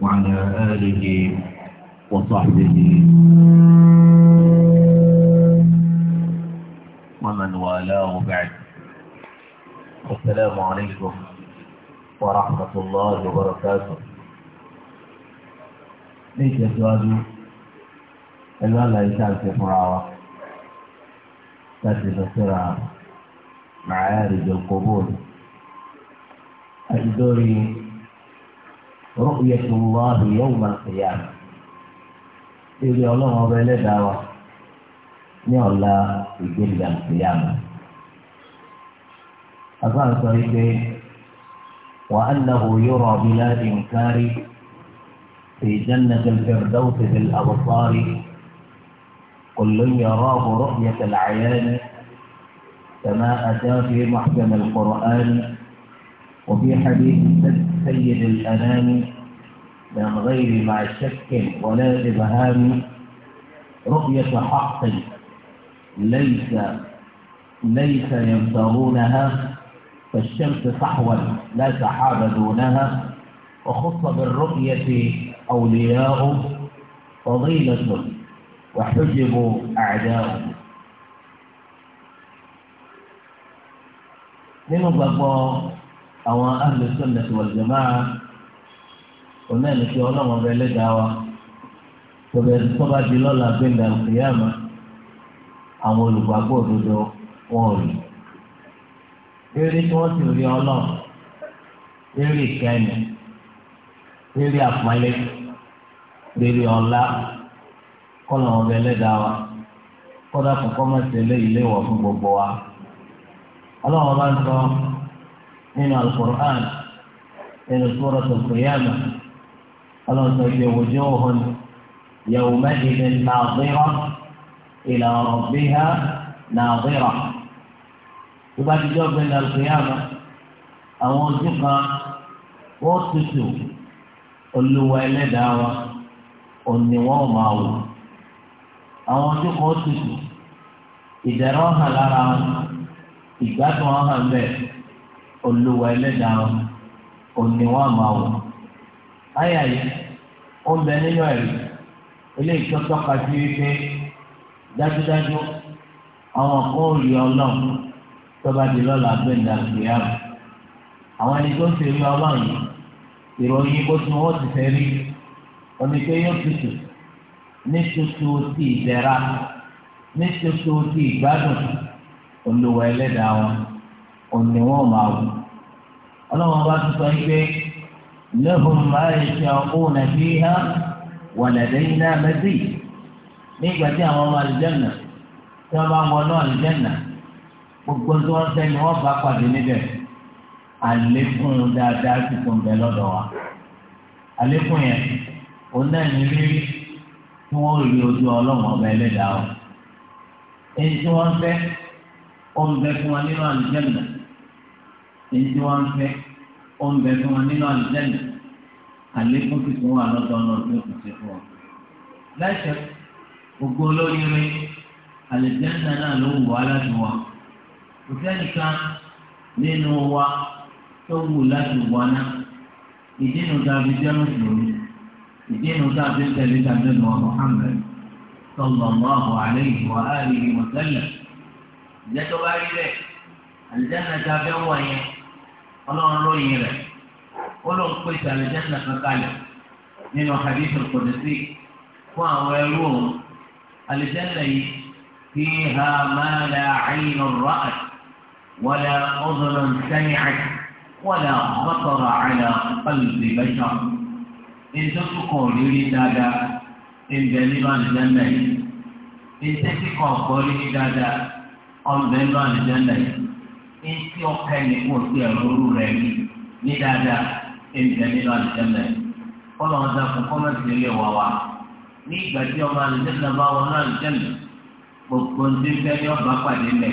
وعلى آله وصحبه ومن والاه بعد السلام عليكم ورحمة الله وبركاته ليش يسواجه الوالله يسأل في مراوة تجد سرعة معارج القبور أجدوري رؤية الله يوم القيامة إذ ọlọ́run ọba دعوة wa ní ọ̀la القيامة ìyàmù. Àfáà وأنه يرى بلا إنكار في جنة الفردوس في الأبصار كل يراه رؤية العيان كما أتى في محكم القرآن وفي حديث سيد الأنام من غير مع شك ولا إبهام رؤية حق ليس ليس يبتغونها فالشمس صحوا لا سحاب دونها وخص بالرؤية أولياء فضيلة وحجب أعداء من الله àwọn ahlu sunnah wal jamaa'ah onye ẹni tí wa tọ́ba ẹni di lọ́la gbẹ̀ndà òkèèyàmà àwọn olùgbàgbọ́ òdodo wọn ò rí eré tí wọ́n sì rí eré ìkẹ́ni eré àpọ́nlé eré ọlá wa kọ́dà kọ́kọ́ mọ̀ fún gbogbo wa ń sọ. nínú alukur'an nínú sọ̀rọ̀ tó kéyàmà ọlọ́sọ ìgbẹ́ wòjú òhun yẹ̀wò mẹ́jìdín nàbírọ̀ ìlà ọ̀rọ̀ bí ha nàbírọ̀. ìgbà jíjọ́ gbẹ̀dẹ̀ alukur'an àwọn ojú kan wọ́n tutù olúwa ẹlẹ́dàá wa òní wọ́n máa wò àwọn ojú kan tutù ìdẹ̀rọ̀ hàn lára wọn ìgbádùn hàn bẹ́ẹ̀ olúwa ẹlẹ́dàá òní wọn máa wọ̀. Báyà yìí, ó ń bẹ nínú ẹ̀rí eléyìí tó tọ́ka sí wípé dájúdájú àwọn kan ò rí ọlọ́run tó bá di lọ́la gbẹ̀ndà ìgbéyàwó. Àwọn ẹni tó ń ṣe rí ọlọ́run yìí, ìròyìn bó ti wọ́n ti fẹ́ rí oníke yóò tutù ní tutù ti ìdẹ̀ra ní tutù ti ìgbádùn olúwa ẹlẹ́dàá wọn òní wọn máa wù ọlọ́wọ́n bá tún sọ pé lẹ́hùn máa ń ṣe ọkùnrin nàbí ha wà lẹ́dẹ́yìn náà mẹ́sì ní ìgbà tí àwọn ọmọ àlùjẹ́nà tí wọ́n bá ń wọnú àlùjẹ́nà gbogbo tí wọ́n fẹ́ ni wọ́n bá pàdé níbẹ̀ àlékún dáadáa sì kún bẹ lọ́dọ̀ wa àlékún yẹn òun náà ní rírí tí wọ́n rí ojú ọlọ́wọ́n ọba ẹlẹ́dàá o èyí tí wọ́n fẹ́ ó fún wa nínú àlùjẹ́nà èyí tí wọ́n ń fẹ́ ó ń bẹ fún wọn nínú àlùjẹ́nì àlékún sì fún wa lọ́dọ̀ náà tó kù sí fún wa. láìsẹ̀ ògo olóríire àlùjẹ́nì náà ló wù wá láti wà kò sẹ́nìkan nínú wa tó wù láti wà náà ìdí nu tàbí jẹ́ mùsùlùmí ìdí nu tàbí tẹ̀lé tàbí nù Muhammad sallallahu alayhi wa alihi wa sallam ìjẹ́ tó bá rí bẹ́ẹ̀ àlùjẹ́nì náà tàbí yẹn ọlọ́run lóyìn rẹ̀ ó ló ń pè sàlẹ̀jẹ́nà kankalẹ̀ nínú hadith al-Qudsi fún àwọn ẹrú òun àlẹ́jẹ́nà yìí kí ha máa la àyìn ra'at wàlà ọ̀dọ̀rọ̀ sẹ́yìn wàlà ọ̀kọ̀tọ̀rọ̀ àyà pàlùbí bẹ́tà ìtọ́jú kan ò rírí dáadáa ìbẹ̀ nínú àlẹ́jẹ́nà yìí ìtẹ́jú rírí dáadáa ọ̀bẹ̀ nínú àlẹ́jẹ́nà yìí etí ọkọ ẹni kò sí ẹrúurú rẹ ní ní dáadáa ẹnìkan nínú àlùjẹmẹ kọlọ ọdún àpò kọmẹsì ilé wa wa ní ìgbà tí ọmọ àlùjẹmẹ bá wọn náà àlùjẹmẹ gbogbo ndé fẹ ní ọba pàdé mẹ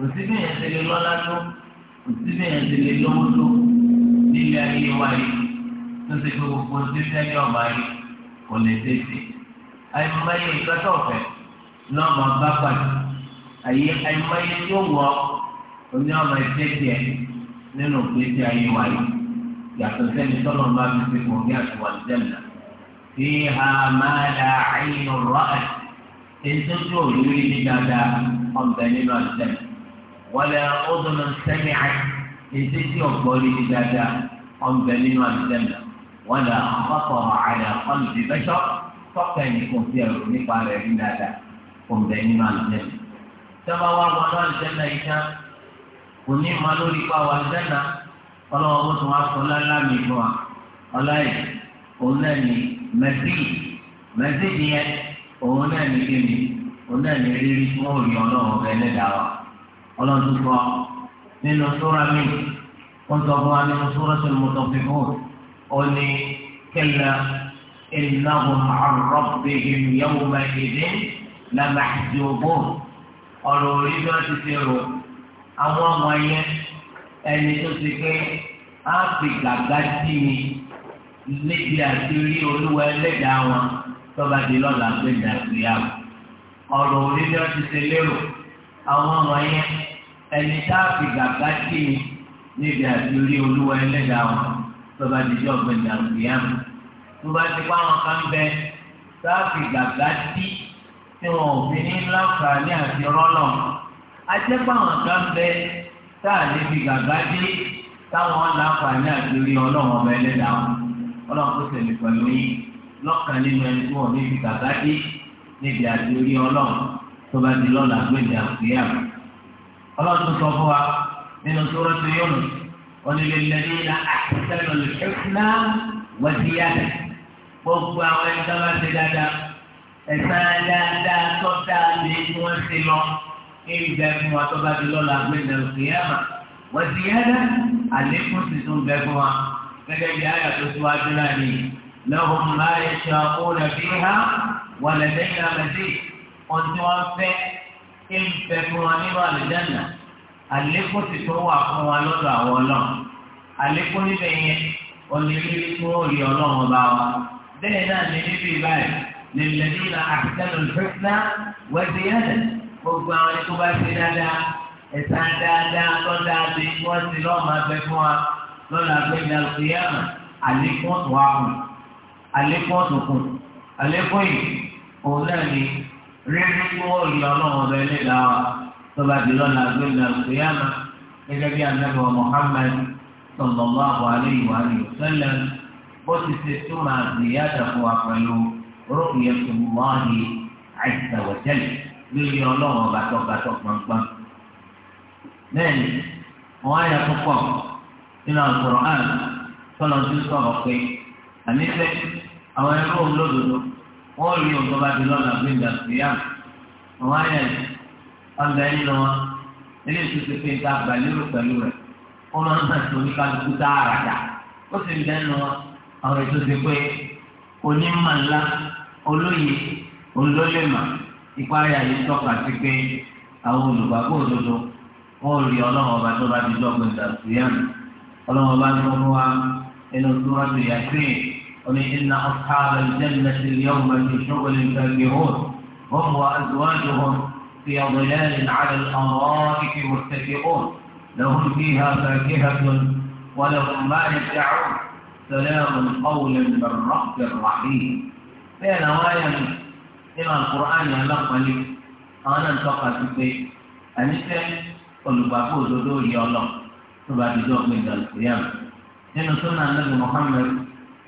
òsì bí yẹn ti lè lọ́lá tó òsì bí yẹn ti lè lówó tó nílé ayé wa yìí tó ti fi gbogbo ndé fẹ ní ọba yìí kò lè tètè àyùmáyé ìgbàtọ̀fẹ́ lọ́mọ bá pàdé àyè àyùmáyé yóò wọ ọkọ oní ọmọ ẹgbẹ́ tiẹ̀ nínú ìgbésí ayé wa yìí yàtọ̀ sẹ́ni tọ́lọ̀ ń bá fi fi kàn bí àtúwà jẹ́nà fi ha máa da àyìn ọ̀rọ̀ ẹ̀ ètò tó olórí ní dáadáa ọ̀bẹ nínú àjẹ́nà wọlé ọdún sẹ́mi àyè ètò tí ọ̀gbọ́n rí ní dáadáa ọ̀bẹ nínú àjẹ́nà wọlé ọkọ̀ àyà ọ̀nbí bẹ́sọ̀ tọ́kẹ́ nìkan sí ẹ̀rọ nípa rẹ̀ ní dáadáa ọ̀bẹ nínú àjẹ́nà tẹ́wọ́ wá wọn náà jẹ́nà yìí náà òní ma lórí pa wà dáná ọlọ́wọ́ bó tún wá fún lálá mi fún wa ọláyè òun náà ní mẹsíì mẹsíì yẹn òun náà ní kémi òun náà ní rírí tí wọ́n rí ọlọ́wọ́ bẹ́ẹ̀ lẹ́dàá wa ọlọ́dún fún ọ nínú sóra mi wọ́n sọ fún wa nínú sóra tó mú tó fi fún ọ ní kẹlẹ́ ìnáhùn àrọ́bìhìm yẹ́wùmẹ́ ìdí làmàdìbò ọ̀rọ̀ orí bí wọ́n ti fi rò àwọn ọmọ yẹn ẹni tó ti pé á fi gàgá dí mi níbi àti rí olúwa ẹlẹ́dàá wọn tọ́ba di lọ́la pé dàgbéyà ọ̀rọ̀ onídìí ọtí ṣe lérò àwọn ọmọ yẹn ẹni tá a fi gàgá dí mi níbi àti rí olúwa ẹlẹ́dàá wọn tọ́ba di lọ́la pé dàgbéyà tó bá ti pa àwọn kan bẹ tá a fi gàgá dí tí wọn ò fi ní láǹfààní àti rọ́lọ́ọ̀ ajẹ́pọ̀ àwọn kan bẹ tá a lè fi gàgá dé táwọn aláǹfààní àjòrí ọlọ́run ọba ẹlẹ́dàá ọlọ́run tó tẹ̀lé pẹ̀lú yín lọ́kàn nínú ẹni tó wọ̀n níbi gàgá dé níbi àjòrí ọlọ́run tó bá di lọ́la gbẹ̀dẹ̀ àkúyà ọlọ́run tó sọ fún wa nínú sọ́rọ́ tó yọ̀ nù onílẹ̀lẹ́ni la àtẹ̀sẹ̀lẹ̀ lẹ́kùnà wọ́díyà gbogbo níbi jẹ́ fún wa tó bá di lọ́la gbẹ̀dẹ̀ òkè yàmà wọ́n ti yá dá àlékún sì tún bẹ fún wa gẹ́gẹ́ bí àyà tó síwájú náà ni lọ́hùn máa yẹ ṣe ọkùnrin rẹ̀ bí ha wà lẹ́dẹ́yìn àmẹ́sì ohun tí wọ́n fẹ́ kí n fẹ́ fún wa nínú àlùjáná àlékún sì tún wà fún wa lọ́dọ̀ àwọn ọlọ́run àlékún níbẹ̀ yẹn onílé fún òye ọlọ́run ọba wa bẹ́ẹ̀ náà ní níbi ìbáyìí lè gbogbo àwọn ẹni tó bá ṣe dáadáa ẹ̀sán dáadáa lọ́dà bí wọ́n ti lọ́ọ́ máa bẹ fún wa lọ́dà gbẹ̀gbẹ̀ àlùkìyàmù àlékún ọ̀tún wa kù àlékún ọ̀tún kù àlékún yìí òun náà ni rírí kí wọ́n rí ọlọ́run ọ̀bẹ nílà wa tó bá di lọ́dà gbẹ̀gbẹ̀ àlùkìyàmù gẹ́gẹ́ bí anábọ̀ Muhammad sallallahu alayhi wa sallam bó ti ṣe túmọ̀ àzìyá dàpọ̀ àpẹlú rúkìyàtùmọ́ àyè lílé ọlọ́run ọba tó ga tó gbọ̀ngbọ̀n. bẹ́ẹ̀ni àwọn àyà tó pọ̀ nínú àkùrọ̀ àn tọ́lọ̀ sọ̀rọ̀ pé ànífẹ́ àwọn ẹrú olódodo wọ́n rí òun tó bá di lọ́la fún ìgbà síyá àwọn àyà yìí ọ̀gá nínú wọn ilé ìtúsí pé ìta gbàlérò pẹ̀lú rẹ̀ wọ́n máa ń hàn sí oníkálukú ó sì ń dẹ́nu àwọn ìpáyà yìí tọ́ka sí pé àwọn olùgbàgbọ́ òdodo wọ́n rí ọlọ́run ọba tó bá ti dọ́gbọ̀n ìdàgbéyàn ọlọ́run ọba tó mú wa ọ̀dẹ́ mẹ́tì ní ọ̀hún mẹ́tì ṣọ́gbọ́lì ìgbàgbé hóòt wọ́n mú inú súrọ́tù yàtìrì oní iná ọ̀ká àlùjẹ́nà ti rí ọmọ ju ṣọ́gbọ̀lì ìgbàgbé hàn wọ́n mú àdúwájú hàn fi ọ̀gbẹ̀lẹ́rìn àlẹ́ ọ̀rọ̀ kíkì mọ̀tẹ́kẹ́ hàn lọ́hùn bí ha fàkẹ́ ha tó wọ́lọ́hùn má ní dàrú sọlẹ́ nínú àkùránì alápọ̀lẹ́ àwọn náà ń tọ́ka sí pé àníṣe olùgbàgbọ́ òdodo rí ọlọ tó bá dìde ọ̀gbìn ìdàlùkìyàm nínú súnà nàbì Muhammad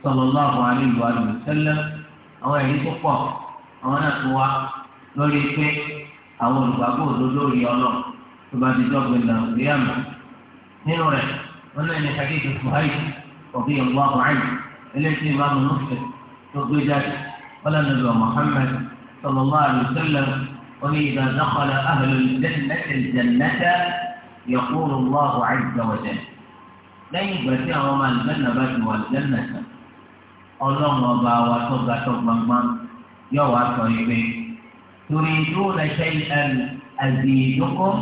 sallallahu alaihi wa sallam àwọn ẹ̀rí tó pọ̀ àwọn náà tó wá lórí pé àwọn olùgbàgbọ́ òdodo rí ọlọ tó bá dìde ọ̀gbìn ìdàlùkìyàm nínú rẹ̀ wọn náà ní hadith Suhaib Muhammad. صلى الله عليه وسلم وإذا دخل أهل الجنة الجنة يقول الله عز وجل لن يبتع وما الجنة بل والجنة اللهم وبا وتوبة تغمما يوى صيبي تريدون شيئا أزيدكم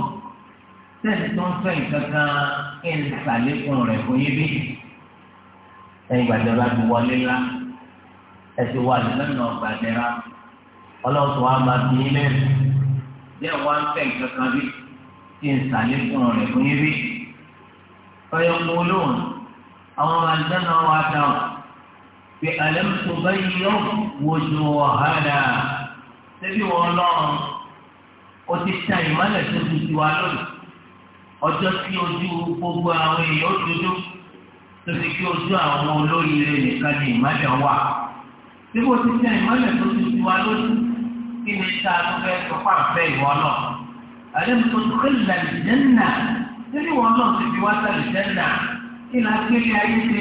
تنتم فيك إن سالكم رفيبي أي بعد ذلك ولله أتوالي من نوع بعد ọlọ́run tó wá máa bí ilé rẹ̀ jẹ́ wá ń fẹ́ kankan bí tí ń sàlẹ̀ fún ọ̀rẹ́ fún yín bí. ọyọ kó lóhùn àwọn àdáná wa dáhùn pé àlẹ́ tó bá yọ wojú ọ̀hádà ṣebí wọn lọ́rùn ó ti ta ìmọ̀lẹ̀ tó ti ti wá lónìí ọjọ́ tí ojú gbogbo àwọn èèyàn dúdú tó fi kí ojú àwọn olóyè nìkan ní ìmọ̀lẹ̀ wà. síbò ti ta ìmọ̀lẹ̀ tó ti ti wá lónìí kí ni tá a tó fẹ́ sọ fún àfẹ́ ìwọ náà àlejò tó tó kẹ́ lè jẹ́nà nínú ìwọ náà ti fi wá sẹ́lẹ̀ jẹ́nà kí ni akéde ayé ṣe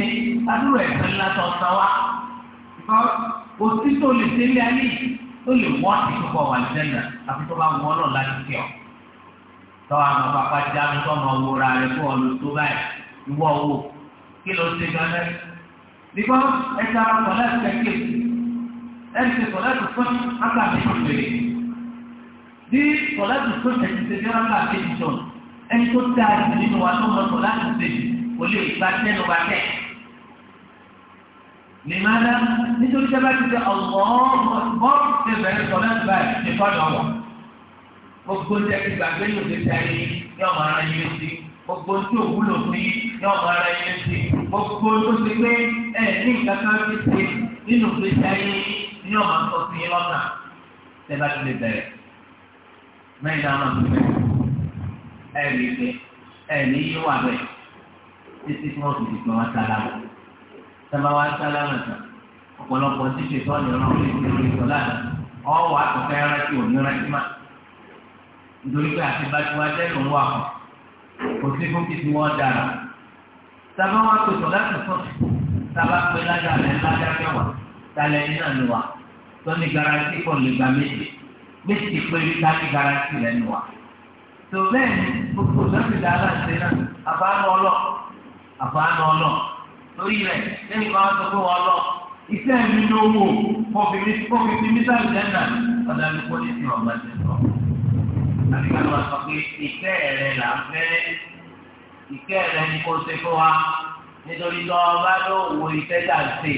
adúrò ẹ̀fẹ́ ńlá tó sá wa òtí tó lè délé ayé tó lè wọ́n ti tó kọ̀ wà jẹ́nà àfi tó bá wọ́n náà láti kẹ́ ọ tọ́wọ́ àwọn bàbá já mi ọmọ wo ra rẹ̀ fún ọ̀lù tó báyìí ìwọ wo kí ló ṣe gan-an nígbà ẹni tí sọ̀lẹ́tù fún ápá àbíkú pèrè bí sọ̀lẹ́tù fún ẹ̀sìn ṣe jẹ́ ápá àbíkú jọ ẹni tó dáa jù nínú wa tó mọ sọ̀lẹ́tù ṣe kò lè gba tẹ́nu wa tẹ́ nìmọ́lá nítorí tẹ́ bá ti ṣe ọ̀gbọ́n ṣe bẹ̀rẹ̀ sọ̀lẹ́tù báyìí ṣe fọ́dọ̀ ọ̀wọ̀ gbogbo ń tẹ́ gbàgbé lòdì tí o wúlò fún yín yóò mọ ara yín létí gbogbo tó ti pé ẹ ní nǹkan kan ti ṣe nínú ìgbésí ayé ní ọmọ sọ sí yín lọ́nà tẹ́lá tó lè bẹ̀rẹ̀ mẹ́rin náà máa tún bẹ̀rẹ̀ ẹ̀ lè gbé ẹ̀ ní yí wà bẹ̀ títí tí wọ́n fi dìgbà wá sálámà sábà wá sálámà tán ọ̀pọ̀lọpọ̀ tí ṣe tọ́ ni ọlọ́run lè fi orí sọ lánàá ọ̀wọ́ àtọ̀fẹ́ rántí òní rántí má nítorí pé àti bá ti wá sẹ́nu wà kọ̀ kò sí fún kìtì wọ́n dára sábà wá pèsè láti sọ̀ sábà pé lájà rẹ̀ lájà mẹ́wàá tálẹ́ ní náà ni wà tó ní garanti kan lè gba méjì méjì péré láti garanti lẹ́nu wa. tó bẹ́ẹ̀ ni gbogbo lọ́sì dára ṣe náà àfààní ọlọ́ àfààní ọlọ́ torí rẹ̀ lẹ́yìn bá wọn sọ pé wọn lọ iṣẹ́ mi ló wò kọ́fìmí kọ́fìmí mísàlì lẹ́nà ọ̀dà ló kọ́ ní ìsìn ọ̀gbà ti sọ. àti ká lọ sọ pé ìfẹ́ rẹ̀ là ń fẹ́ ìfẹ́ rẹ̀ ni kò ṣe fún wa nítorí lọ́ọ́ bá ló wo ìfẹ́ dà sí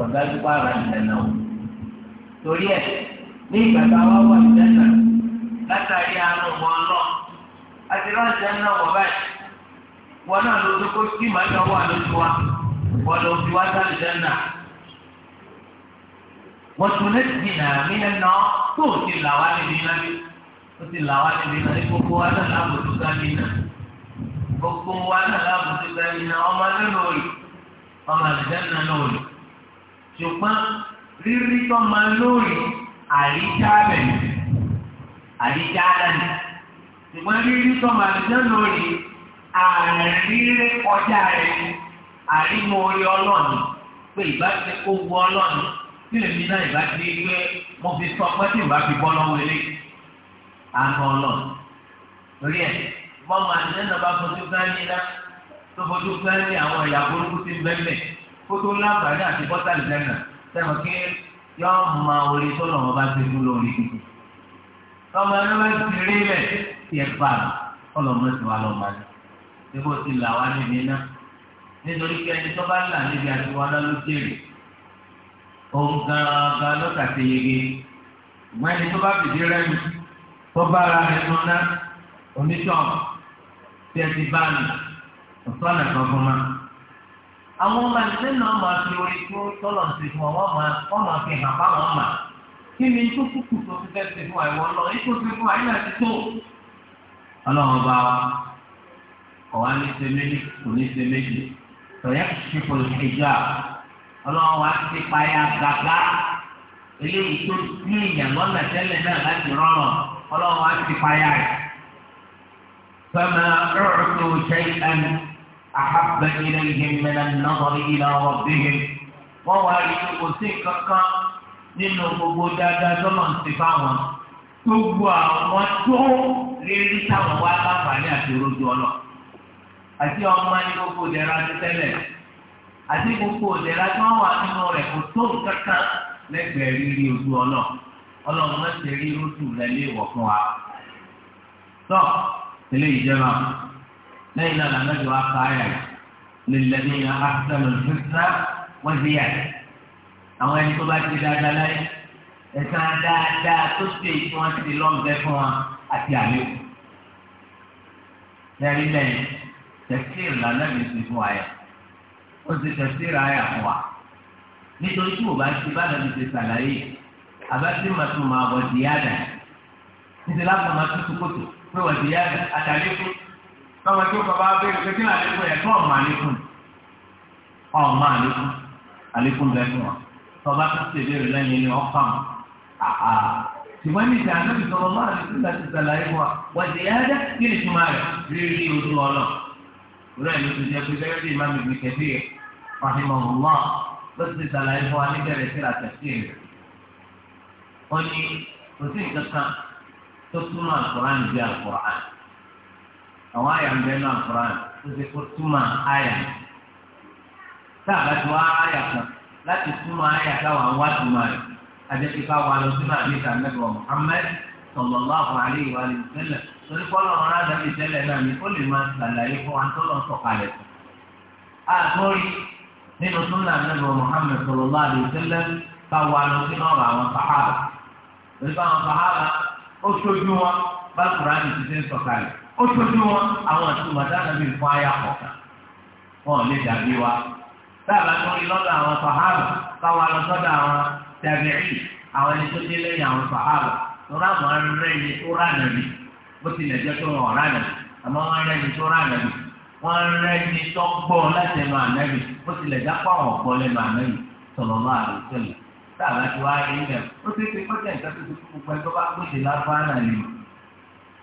ọ̀dájú bá ra ìlẹ̀ náà torí ẹ̀ ní ìgbà tá a wá wà ìjẹ́nà látàrí àánú wọn lọ àti láti ẹ̀nà wọ̀ báyìí wọn náà ló dúró kí màá yọ wà lójú wa wọn lọ fi wá sáré ìjẹ́nà wọ́n tún lè dìnnà mí lẹ́nà tó ti là wá níbi náà ó ti là wá níbi náà ní gbogbo wa náà lábòtú sáyé náà gbogbo wa náà lábòtú sáyé náà ọmọ náà lórí ọmọ àlùjẹ́ náà lórí ṣùgbọ́n rírí tó máa lórí àríjáàbẹ̀ àríjáàdánì ṣùgbọ́n rírí tó máa jẹ́ lórí àrírí kọjá rẹ̀ àrímọ̀ orí ọlọ́ọ̀nì pé ìbá ti kó wọ ọlọ́ọ̀nì tí èmi náà ìbá ti rí pé mo fi sọ pé tí ìbá fi bọ́ lọ́wọ́ ilé àná ọlọ́ọ̀nì lórí ẹ̀ bọ́ọ̀mù àti nínú bá fojú sáyé náà tó fojú sáyé àwọn ìyàwó olókùn ti bẹ́ẹ̀ kó tó láǹfààní àti bọ́tà ìjẹun sẹ́wọ̀n kí yọ ma orí tó lọ́wọ́ bá ti fún lórí kíkù. lọ́mọ ẹni bá ti rí rẹ̀ tí ẹ bá a ọlọ́mọ ti wà lọ́mọ rẹ̀ níbo ti là wá níbi iná nítorí pé ẹni tó bá là níbi àtiwá náà ló jèrè òun gan-an ló tàṣe yege ìwọ ẹni tó bá fìdí rẹ́mi tó bá ara rẹ̀ tó onítọ̀ tí ẹ ti bá a nù ọ̀tọ́ àlẹ́ kan àwọn ọmọ ẹgbẹ́ náà máa fi orí tó tọ́lọ̀ sí fún ọmọ ọmọ fi hàn bá wọn mà kí ni tó kúkú tó fi fẹ́ sí fún àìwọ́ lọ ètò fi fún àyílẹ̀ ti tó. ọlọ́run bá wa ọ̀wá ní ṣe méjì kò ní ṣe méjì tọ̀yẹ́ kìí kò lè ṣèjọ́ à ọlọ́run wa ti payá gàgà eléyìí tó ní ìyàn lọ́nà tẹ́lẹ̀ náà láti rọrùn ọlọ́run wa ti payá rẹ̀. fẹ́mi rẹ̀ tó ṣe ẹni. أحب إليهم من النظر إلى ربهم وهو يقصي كاكا nínú gbogbo dáadáa tọ́lọ̀ ń ti fáwọn gbogbo àwọn tó lè rí táwọn wá láǹfààní àti rojo ọlọ àti ọmọ ní gbogbo ìdẹ̀ra ti tẹ́lẹ̀ àti gbogbo ìdẹ̀ra tí wọ́n wà nínú rẹ̀ kò tó kankan lẹ́gbẹ̀ẹ́ rírí ojú ọlọ ọlọ́run náà ti rí rojo rẹ̀ léèwọ̀ fún wa. tọ́ ilé ìjọba lẹ́yìn náà lànàjọ akáyà nílẹ̀dí akásánù fífúnà wọ́n ti yà àwọn ẹni tó bá ti dáadáa láyé ẹ̀sán dáadáa tó ṣe tí wọ́n ti lọ́nbẹ́ fún wa àti àlẹ́ òkú. Yẹ́rì lẹ́yìn tẹ̀síìrì lànàjọ ti fún wa yẹ. Ó ti tẹ̀síìrì ayà fún wa. Nítorí tí o bá ti bá lọ́dún ti sàlàyé, àbá tí màtúmọ̀ àbọ̀ ti yá Nítorí láti máa tutù kòtò pé wọ́n ti yá tọ́wọ́ tí ó kọ́ bá bẹ́ẹ̀ pé kí ni àlékún ẹ̀ fún ọ̀mà àlékún ọ̀mà àlékún àlékún bẹ́ẹ̀ fún wa tọ́ba tó ṣe ìbéèrè lẹ́yìn ni ọ̀pá mọ́ àhà ṣùgbọ́n ní ìjà àná ìsọ̀rọ̀ máa lè fún ṣàlàyé wa wà sí ẹ̀ẹ́dẹ́ kí ni túmọ̀ rẹ̀ rírí ojú ọlọ́ rẹ̀ ló ti jẹ́ pé gẹ́gẹ́ bí ìmáàmù ìbí kẹfí rẹ̀ fàhímọ̀ ọ̀lá ló ti àwọn àyà ń bẹ náà Quran tó ṣe kó túmọ̀ àyà tá a bá ti wá àyà kan láti túmọ̀ àyà táwọn àwọn àtúmọ̀ rẹ̀ àjẹsíká wa lọ sínú àdéhùn àmẹ́bọ̀ Muhammad sallallahu alaihi wa sallam torí kọ́lọ̀ ọ̀rọ̀ àdàbí tẹ́lẹ̀ náà ni ó lè máa ṣàlàyé fún wa tó lọ sọ̀kalẹ̀ fún. àtúrí nínú súnà àmẹ́bọ̀ Muhammad sallallahu alaihi wa sallam bá wa lọ sínú ọ̀rọ̀ àwọn sàhábà torí báwọn sàhábà ó ó tójú wọn àwọn àtúmọ̀ dáná bíi fún ayé àkọ́kọ́ wọn lè dàbí wa dáàbà tó rí lọ́dọ̀ àwọn sàhábà káwọn alọ́sọ́dọ̀ àwọn tẹ̀bẹ̀rì àwọn ẹni tó dé lẹ́yìn àwọn sàhábà tó ráàmù arẹ́ni tó rànà mi bó tilẹ̀ jẹ́ tó wọn rànà àmọ́ wọn rẹ́ni tó rànà mi wọn rẹ́ni tó gbọ́ láti ẹnu ànábì bó tilẹ̀ jápá wọn gbọ́ lẹ́nu ànábì sọ̀rọ̀ máa lè tẹ̀lé dáàbà tó wá rí ilẹ̀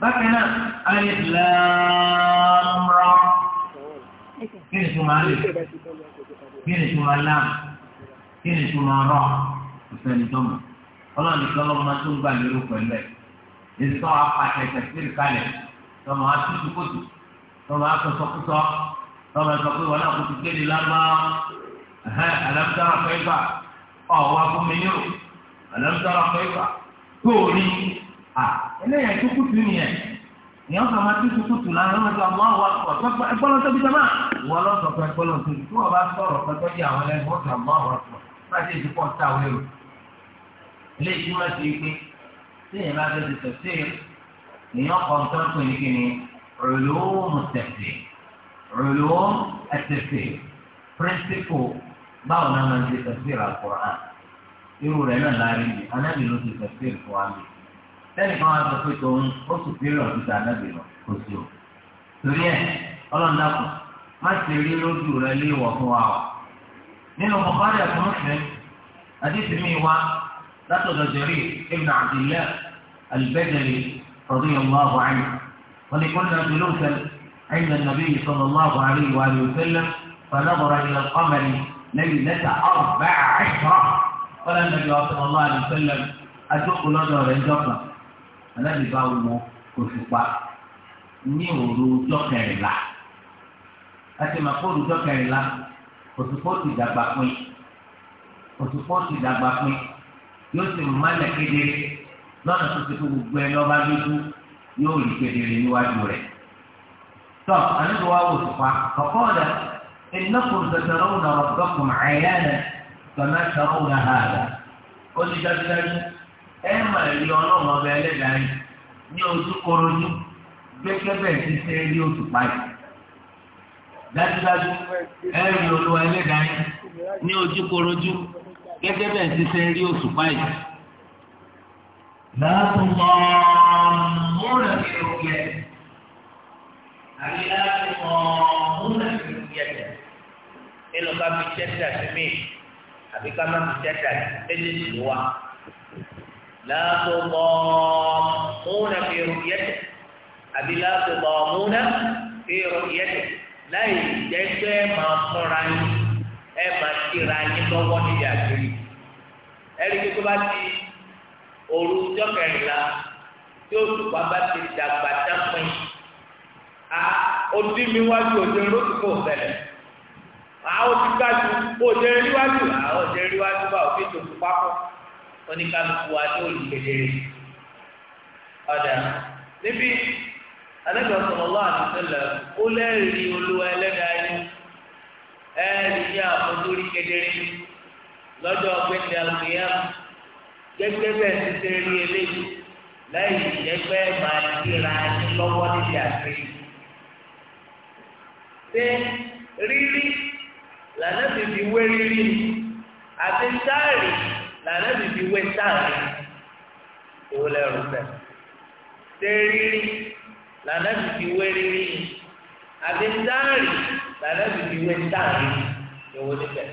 bákan náà alif lam ra kí ni túmọ̀ alif kí ni túmọ̀ lam kí ni túmọ̀ ra ìfẹ́ni tọ́mọ̀ ọlọ́ọ̀ni kọ́lọ́ máa tún gbà lérò pẹ̀lú ẹ̀ èsì tó wàá pa ẹ̀sẹ̀ sílẹ̀ kalẹ̀ tọmọ atútù kótó tọmọ akọsọkútọ tọmọ ẹ̀sọ́kú wọn náà kó ti gbé ní lámà ẹ̀hẹ́n alámùtárà fẹ́fà ọ̀ wá fún mi yóò eléyà ìkúkútù nìyẹn ìyẹn fún ọmọ tí kúkútù náà lọ́wọ́ tó àwọn àwọn akọ̀ ẹgbọ́n tó bí sábà wọ́n lọ́ sọ pé ẹgbọ́n tó bí wọ́n bá sọ̀rọ̀ pẹ́tọ́ di àwọn ẹgbọ́n tó àwọn àwọn akọ̀ láti èdè pọ̀ tá àwọn èrò eléyìí tí wọ́n ti pé téèyàn bá fẹ́ ti sọ sí ìyẹn kọ́ tó ń pè ní kíni rùlùmù tẹ̀sí rùlùmù ẹ̀tẹ̀sí lẹ́yìn kan wá sọ pé tòun ó sì fi rọ̀ síta ànábì lọ kò sí o. torí ẹ ọlọ́run dàpọ̀ má ṣe rí lójú rẹ lé ìwọ̀ fún wa o. nínú bọ̀kárì ẹ̀kọ́ mùsùlùmí àdìsí mi wá látọ̀dọ̀ jẹ̀rí ibn abdillah al-Bajali radiyallahu anhu wọn ni kó nà ti lóṣẹ عند النبي صلى الله عليه وآله وسلم فنظر إلى القمر ليلة أربع عشرة قال النبي صلى الله عليه وسلم أتوق لنا رزقنا anábì bá wo òṣùpá ní òru ọjọ́ kẹrìnlá láti máa kó ti dàgbà pin òṣùpá ti dàgbà pin yóò sì mọ́lẹ̀ kedere lọ́nà tó ti kó gbogbo ẹ lọ́ba dúdú yóò rí kedere níwájú rẹ̀. tọ́ anábì wá wo òṣùpá ọ̀pọ̀ ọ̀dà ìnákùn tẹ̀sán ọ̀hún ọ̀rọ̀ ó ẹ máa rí ọlọ́run ọba ẹlẹ́dàá ní ojú korojú gẹ́gẹ́ bẹ́ẹ̀ ti ṣe rí oṣù pàdé dájúdájú ẹ rí olúwa ẹlẹ́dàá ní ojú korojú gẹ́gẹ́ bẹ́ẹ̀ ti ṣe rí oṣù pàdé. láàbù mọ́ múlẹ̀ àbí láàbù mọ́ múlẹ̀ fi sí لا تضامون في rùn yẹtẹ̀ àbí láàtò bọ́ọ̀mùnà fi rùn yẹtẹ̀ láì jẹ́ pé máa fúnra yín ẹ máa kíra yín lọ́wọ́ níbi àgbèrè ẹ̀rí pé tó bá ti òru ọjọ́ kẹrìnlá tí ó tù bá bá ti dàgbà dápin a odi mi wájú òjò lóṣù kò fẹlẹ̀ àwọn ti gbájú òjò rí wájú òjò rí bá òfin tó tù pápọ̀ oníkálukú wa tó lù kedere ọ̀dà níbi alẹ́gbẹ̀ ọ̀sọ̀rọ̀lọ́ àtúntẹ̀lẹ̀ ó lẹ́rìí olúwa ẹlẹ́dàá yín ẹ̀ẹ́dì ní àfojúrí kedere lọ́jọ́ pété àgbéyàm gẹ́gẹ́ bẹ́ẹ̀ ti ṣe rí eléyìí lẹ́yìn ìjẹ́pẹ́ máa kíra yín lọ́wọ́ níbi àgbéyìí. ṣé rírí lànà ti fi wé rírí àti sáàrì tànàbì fi wé sáàbì ìwé lẹ́rù bẹ̀. ṣé rírí lànàbì fi wé rírí àbí sáàrì lànàbì fi wé sáàbì ìwé níbẹ̀.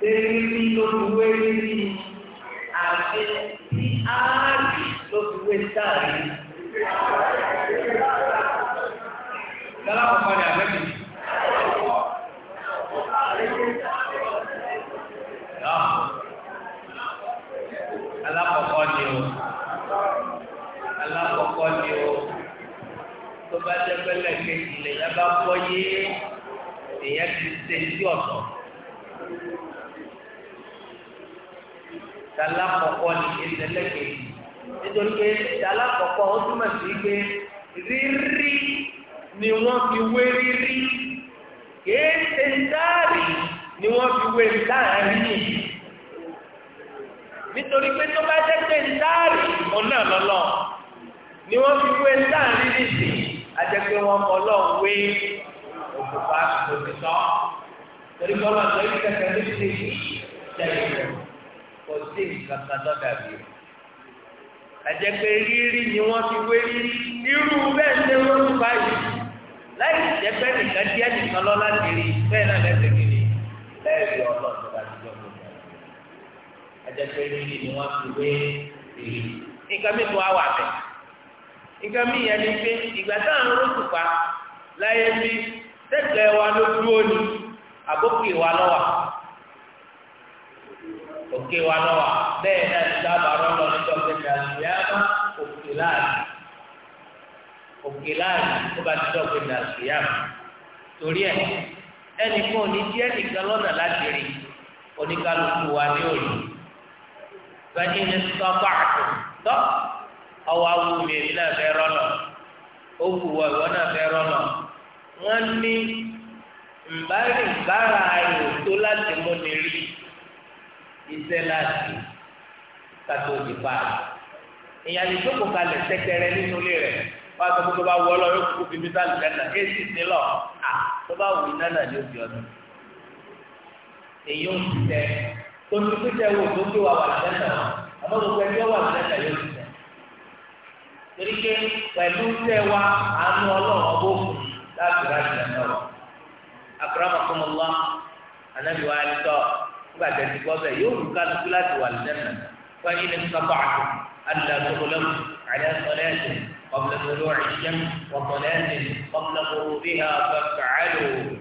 ṣé rírí ló fi wé rírí àbí sáàrì ló fi wé sáàrì. Lọ́la kọ̀ọ̀kan ni àbẹ́bí. alákọ̀ọ́kọ́ ni o alákọ̀ọ́kọ́ ni o tó bá jẹ́ pẹ́lẹ́ kejì lè yá bá gbọ́ yé èèyàn ti ṣe sí ọ̀tọ̀. Dalakọ̀kọ́ ni ìṣẹ̀lẹ̀ kejì nítorí pé dalakọ̀kọ́ ó túmọ̀ sí pé rírí ni wọ́n fi wé rírí kéé ṣe ń dárì ni wọ́n fi wé láàrin yìí nítorí pé tó bá jẹ́ pé láàrin ọ̀nà lọ́lọ́ ni wọ́n fi wé láàrin nìsí àjẹpé wọn kọ́ lọ́ọ̀ wé òkùnfà òtítọ́ torí kọ́ lọ́ọ̀ sọ yìí kẹ̀kẹ́ ló ti jẹ́ ìwọ̀ kò sí kankan tó dàbí àjẹpé rírí ni wọ́n fi wé rírí irú bẹ́ẹ̀ ṣe wọ́n ń báyìí láì jẹ́ pé nìkan díẹ̀ nìkan lọ́la ti rí bẹ́ẹ̀ náà lẹ́sẹ̀ kìíní. ẹ̀rí ọlọ́ọ̀tọ́ bá ti dọ́gbọ̀n ní ọ̀rọ̀ ajẹ́pẹ́ níbi ni wọ́n fi wé èyí nǹkan mi tó wà bẹ̀ nǹkan mi yẹn ni pé ìgbà pa láyé bí wa ló dúró ni lọ́wà òkè wa ẹnìkan ò ní tí ẹnìkan lọ́nà láti rí oníkálukú wa ní òòlù gbẹ̀yìn ní sọ́kọ̀ àtò tọ́ ọwọ́ awo mi èmi náà fẹ́ rọ́nà ó wù wọ ìwọ náà fẹ́ rọ́nà wọ́n ní nbari nbara ayò tó láti mú ni rí iṣẹ́ láti kàtó òdìpá ìyàlè tó kò kalẹ̀ tẹ́tẹ́rẹ́ nínú ilé rẹ̀ wọ́n á sọ pé tó bá wọ́ ọ lọ yóò kú bíbí sálùdẹ́nà èsì sílọ̀ à tó bá wù iná náà ló fi ọdún èyí ń tẹ tó ti wò tó gbé wa wà lẹ́nà àmọ́ gbogbo ẹgbẹ́ wà lẹ́nà yóò tẹ torí pé pẹ̀lú tẹ wa àánú ọlọ́run ọgbó fún láti rájì lẹ́nà rọ akọrọmọ fún anabi wa ni nígbà tẹ ti gbọ́ bẹ yóò wù kálukú láti wà lẹ́nà fún ẹyin ní sábà àti àdàlù قبل طلوع الشمس وصلاة قبل غروبها فافعلوا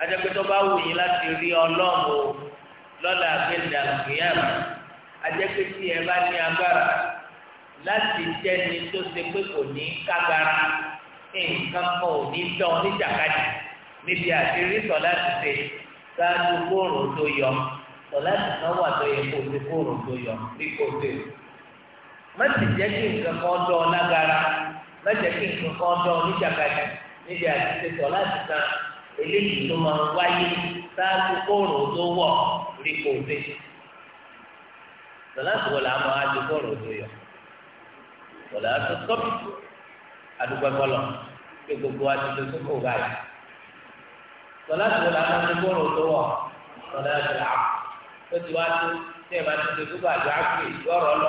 أجابة باوي لا تري الله لولا بند القيامة أجابة سيباني أبارا لا تجني تسبقني كبارا إن كان قوني دوني جاكاتي níbi àṣírí sọlá ti ṣe ṣáájú kóòrùn tó yọ sọlá ti náwó àtọyẹ kó o má ti kí nǹkan kan dọ̀ lágara má kí nǹkan kan dọ̀ níjàkadì níbi láti kan eléyìí tó máa wáyé sáájú kóòrò tó wọ̀ rí kò dé wọlé àmọ́ àti kóòrò tó yọ wọlé àti sọ́ọ̀tì àdúgbò ẹ̀kọ́lọ̀ gbogbo àti tó tó báyìí wọlé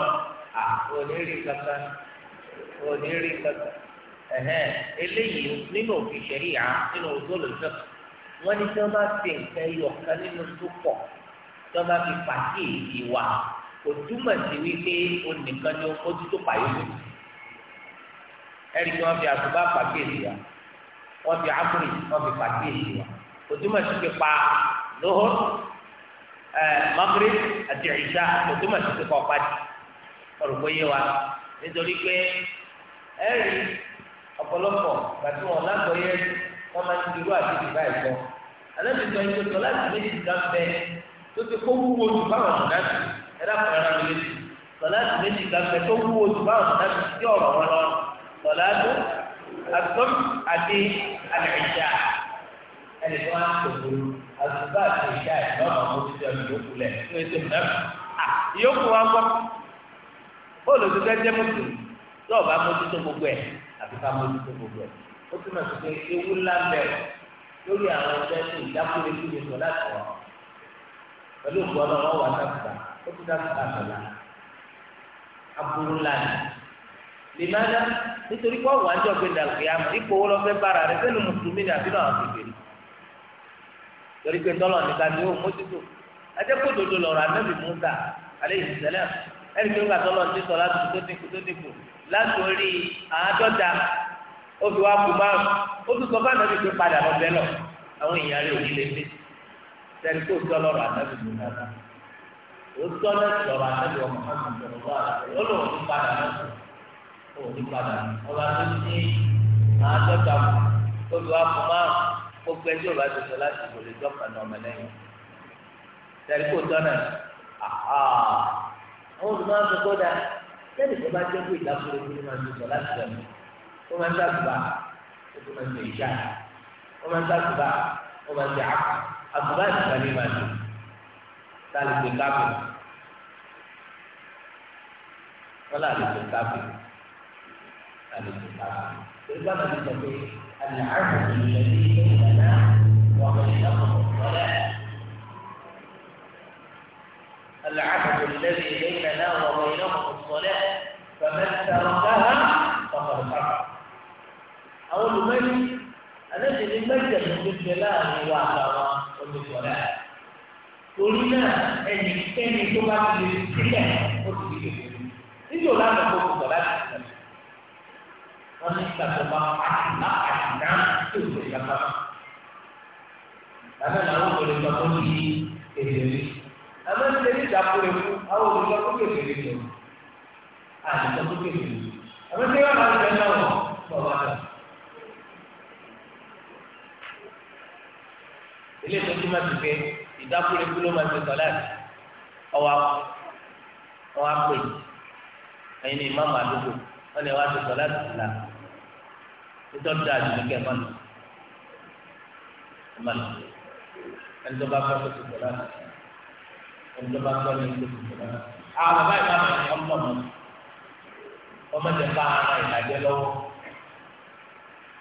onírìn kankan onírìn kankan ẹ̀hẹ́n eléyìí nínú òfin ṣẹ̀rí yá nínú òṣòlò sọ wọ́n ní tí wọ́n bá fi nǹkan ẹyọ kan nínú tó pọ̀ tí wọ́n bá fi pàṣẹ èyí wá kò túmọ̀ sí wípé onìkan ni ojú tó pàyọ́ lójú ẹ̀rí tí wọ́n fi àtúbà pàṣẹ èyí wá wọ́n fi áfírì wọ́n fi pàṣẹ èyí wá kò sí pé pa lóhùn ẹ̀ mọ́kìrì àti ìṣá kò sí pé pa ọ̀pá jù ọ̀rùkọ yé wa nítorí pé ẹ̀rí ọ̀pọ̀lọpọ̀ gbàtí wọn lágbọ̀ọ́yé wọn máa ti dirú àti ìdìbà ẹ̀kọ́ alẹ́bìtọ́ ẹni tó tọ́ láti méjì ká tó ti kó wúwo jù báwọn ọ̀dà sí ẹ̀dá kan ara rẹ̀ lé tọ́ láti méjì ká bẹ tó wúwo jù báwọn ọ̀dà sí sí ọ̀rọ̀ wọn lọ tọ́ láti àtọ́m àti àlẹ́ṣà ẹni tó wá tòkó àtúbà àti ìṣà ìṣọ́nà ọmọ tuntun ẹ̀mí yòókù lẹ̀ olùdókè jẹ́ mùsùlùmí tó o bá gbogbo ẹ̀ àfi ká mójútó gbogbo ẹ̀ ó túmọ̀ sí pé ewu ńlá ń bẹ̀rẹ̀ lórí àwọn ẹgbẹ́ tó ìdákúrẹ́ tó lè sọ láti wọ̀ pẹ̀lú òkú wà ó ti aburú ńlá ni nítorí pé ọ̀wọ́ àjọ gbé dàgbé ipò bára mùsùlùmí ni àbí náà ti bèrè torí pé tọ́lọ̀ nìkan ni ó mójútó ẹni tó ń gbà tọ́lọ̀ ti sọ láti tó dínkù tó dínkù láti orí àádọ́ta ó fi wá kú márùn ó tún sọ fáwọn ẹni tó padà lọ bẹ́ẹ̀ lọ àwọn èèyàn rẹ̀ ò ní lè dé sẹ́ni tó tọ́ lọ́rọ̀ àtàbí tó dára ó tọ́ náà lọ́rọ̀ àtàbí ọmọ hàn sọ̀rọ̀ wá ó lò ó ní padà lọ ó ní padà ọba tó ní àádọ́ta ó fi márùn gbogbo ẹjọ́ bá ti sọ láti ìbòlè dọ́kà náà ọmọ sẹ́ni tó tọ́ náà wọn ò máa mú kódà lẹ́nu tó bá jẹ́ pé ìdákùrẹ́ kí ló máa ń sọ láti rẹ̀ wọ́n máa ń dàgbà wọ́n máa ń sọ ìjà wọ́n máa ń dàgbà wọ́n máa ń sọ àkà àgbà ìgbà ní màdì tálùkù káfí wọ́n lálùkù káfí lálùkù káfí ìgbà náà ti sọ pé àlùkù káfí ìlẹ̀ ní ìlẹ̀ náà wọ́n máa ń sọ العهد الذي بيننا وبينهم الصلاة فمن تركها فقد كفر أقول من أنا في المجد من ضد الله وعذابه ومن الصلاة قلنا أن الثاني ثم الثاني قلت به إن يولانا فوق الصلاة أن يستطيع أن أحنا أحنا تلك الكفر لكن أقول لكم أقول àpòlè fún àwọn olùkọ́ tó kéde rí jẹ àdìsọ́ tó kéde rí àmì tí wọ́n máa ń bẹ náà wọ̀ bàbá rẹ̀. ilé ìtọ́jú máa ti fẹ́ ìdákùrẹ́ kúló máa ti sọ̀lá ọwọ́ ọwọ́ àpè ẹ̀yin ni ìmáàmù àdúgbò wọ́n lè wá ti sọ̀lá ti là nítorí dáadé ní kẹfà nù. Ẹ̀ma lọ, ẹni tó bá fẹ́ kó ti sọ̀lá ti là ìjọba tó ní ìlú ìjọba àwọn bàbá ìgbà máa ní ọmọ mi ọmọ jẹ bá ara ìbàjẹ́ lọ́wọ́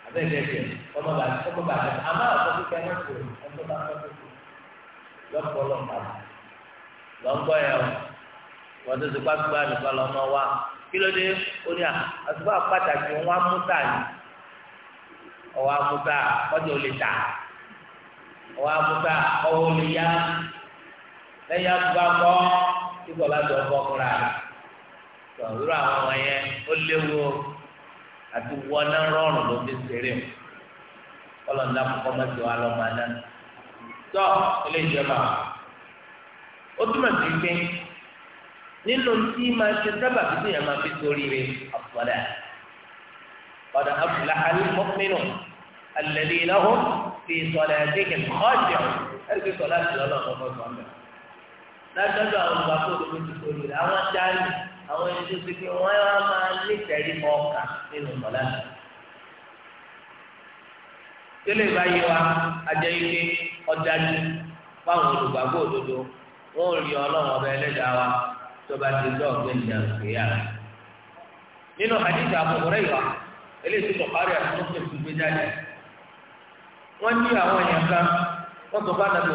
abẹ́ẹ̀dẹ́ jẹ ọmọ bá ọmọ bá jẹ àmọ́ àwọn tó kẹ́ náà kò ẹjọ́ bá tọ́ tó kù lọ́pọ̀ lọ́pàá lọ́gbọ́ yẹn o wọ́n tó ti pa gbogbo àlùfáà lọ́mọ wa kí ló dé ó ní àtúbà pàtàkì wọn á mú tà ní àmúta ọjọ́ lè tà ọwọ́ àmúta ọwọ́ lè yá lẹ́yìn àbúgbà kọ́ kíkọ́ láti ọkọ̀ fúnra rẹ̀ tọ̀ irú àwọn ọmọ yẹn ó léwu àti wọná rọrùn ló fi ṣeré o kọ́lọ̀ ńlá kọ́kọ́ mẹ́tì wa lọ́ máa ná tọ́ ilé ìjọba ó túmọ̀ sí pé nínú tí máa ṣe sábà títí yẹn máa fi sórí rẹ̀ ọ̀pọ̀dà ọ̀dà abdulhari mọ́kínú alẹ́ lè lọ́hùn fi sọ̀rọ̀ ẹ̀dẹ́gẹ̀ kọ́ọ̀jọ̀ ẹ̀rí fi sọ̀rọ̀ àti lọ́lọ́ ọ̀pọ̀ sọ̀rọ̀ lájọ́jọ́ àwọn olùgbàgbọ́ òdodo ti kórè rẹ̀ àwọn jáde àwọn ẹni tó ti pé wọ́n á máa nífẹ̀ẹ́ rí ọkà nínú mọ̀lá. tẹ́lẹ̀ báyìí wa ajẹ́ ike fáwọn olùgbàgbọ́ wọ́n rí ọlọ́run ọba ẹlẹ́dàá wa tó ti dọ́ ọ̀gbẹ́ nínú àdìsá àbúrò ìwà eléyìí tó tó gbé jáde wọ́n ní àwọn kan wọ́n tó bá dàbí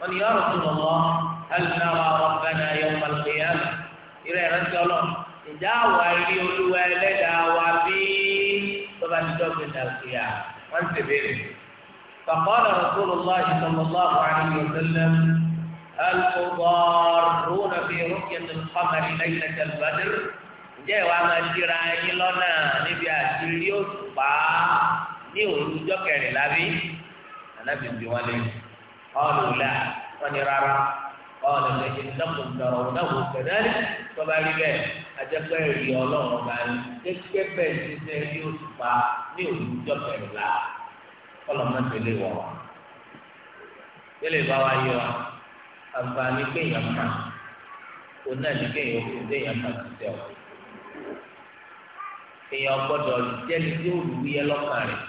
wọn yọ ọ̀rọ̀ tún lọ alùpùpù àwọn ọgbẹni ayọmọ àlùkìyàmù ìrẹ ìrántí Ọlọ́run ìjà wà rí olúwa ẹlẹ́dàá wa bí bàbá ti dọgbẹ dàgbéyà wọn ti béèrè. فقال رسول الله صلى الله عليه وسلم المضارون في رؤية القمر ليلة البدر ǹjẹ́ ìwà máa ṣíra ní òru ọjọ́ kẹrìnlá bí anábìyàn bí wọ́n lé قالوا لا ونرارا قال فإنكم ترونه كذلك فبعد ذلك أجبنا اليوم بعد تكتب سيدنا يوسف نيوم جبر لا قال ما تلي ورا تلي بوا يوا أفاني كي يما قلنا لكي يوفي يما تسيو èèyàn gbọ́dọ̀ jẹni tí ó lù yẹ lọ́kàn rẹ̀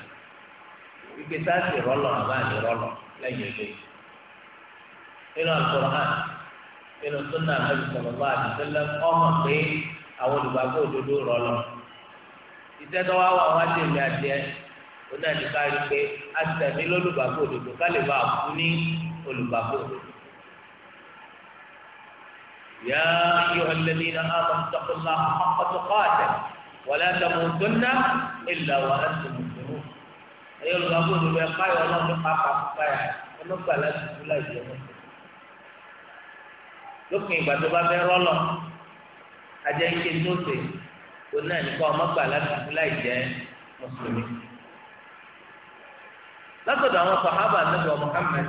wípé sáà sì rọlọ àbá àlè rọlọ lẹ́yìn eléyìí nínú Al-Qur'an nínú sunna Ànábì sallallahu alaihi wasallam ọmọ pé àwọn olùgbàgbọ́ òdodo rọ lọ iṣẹ́ tó wá wà wá dé ìlú adìẹ oní àdìgbà rí pé àtẹ̀mí lólùgbàgbọ́ òdodo ká bá kú ní olùgbàgbọ́ òdodo. يا أيها الذين آمنوا اتقوا الله حق تقاته ولا تموتن إلا وأنتم مسلمون أيها الغابون يقال الله حق تقاته ونقل أسف الله lópin ìgbà tó bá fẹ́ rọ́lọ̀ ajẹ́ ike tó ṣe òun náà nípa ọmọgbà láti láì jẹ́ mùsùlùmí. látọ̀dọ̀ àwọn sàhábà nígbà Muhammad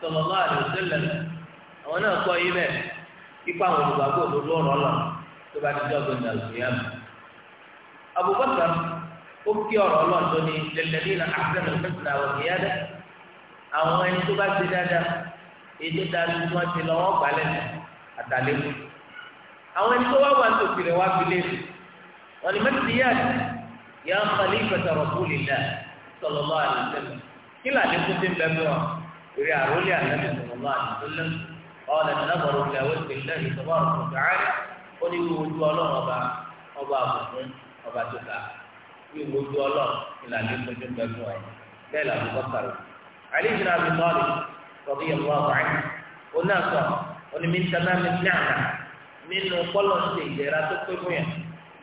sallallahu alaihi wasallam àwọn náà kọ́ yí bẹ́ẹ̀ ipa àwọn olùgbàgbọ́ òdodo rọ́lọ̀ tó bá ti dọ́gbẹ́ nàìjíríà. Abubakar ó kí ọ̀rọ̀ ọlọ́ọ̀tọ́ ni lẹ́lẹ́dínlá àfẹ́nù mẹ́tìlá àwọn ẹni tó bá ti dáadáa ètò dáadáa tí wọ́n ti lọ́wọ́ gbálẹ̀ náà àtàlẹ́kù àwọn ẹni tó wá wà ní òkèèrè wá fi lé wọn ni mẹ́tìrì yá ni yà ń pali ìfẹsẹ̀ rọ̀bù lílẹ̀ sallallahu alaihi wasallam kí làlẹ́kù ti ń bẹ mọ́ ìrì àròlé ní wíwo ojú ọlọ́run ọba ọba àbùkún ọba tó ga wíwo ojú ọlọ́run ìlànà ìtọ́jú ń bẹ fún ẹ bẹ́ẹ̀ làbùkọ́ kàrọ̀ àlejò náà onímísàmá mi ní àná nínú kọ́lọ̀ ṣe ìdẹ̀ra tó pé fún yẹn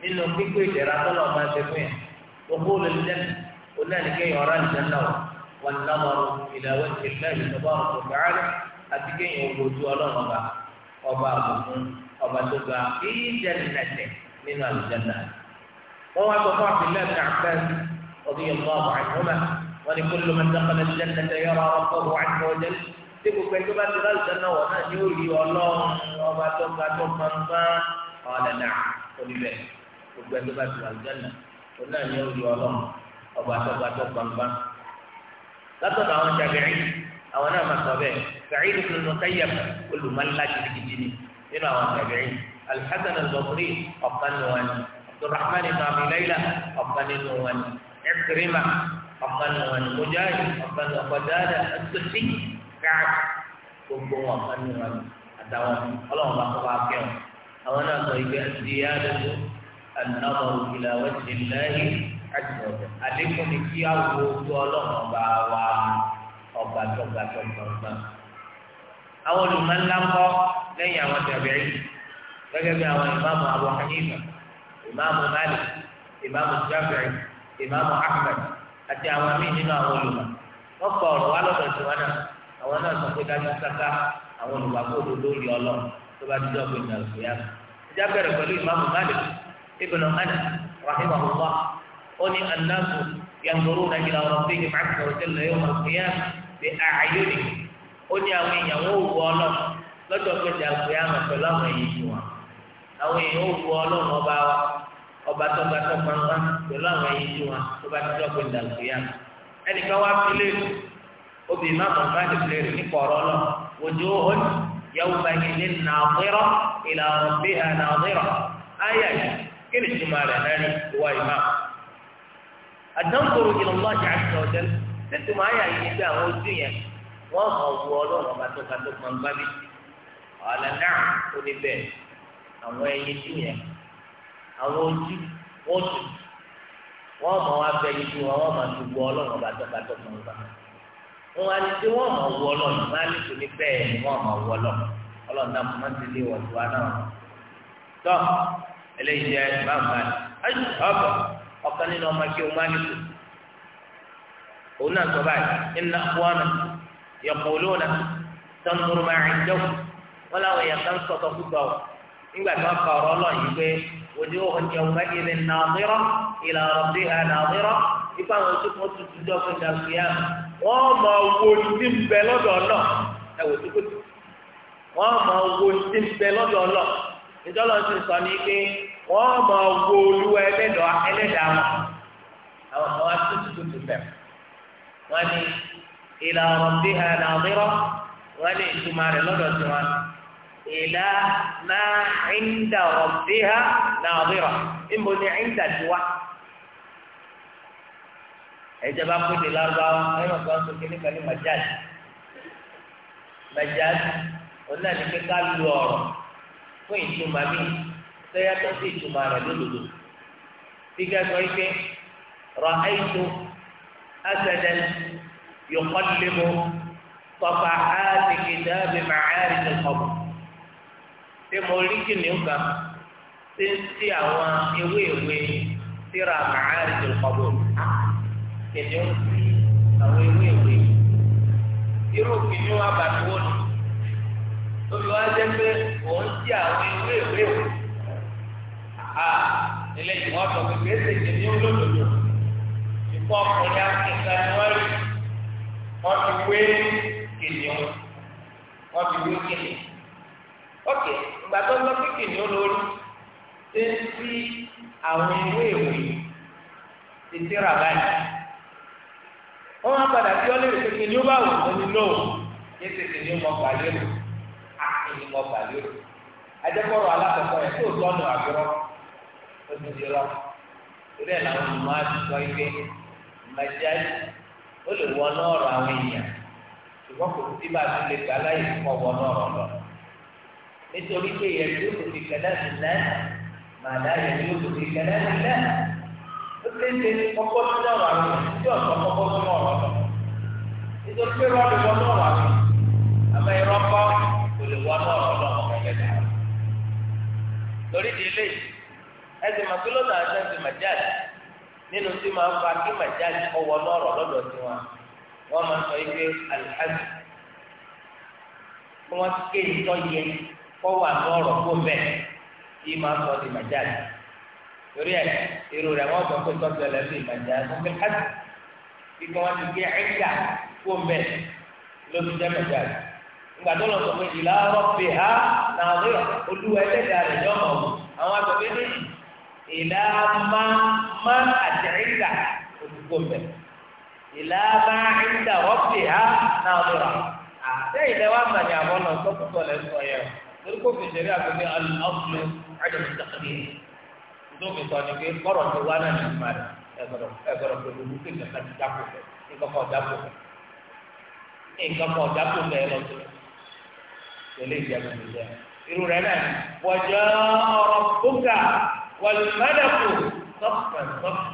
nínú gbígbé ìdẹ̀ra kọ́lọ̀ máa ṣe fún yẹn gbogbo olùdíjẹ́ni onáàlìkẹ́yìn ọ̀rá nìjẹ́ni náà wọn náà ìdáwọ́ ìṣẹ̀lẹ̀ ìṣọ̀bọ̀ ọ̀rọ̀ àti kéèyàn ojú ọlọ́run ọba ọba àbùkún ọba tó ga ìjẹ́nìlẹ̀tẹ̀ nínú àlùjẹ́nà. wọ́n wá sọ fún àfihàn ní àfẹ́s tí gbogbo ẹjọ́ bá ti láti dáná wọ̀ náà ní orí ọlọ́run ọba tó ga tó pampa ọ̀lẹ́lẹ́ oníbẹ̀ gbogbo ẹjọ́ bá ti láti dáná wọn náà ní orí ọlọ́run ọba tó ga tó pampa. látọ̀dọ̀ àwọn jàgẹ̀rì àwọn náà máa sọ bẹ́ẹ̀ gàrí ní kùnú káyà olùmọ̀lá gidigidi ni nínú àwọn jàgẹ̀rì alhassan al-bakri ọ̀kan nù wọn abdulrahman ibn abi layla ọ̀kan nù wọn ikrima ọ̀kan káàdì gbogbo wọn kan ní wọn àtàwọn ọlọ́run bá kọ́ bá kẹ́ wọn. àwọn náà sọ ìgbẹ́ ti yá lóko ànáwó ìlà wẹ́tì lẹ́yìn àjọyọ̀ àdékùn ni kí á wo ojú ọlọ́run bá wà ọgbà tọ́gbà tọ́gbà gbà. àwọn olùmọ̀lá kọ́ lẹ́yìn àwọn tẹ̀wéé gẹ́gẹ́ bí àwọn ìmáàmù Abu Hanifa ìmáàmù Malik ìmáàmù Shafi'i ìmáàmù Ahmad àti àwọn míì nínú àwọn olùmọ̀ wọ́n kọ ọ̀rọ̀ wá lọ́dọ̀ tiwọn náà àwọn náà sọ pé dájú sáká àwọn olùgbàgbọ́ òdodo rí ọlọ tó bá dídọ́ pé ìgbà òkè yára. ìjà bẹ̀rẹ̀ pẹ̀lú ìmáàmù Malik ibn Anas rahimahullah ó ní anáàbù yàngorú na ìlà ọ̀rọ̀ bí ìmọ̀ àti ọ̀rọ̀ tẹ́lẹ̀ yóò máa fi yára bí ààyè ni ó ní àwọn èèyàn ó wù ọ lọ lọ́jọ́ pé ìjà òkè yára pẹ̀lú àwọn èèyàn wọn àwọn èèyàn ó wù ọ ọba wa ọba tó ga obì má mọ̀ bá lè lè ní kọ̀ọ̀rọ̀ lọ ojú ó yàwó bá yẹn lé nàdírọ̀ ìlànà bí i nàdírọ̀ ayà yìí kí ni tuma rẹ̀ náà ní ìwà ìmá. àdánkòrò ìlànà lọ́jà àti ọ̀jẹ́ ní tuma ayà yìí ní bí àwọn ojú yẹn wọ́n mọ̀ wú ọlọ́run ọba tó ka tó kàn gbá bí. ọ̀là náà ó ní bẹ́ẹ̀ àwọn ẹyin tí yẹn àwọn ojú wọ́n tù wọ́n mọ̀ wá bẹ́ẹ̀ yìí tí wọ́n mọ̀ tó wú ọlọ́run ọba tó ka tó kàn gbá wọn á ní tí wọn mọ wọ lọ nígbà nípò ní bẹ́ẹ̀ ni wọn mọ wọ lọ Ọlọ́run náà mọ ti lé wọn tiwa náà tọ eléyìí jẹ báńkà ayé ọbọ ọ̀kan nínú ọmọ kí o má nípò òun náà sọ báyìí iná wọn yọkọ olóòna tọ́nùmọ́rùmọ́ àìjọ́ wọn láwọn èèyàn kan sọ̀tọ̀ púpọ̀ nígbà tí wọ́n kọ ọ̀rọ̀ ọlọ́ọ̀ yìí pé. وجوه يومئذ ناظرة إلى ربها ناظرة إذا وصف وصف الجوف عند القيامة وما وجدت بلد الله أو سكت وما وجدت بلد الله إذا لم تنساني وما وجدوا بلد أحلى أو أو سكت بلد وأني إلى ربها ناظرة وأني ثم على الله ìlà máa ìndà ọ̀bíhá nàbírà níbo ni ìndà ti wá. ẹ̀jẹ̀ bá pété lárúbáwá ẹ̀rọ kan tó kéde kan ní màjáde màjáde òun náà ní pé ká lu ọ̀rọ̀ fún ìtumọ̀ mi tó yàtọ̀ sí ìtumọ̀ rẹ̀ lódodo. Fígà sọ wípé rọ̀ àìsó asẹ̀dẹ̀ yòókọ́ lémo tọ́fà á ti kìí dábì màá rí ní kọ̀ọ̀bù ṣé mo rí kìnìún kan ṣé ń ti àwọn ewé ìwé síra màárì tó kọ̀bọ̀ kìnìún sí àwọn ewé ìwé irú kìnìún abàtúwò ni lórí wá jẹ́ pé òun ti àwọn ewé ìwé ìwé a eléyìí wọ́n sọ pé kéésì kìnìún lòdòdò ìkọ́ ọkùnrin akínkan ni wọ́n rí wọ́n ti wé kìnìún wọ́n ti wé kìnìún ok ìgbà tó lọ sí kìnìún olórí ṣe ń fi àwọn ìwé ìwé títí rà báyìí wọn á padà bí ọ lè ṣe kìnìún bá wù ú ní lóò yé ṣe kìnìún mọ gbàlẹ́ rò á ah, kìnìún mọ gbàlẹ́ rò ajẹ́kọ̀rọ̀ alákọ̀ọ́kọ́ yẹn tó tọ́nu àgbọ̀rọ̀ ó ti di rọ torí ẹ̀ làwọn ọmọ àdúgbò yìí pé mẹjáde ó lè wọ náà rọ àwọn èèyàn ṣùgbọ́n kò sí bá a ti lè gbà láyè fún ọwọ́ náà rọ lọ nítorí pé ìyẹ̀dí yóò fi kẹlẹ́ mi lẹ́nu màdá ìyẹ̀dí yóò fi kẹlẹ́ mi lẹ́nu ó tẹ́tẹ́ kọ́kọ́ tó lọ́rọ̀ àwọn tí ọ̀sán kọ́kọ́ tó lọ́rọ̀ lọ nítorí pé rọ́ọ̀lù wọn lọ́rọ̀ àwọn àmọ́ irọ́ kọ́ kò lè wọ́n lọ́rọ̀ lọ́rọ̀ kẹ́kẹ́ dà torí di ilé ẹsẹ̀ màkúlọ́nà àti ẹsẹ̀ màjáde nínú tí máa fa kí màjáde ọwọ́ lọ́rọ̀ lọ́dọ̀ tiwọn wọ́n máa sọ ibi alhaji wọ́n ké ìtọ́ yẹ kọ́ wà ní ọ̀rọ̀ kó bẹ́ẹ̀ kí máa sọ di màjáde torí ẹ irú rẹ wọn sọ pé tọ́sẹ̀lẹ̀ bíi màjáde wọn fi hàtì kí wọ́n ti gé ẹ̀ka kó bẹ́ẹ̀ ló fi jẹ́ màjáde ìgbà tó lọ sọ pé ìlà ọ̀rọ̀ fi ha náà rí olúwa ẹlẹ́dàá rẹ̀ yọ̀mọ̀ àwọn àgbẹ̀ bíi ìlà máa máa àti ẹ̀ka kó bẹ́ẹ̀ ìlà bá ẹ̀ka ọ̀fì ha náà rí ra àtẹ̀yìn lẹ́wọ̀ àmàlẹ́ àbọ̀nà tó torí kò fi ṣẹlẹ̀ àgbẹ̀mí alùpùpù àdàmì sàkàdé tó fi sọ ni pé kọ́rọ̀ ti wá náà ní ìgbà rẹ̀ ẹ̀gbọ̀dọ̀ ẹ̀gbọ̀dọ̀ pẹ̀lú wípé kẹta ti dáko fẹ̀ nǹkan kan dáko fẹ̀ nǹkan kan dáko fẹ̀ ẹ̀ lọ́sọ̀ tẹ̀lé ìjẹun ìjẹ irú rẹ̀ náà wọ̀jọ́ ọ̀rọ̀ bùkà wọ̀lùmọ́dẹ̀kù sọ́kàn sọ́kàn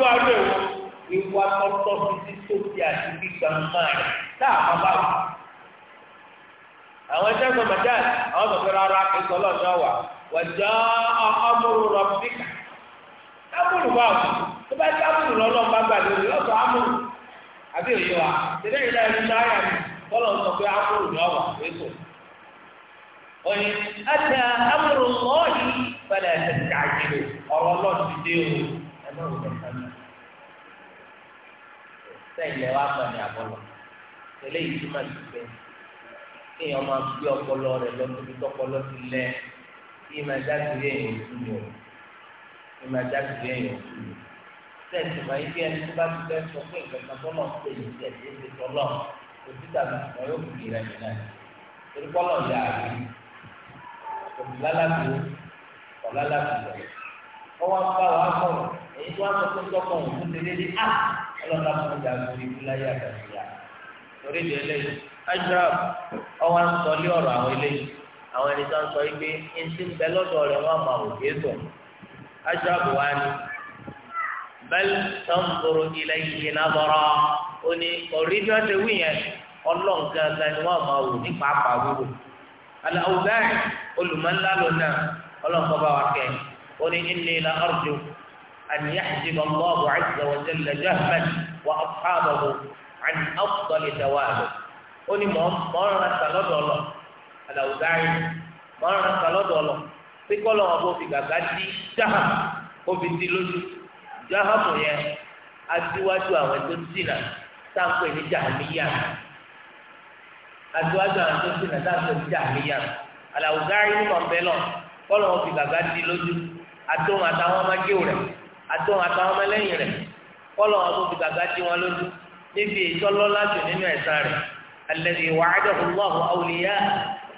olùwà wíwá tọ́tọ́ títí tó ti àti gbígbà máa rẹ̀ táà má bá wù. àwọn ẹgbẹ́ sọ màjá àwọn sọ̀tọ̀ rárá ìsọ lọ́dọ̀ wà wàjọ́ ọmọrú rọ̀bìkà ámúrù bá wù tó bá ti ámúrù lọ́lọ́ bá gbà lórí ọ̀sọ̀ ámúrù àbí òye wa tẹ̀lé ìlà ẹni náà yà mí kọ́lọ̀ sọ pé ámúrù ni ọ̀wà èso. oyin àti ámúrù lọ́ọ̀yì pẹ̀lẹ́ ẹ̀sẹ̀ sẹ́yìn lẹ́ wá pọ̀ ní àbọ̀lọ̀ eléyìí túmọ̀ sí pé kéèyàn máa gbé ọpọlọ rẹ̀ lọ síbi tọpọlọ ti lẹ kí máa jáde rí èyàn òkú mi o kí máa jáde rí èyàn òkú mi sẹ́ẹ̀tì máa yí ẹni tó bá ti fẹ́ sọ pé nǹkan kan tọ́lọ̀ ń pè ní sẹ́ẹ̀tì èsì tọ́lọ̀ òtí tàbí ìtàn yóò kù rẹ̀ nìyẹn torí pọ́lọ̀ yà á rí òtí lálàbí ọ̀làlàbí lọ ọwọ́ apá wa ọlọ́dà fún ìjà lórí ìbúláyà àgbàdìyà torí ìdí eléyìí ashraf ọwọ́ ń sọ lé ọ̀rọ̀ àwọn eléyìí àwọn ẹni tó ń sọ pé ń ti ń bẹ lọ́dọ̀ rẹ̀ wọ́n máa wò dé sọ ashraf wa ni bẹ́ẹ̀ sọ́nkoro ilẹ̀ yìí náà bọ̀rọ̀ ó ní orídìí ọ̀tẹ̀ wí yẹn ọlọ́ǹkankan ni wọ́n máa wò nípa àpàwúrò aláwùdáì olùmọ̀ńlá lónà ọlọ́ǹkọ́ bá wa kẹ́ ó ní ilé la ọ̀rọ̀ أن يحجب الله عز وجل جهما وأصحابه عن أفضل ثوابه أني مرة سلطة الله الأوزاعي مرة سلطة الله في كل أبو في قبلتي جهم وفي تلوش جهم يا أسواج وأنتسنا تنقل جهميا أسواج وأنتسنا تنقل جهميا الأوزاعي من بلون كل أبو في قبلتي لوش أتوم أتوم أجيوره àtòun àtàwọn ọmọlẹ́yìn rẹ̀ kọ́lọ̀ wọn tó fi gàgá dí wọn lójú níbi ìtọ́lọ́lá jù nínú ẹ̀sán rẹ̀ alladhi wa'adahu Allahu awliya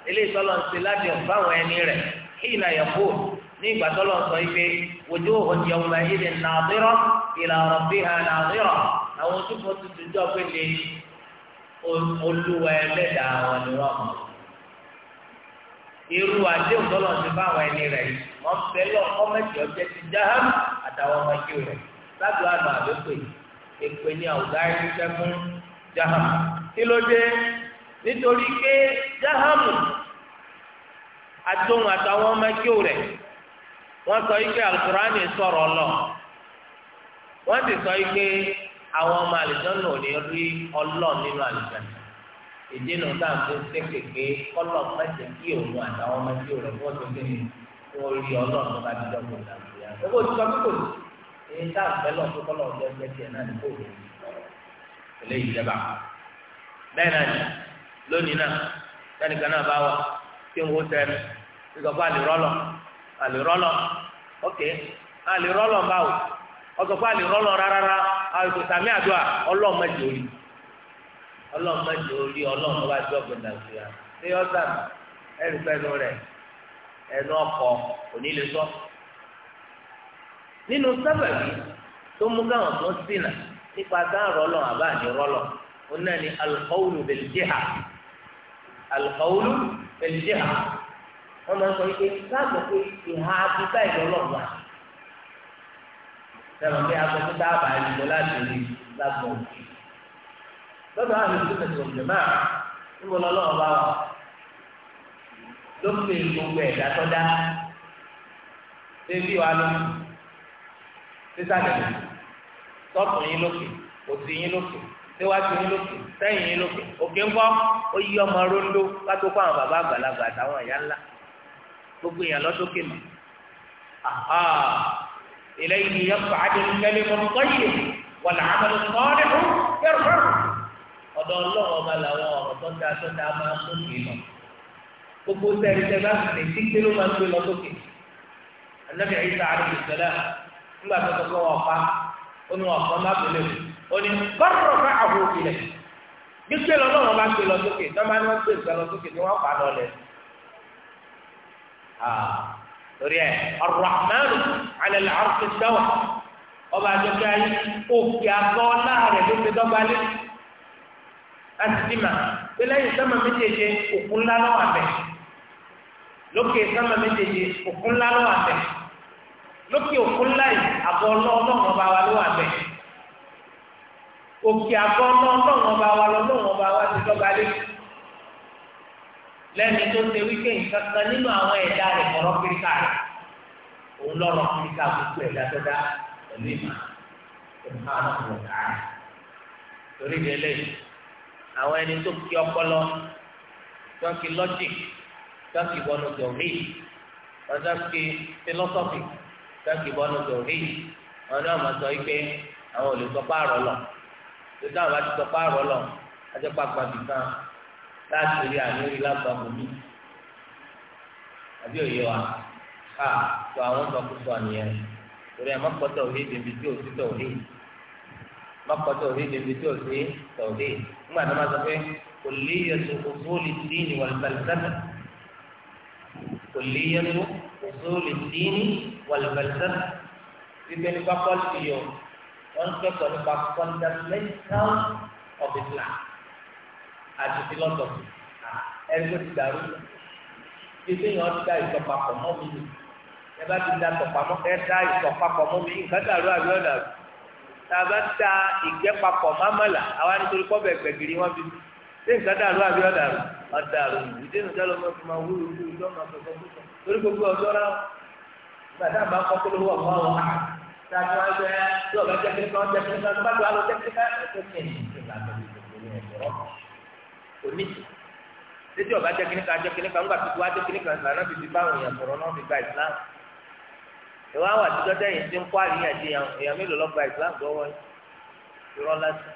eléyìí tọ́lọ̀ ń ṣe láti ọ̀fà àwọn ẹni rẹ̀ hina yaqul ní ìgbà tọ́lọ̀ sọ ife wujuhun yawma'idhin nadira ila rabbiha nadira àwọn tó fọ́ tuntun irú àdéhùn tó lọ́n ti bá àwọn ẹni rẹ̀ yìí wọ́n fẹ́ lọ kọ́mẹ́tì ọjọ́ ti jáhám àtàwọn ọmọ ẹjọ́ rẹ̀ lábẹ́ àná àdókòyè èpè ní àwùjá ẹ̀ṣẹ́ fún kí ló dé nítorí pé àtòhùn àtàwọn ọmọ rẹ̀ sọ ike alukurani sọ̀rọ̀ lọ wọ́n sọ ike àwọn ọmọ àlùjọ́ náà ò ní èdè náà tá à ń fi ṣe kéke kọlọ mẹsẹ kí òun àtàwọn ọmọ tí òun fún ọ̀tọ̀ kéde kí wọn rí Ọlọ́run tó bá ti dọgbọn ìdàgbàsókè àná. owó tí wọn kò ní ní tá à ń fẹ́ lọ sí kọlọ ọjọ́ ẹgbẹ́ tiẹ̀ náà ní kóòtù ìpínlẹ̀ ìjẹba bẹ́ẹ̀ náà ni lónìí náà sẹnìkan náà bá wà tí ń wo sẹnu ìgbàgbọ àlèrọlọ àlèrọlọ ok àlèrọlọ báwo ọsọ fún àlèrọlọ rárá àwọn ètò sàmì àdúrà ọlọ́ọ̀ mẹ́jọ yìí ọlọ́run mẹ́jọ orí ọlọ́run wá jọ gbẹ̀dà sí ya ṣé yọ sàmì ẹ̀rù pẹ̀lú rẹ̀ ẹnu ọkọ̀ òní lè sọ. nínú sábàbí tó mú káwọn tó sínà nípa sáà rọlọ àbá àní rọlọ ó náà ní alukọ́wùlù bẹ̀lìjìhà alukọ́wùlù bẹ̀lìjìhà wọ́n máa ń sọ pé sáàbù pé ìhà abúgbà ìlọ́lọ́gbà sẹ́wọ̀n pé aṣọ tó dáàbà ìlú láti rí lágbọ̀n òkè lọ́dọ̀ àwọn ìṣẹ̀lẹ̀ tó ń jẹ̀mọ́ níbo lọ́lọ́wọ́ bá wà lókè gbogbo ẹ̀dá tó dá débi wa lọ sísàlẹ̀ tọ́pù yín lókè òsì yín lókè síwájú yín lókè sẹ́yìn yín lókè òkè ńkọ́ ó yí ọmọ rondo kátó kó àwọn bàbá àgbàlagbà àtàwọn ìyá ńlá gbogbo èèyàn lọ́sókè mọ́ aha eléyìí yẹ fàájì kẹlẹ́ mọ́tò yìí wọ́n làwọn ọmọdé sọ́ọ́ ọ̀dọ̀ ọlọ́run ọba làwọn ọ̀rọ̀ tó da tó da máa sókè lọ gbogbo sẹ́ni sẹ́ni bá sì lè dígbé ló máa gbé lọ sókè anabi Isa alayhi salam nígbà tó kọ́kọ́ wọ̀ pa ó ní ọ̀kan má tó léwu ó ní bọ́rọ̀ fẹ́ gbígbé lọ lọ́wọ́ bá gbé lọ sókè tó máa wọ́n gbé ìgbà lọ sókè tí wọ́n pa lọ lẹ̀ torí ẹ Ar-Rahman ala al-arsh istawa ọba àjọkẹ́ ayé òkè àbọ̀ láàrẹ̀ ló ti dọ́gba lé asitima pé lẹ́yìn sánmà méjèèje òkun ńlá ló wà bẹ̀ lókè sánmà méjèèje òkun ńlá ló wà bẹ̀ lókè òkun ńlá yìí àgọ́ ọlọ́run ọba wa ló wà bẹ̀ òkè àgọ́ ọlọ́run ọba wa lọ́lọ́run ọba wa ti dọ́gba lé lẹ́ni tó ṣe wípé nǹkan kan nínú àwọn ẹ̀dá rẹ̀ kọ̀rọ̀ kíríkà rẹ̀ òun lọ́rọ̀ kíríkà gbogbo ẹ̀dá tó dá pẹ̀lú ìmọ̀ ìmọ̀ àwọn ọ̀gá torí ìdílé àwọn ẹni tó kí ọpọlọ tó kí logic tó kí bọ́nu tòrí ọjọ kí philosophy tó kí bọ́nu tòrí ọjọ àwọn sọ pé àwọn olùsọpá àrọ lọ tó dáhùn àti sọpá àrọ lọ ajẹpàgbà nìkan láti rí àlérí lágbàbọ mi àbí òye wa ká tó àwọn sọkúsọ nìyẹn torí ẹ má pọtọ òye bèbí tí òtítọ́ òye lọ́kọ̀ tòhí níbi tí o sí tòhí ńgbà tó máa sọ pé kò lè yẹtu òfóòlì dínì wal falsafa kò lè yẹtu òfóòlì dínì wal falsafa wípé nípa pọ́lìtì yọ wọ́n kẹ́kọ̀ọ́ nípa fundamental of Islam àti philosophy ẹgbẹ́ ti dàrú wípé yẹn ti da ìtọ̀papọ̀ mọ́ mi ẹ bá ti da ìtọ̀papọ̀ mọ́ mi nǹkan dàrú àbí ọ̀dàrú tàbá ta ìgbẹ́ papọ̀ mámàlà àwa nítorí kọ́ bẹ̀ gbẹ̀gìrì wọn bí ṣé nǹkan dàrú àbí ọ̀dàrú ọ̀dàrú ìdí nìkan lọ́mọ fi máa wúlò wúlò lọ́mọ àgbẹ̀kọ́ torí gbogbo ọjọ́ rà gbàdá bá kọ́ kó lówó ọ̀pọ̀ àwọn àá tàbí wọn jẹ tí ọ̀gá jẹ kí wọ́n jẹ kí wọ́n bá tó àlọ́ jẹ kí wọ́n tètè ọba jẹ kíníkà jẹ kíníkà ńgbà tuntun wa jẹ kíníkà ńgbà náà fi fi báwọn èèyàn sọ̀rọ̀ náà fi gba ìsìlámù ìwà àwọn àtijọ́ tẹ̀yìn ti ń kó àríyànjiyàn èèyàn mélòó lọ́gba ìsìlámù tó wọ́n irọ́ lásì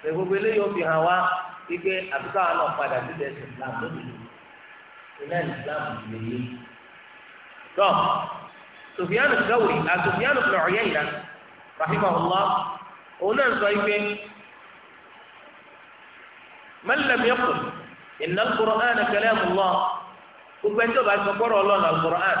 ṣe gbogbo eléyìí ó fi hàn wá wípé àbíká wa náà padà sí ẹsẹ̀ ìsìlámù tó ti lò iná ìsìlámù ti lè yé tọ́ Sufyanu Thawri àti Sufyanu ibn Uyayna rahimahullah òun náà sọ wípé man lam yaqul inna al-Qur'ana gbogbo ẹjọ́ bá sọ gbọ́rọ̀ ọlọ́run al-Qur'an.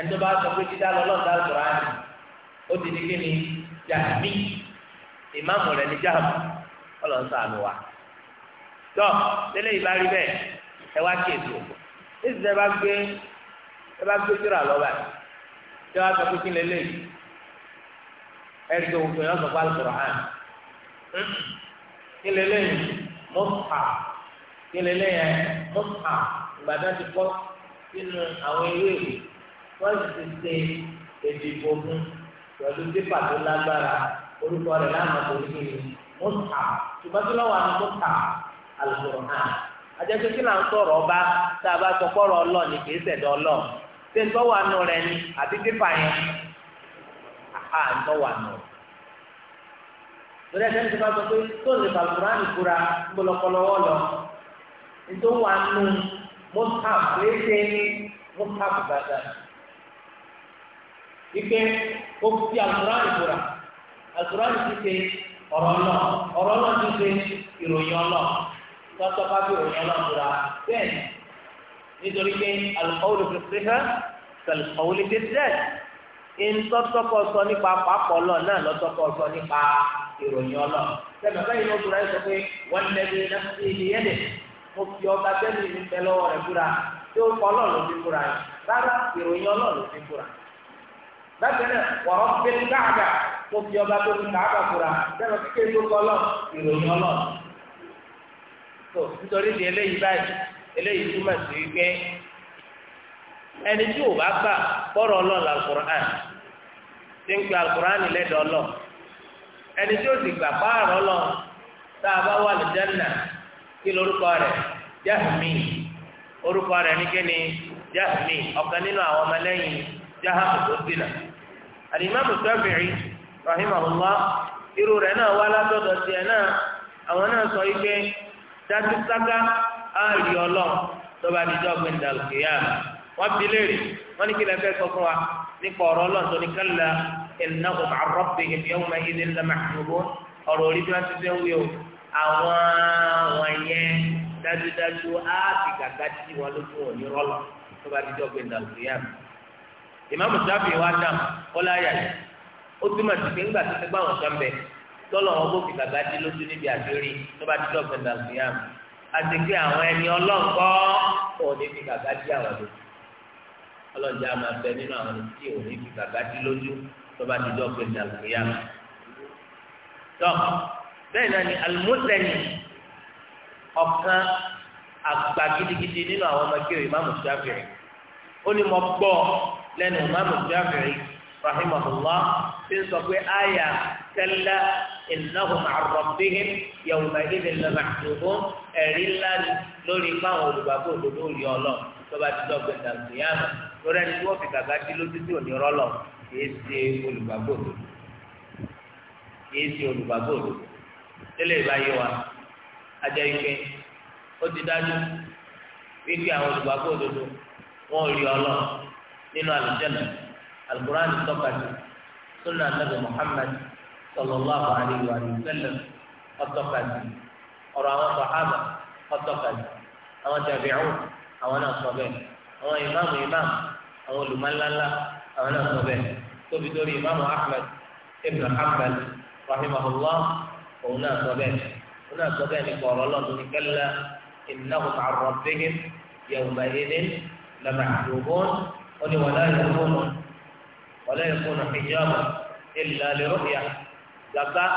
ẹni tó bá sọ pé dídá lọ́lọ́run dá sọ̀rọ̀ àná ó ti di kíni jàmí ìmáàmù rẹ̀ ní jàmù ọlọ́run sàánú wa. tọ́ tẹ́lẹ̀ ìbá rí bẹ́ẹ̀ ẹ wá kí èso èsì ẹ bá gbé ẹ bá gbé jùlọ àlọ́ báyìí tí wọ́n sọ pé kí lè léyìí ẹ̀rí tó wùdó yẹn sọ pé hàn kí lè léyìí mọ́tà kí lè léyìí mọ́tà ìgbàdàn ti kọ́ sínú àwọn ewé ìwé wọ́n sì ti ṣe èdè ìbomú pẹ̀lú pépà tó lágbára orúkọ rẹ̀ láàmú orí mọ́tà tùbátúlọ̀ wà ní mọ́tà Al-Qur'an àjẹsẹ́ kí là ń sọ̀rọ̀ ọba tá a bá sọ kọ́rọ̀ ọlọ́ọ̀ni kì í ṣẹ̀dọ̀ ọlọ́ọ̀ ṣé ntọ́wà nù rẹ̀ ni àbí pépà yẹn àhà ntọ́wà nù rẹ̀ lórí ẹsẹ̀ nípa sọ pé tó lè fa alukurani kura ńbọlọpọlọwọ lọ nítorí wà nù mọ́tàf léṣe wípé ó fi àlùkùránì ìbúra àlùkùránì ti ṣe ọ̀rọ̀ náà ọ̀rọ̀ náà ti ṣe ìròyìn ọlọ́ tọ́tọ́ bá fi ìròyìn ọlọ́ ìbúra bẹ́ẹ̀ nítorí pé alùpàwọlù fi fi hàn kàlùpàwọlù fi dẹ́ ìtọ́tọ́kọ̀ sọ nípa pàápọ̀ ọlọ́ náà lọ́tọ́kọ̀ sọ nípa ìròyìn ọlọ́ sẹ́mi báyìí ló búra sọ pé wọ́n lẹ́nu iná sí ibi yẹn dẹ̀ mo fi ọba sẹ́mi ìfẹ́ lọ́wọ́ rẹ̀ búra tí ó kọ́ ọlọ́ọ̀lù fi búra rárá ìròyìn ọlọ́ọ̀lù lábẹ́rẹ́ wọ̀rọ̀ gbé káàdà tó fi ọba tó fi káàdà fura bẹ́ẹ̀ bí kéde tó kọ́ lọ ìròyìn ọlọ́ tó nítorí di eléyìí báyìí eléyìí túmọ̀ sí wípé ẹni tí ò bá gbà bọ́rọ̀ ọlọ́ọ̀lá alukur'an ti ń pe alukur'an lẹ́dọ̀ ọlọ́ ẹni tí ó sì gbà pààrọ̀ ọlọ́ tá a bá wà lùjẹ́nà kí lórúkọ rẹ̀ jahmi orúkọ rẹ̀ ní kíni jahmi ọ̀kan nínú àwọn ọmọlẹ́yìn jahamu tó dínà alimami Shafi'i rahimahullah irú rẹ̀ náà wá látọ̀dọ̀ tiẹ̀ náà àwọn náà sọ ike dájú sáká á rí ọlọ́run tọ́ba àdìjọ́ gbẹ̀ndàlùkìyà wọ́n ti léèrè wọ́n ní kí lè fẹ́ sọ fún wa nípa ọ̀rọ̀ ọlọ́run tó ní kálá ìnáwó àrọ́pẹ̀ ìfìyàwó máa yé nílẹ̀ màkúrò ọ̀rọ̀ orí tí wọ́n ti fẹ́ wí o àwọn àwọn yẹn dájúdájú á ti gàgá tí wọn lójú òní rọ́lọ́ tọ́ba àdìjọ́ gbẹ̀ndàlùkìyà mi ìmáàmù sábì wa dàm ọláyà yìí ó túmọ̀ sí pé ńgbà tó ti gbà wọn sọ mbẹ tọ́lọ̀ wọn bó fi gàgà dé lójú níbi àdéhùn tó bá ti dọ̀gbẹ̀ dàgbìyàm àti pé àwọn ẹni ọlọ́ǹkọ́ òun ní fi gàgà dé àwọn lójú ọlọ́jà máa bẹ nínú àwọn tí òun ní fi gàgà dé lójú tó bá ti dọ̀gbẹ̀ dàgbìyàm tọ́ bẹ́ẹ̀ náà ni alimọ́sẹ̀ni ọ̀kan àgbà gidigidi nínú àwọn ọmọ kéwì ìmáàmù sábì ó ní mo gbọ́ lẹ́nu ìmáàmù Jáfìrì rahimahullah ti sọ pé àyà kalla innahum an rabbihim yawma idhin lamahjubun ẹ̀rí ńlá lórí báwọn olùgbàgbọ́ òdodo rí ọlọ́ tọ́ba ti dọ́gbẹ́ dàgbéyàmù lórí ẹni tí wọ́n fi gàgá sí lójú tí ò ní kìí ṣe olùgbàgbọ́ òdodo kìí ṣe olùgbàgbọ́ òdodo tẹ́lẹ̀ ìbáyé wa ajẹ́ ike ó ti dájú wípé àwọn olùgbàgbọ́ òdodo wọ́n rí ọlọ́ọ̀ nínú àlùjẹ́nà alukur'an tọ́kasì sunna anabi muhammad sallallahu alayhi wa sallam ọtọ́kasì ọ̀rọ̀ àwọn sọ̀hábà ọtọ́kasì àwọn tàbí'ùn àwọn náà sọ bẹ́ẹ̀ àwọn ìmáàmù ìmáàmù àwọn olùmọ̀lánlá àwọn náà sọ bẹ́ẹ̀ tóbi torí ìmáàmù ahmed ibn hanbal rahimahullah òun náà sọ bẹ́ẹ̀ òun náà sọ bẹ́ẹ̀ nípa ọ̀rọ̀ ọlọ́run ní kalla innahum 'an rabbihim yawma'idhin قل ولا يكون ولا يكون حجابا إلا لرؤيا زكاة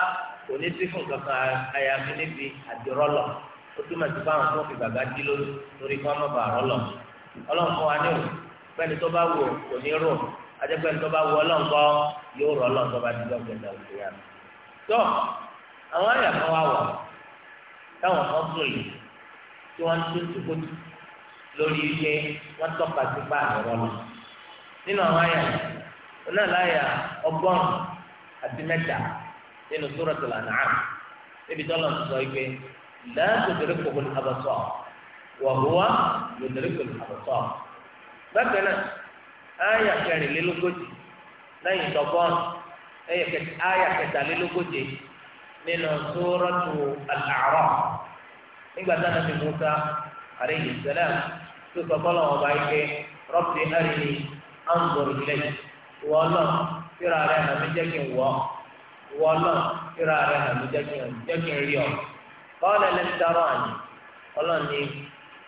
onísí fún kankan àyàfi níbi àdìrọlọ ó túmọ̀ sí báwọn tó fi bàbá dí lórí torí kí wọ́n má bàa rọlọ ọlọ́run fún wa ní òun pẹ́ni tó bá wù ọ́ kò ní rò adẹ́pẹ́ni tó bá wù ọlọ́run kọ́ yóò rọ ọlọ́run tó bá dí lọ́gbẹ̀ẹ́ náà tó àwọn àyà kan wá wọ̀ táwọn kan sùn yìí tí wọ́n ń tún tukùtù lórí ilé wọ́n tọ́ka sí báà rọlọ́run nínú àwọn àyà náà láyà ọgbọ́n àti mẹ́ta nínú Suratul An'am níbi tọ́lọ̀ ń sọ pé la tudrikuhu al-absar wa huwa yudriku al-absar. bákan náà àyà kẹrìnlélógójì lẹ́yìn tọ́gbọ́n àyà kẹtàlélógójì nínú Suratul A'raf nígbà táwọn ti Musa alayhi salam tó sọ fọlọ́ wọn báyìí pé rabbi arini. anbor lɛ wɔlɔ tira rɛ hàn mi jɛki wɔ wɔlɔ tira rɛ hàn mi jɛki hàn jɛki rio kɔlɛ lɛ dɔrɔ ani kɔlɔ ni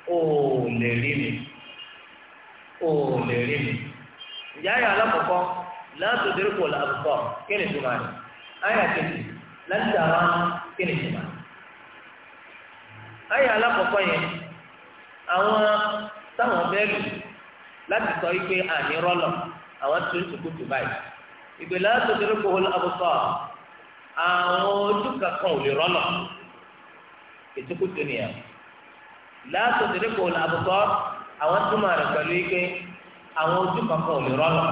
o lɛ ri mi o lɛ ri mi njɛ ayɔ alɛ kɔkɔ lɛ ato diri ko lɛ akɔ kini tuma ni ayɔ kiti lɛ dɔrɔ láti sọ wípé àní rọlọ àwọn tó ń sùkútù báyìí ìgbèlà tó dérò kó hol abùsọ àwọn ojú kankan ò lè rọlọ ìsùkútù nìyẹn láti dérò kó hol abùsọ àwọn tó máa rẹ pẹ̀lú wípé àwọn ojú kankan ò lè rọlọ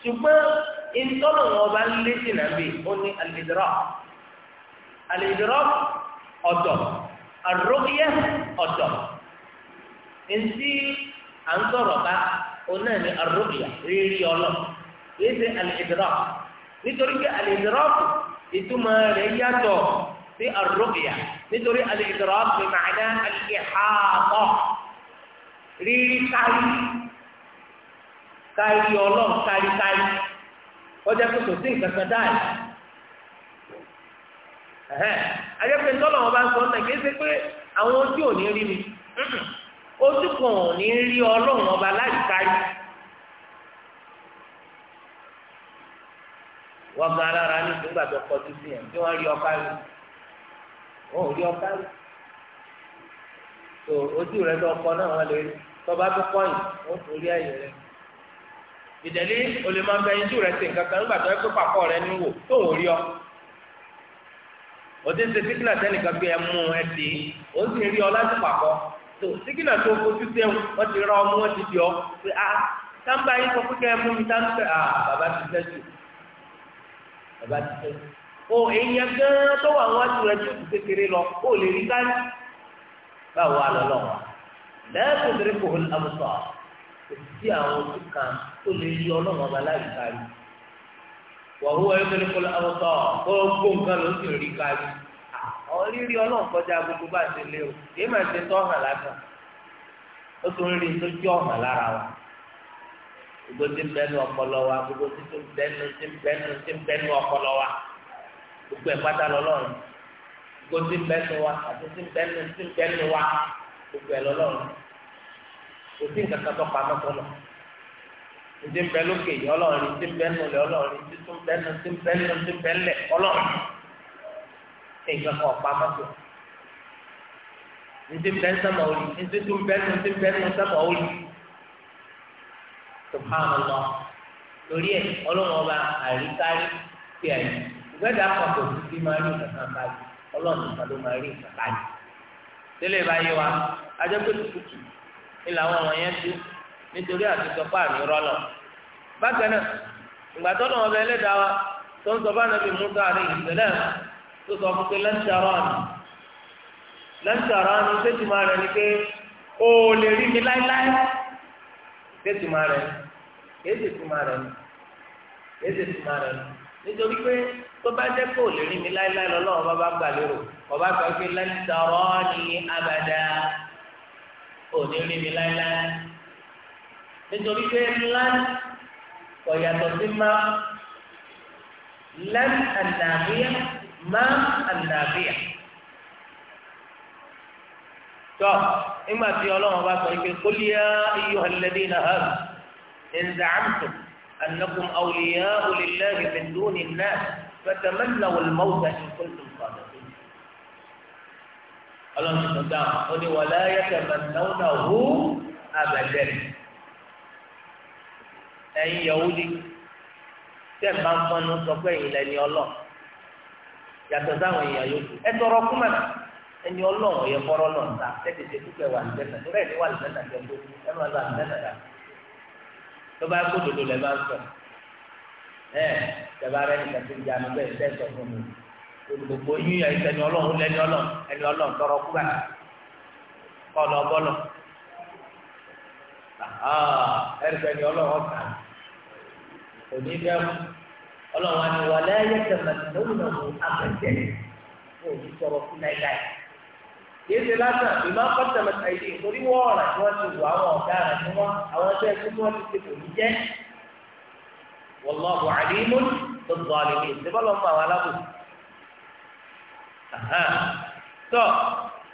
ṣùgbọ́n ìtọ́nù wọn lé sí nàbí ó ní alìdírọ́ alìdírọ́ ọ̀dọ̀ àrògìyẹ ọ̀dọ̀ èsì à ń sọ̀rọ̀ bá òun náà ní arúgbìyà rírí ọlọ́ kìí ṣe àlèdèrọ́ nítorí pé àlèdèrọ́ ìtumọ̀ rẹ̀ yàtọ̀ sí arúgbìyà nítorí àlèdèrọ́ fi màánà àlèhàbọ̀ rírí kárí kárí ọlọ́ kárí kárí ọjà kò tó sí nǹkan kan dáì ajẹ́pẹ́ ńlọ́lọ́wọ́ bá ń sọ ọ́nà kìí ṣe pé àwọn ojú ò ní rí mi. o kan ò ní rí ọlọ́run ọba láìkáyé wọ́n gan alára ní ìgbà tó kọjú sí yẹn tí wọ́n rí ọkà rí wọn ò rí rí tó ojú rẹ tó kọ náà wọ́n lè rí tọ́ba tó kọ́ yìí wọ́n tó rí ẹ̀yìn rẹ ìdẹ̀lẹ́ olè máa bẹ rẹ sí nǹkan kan nígbà tó ẹ pé rẹ ní wò tó ò tó sígìnà tó fojú sẹ́wọ̀n wọ́n ti rọ ọmú wọ́n ti di ọ pé a ah, sáńbà yín sọ fún kẹ́hìn mú mi sáńbà pé a ah, bàbá ti sẹ́sù bàbá ti sẹ́sù o èèyàn gan tó wà wọ́n ti rẹ̀ tó kù kékeré lọ ó lè rí sáńbà báwo a lọ lọ wa lẹ́ẹ̀kọ́ tẹ̀lé kò hó amúsọ̀ òtítí àwọn ojú kan tó lè rí ọlọ́run ọba láì kárí wàhùwà yóò tẹ̀lé kò hó amúsọ̀ kó gbó ló ń sì rí kárí àwọn rírí ọlọ́run kọjá gbogbo bá ti lé o èyí máa ṣe tọ́ hàn lásán ó tún rí tó jẹ́ ọ̀hàn lára wa gbogbo tí ń bẹnu ọpọlọ wa gbogbo tí ń bẹnu tí ń bẹnu tí ń bẹnu ọpọlọ wa gbogbo ẹ̀ pátá lọ́lọ́run gbogbo tí ń bẹnu wa àti tí ń bẹnu tí ń bẹnu wa gbogbo ẹ̀ lọ́lọ́run kò sí nǹkan kan tó pa mọ́tọ́lọ́ tí ń bẹ lókè ọlọ́run tí ń bẹnu lẹ̀ ọlọ́run tí ń bẹnu tí ń bẹnu tí ń bẹnu nǹkan kan ọ̀pamọ́ tó ntí bẹ́ẹ̀ ń sọ́mọ́ òòlù ntí tó ń bẹ́ẹ̀ ń tí bẹ́ẹ̀ ń sọ́mọ́ òòlù tó bá wọn lọ lórí ẹ̀ ọlọ́run ọba àríkárí ti ẹ̀ ìgbẹ́dà kan kò sí bí máa rí nǹkan kan báyìí ọlọ́run nìkan ló máa rí nǹkan báyìí tẹ́lẹ̀ báyìí wa ajẹ́pẹ́ tuntun ni làwọn ọ̀ràn yẹn dún nítorí àtúntò páàmì rọ́lọ̀ bákan náà ìgbà tó lọ́wọ́ bẹ́ẹ̀ lẹ́dàá wa tó ń sọ bá nàbì Mùsá àrí ìṣẹ̀lẹ̀ tó sọ fún pé lẹ́ńtàránì lẹ́ńtàránì tẹ́tùmá rẹ̀ ni pé o lè rí mi láíláí tẹ́tùmá rẹ̀ kéde tùmá rẹ̀ kéde tùmá rẹ̀ nítorí pé tó bá jẹ́ kó o lè rí mi láíláí lọ́wọ́ bá bá gbà lérò ọba sọ pé lẹ́ńtàránì abàdá o ní rí mi láíláí nítorí pé láì ọ̀yàtọ̀ sí máa lẹ́ńtàránì máa àlàáfíà tọ́ ìgbà tí ọlọ́run bá sọ ike kó lè iyọ̀ ẹlẹ́dẹ́ iná hàn ẹ̀ǹdàmtò أنكم أولياء لله من دون الناس فتمنوا الموت إن كنتم صادقين ọlọ́run ti sọ̀dá wọn ni wọ́n láyé tẹ̀mẹ̀tẹ̀wọ́nà hó abẹ́dẹ́ ẹ̀yin Yahudi tẹ̀ máa ń fọnú sọ pé yàtọ̀ sáwọn èèyàn yòókù ẹ tọrọ fún màmá ẹni ọlọ́run ọ̀yẹ kọ́rọ́ náà ta tẹ́tẹ̀tẹ̀ dúpẹ́ wà lẹ́nà tó rẹ̀ ní wà lẹ́nà tẹ̀ tó ẹ máa lọ àlẹ́nà dà tó bá kó dodo lẹ́ bá ń sọ ẹ tẹ̀bá rẹ̀ ní kàtí ìjà mi bẹ́ẹ̀ tẹ́ sọ fún mi gbogbo yín ẹ̀ ẹni ọlọ́run lẹ́ni ọlọ́run ẹni ọlọ́run tọrọ kúrà kọlọ bọlọ ẹni ọlọ́run kà òní bẹ́ẹ̀ ọlọ́run á ní wà láyé tẹ̀mẹ̀tẹ̀ ó nà mú àgbẹ̀jẹ̀ fún òjì sọ̀rọ̀ fún náírà yìí ṣe lásán ìmọ̀ akọ́tẹ̀mẹ̀ àìdí ìkórí wọ́ọ̀rà tí wọ́n ti wọ àwọn ọ̀daràn tí wọ́n àwọn ẹgbẹ́ ẹgbẹ́ tí wọ́n ti ṣe kò ní jẹ́ wọ́lọ́ọ̀bù àdìmú tó gbọ́ àlejò ìṣèbọ́lọ́ mọ àwọn alábòsí. tọ́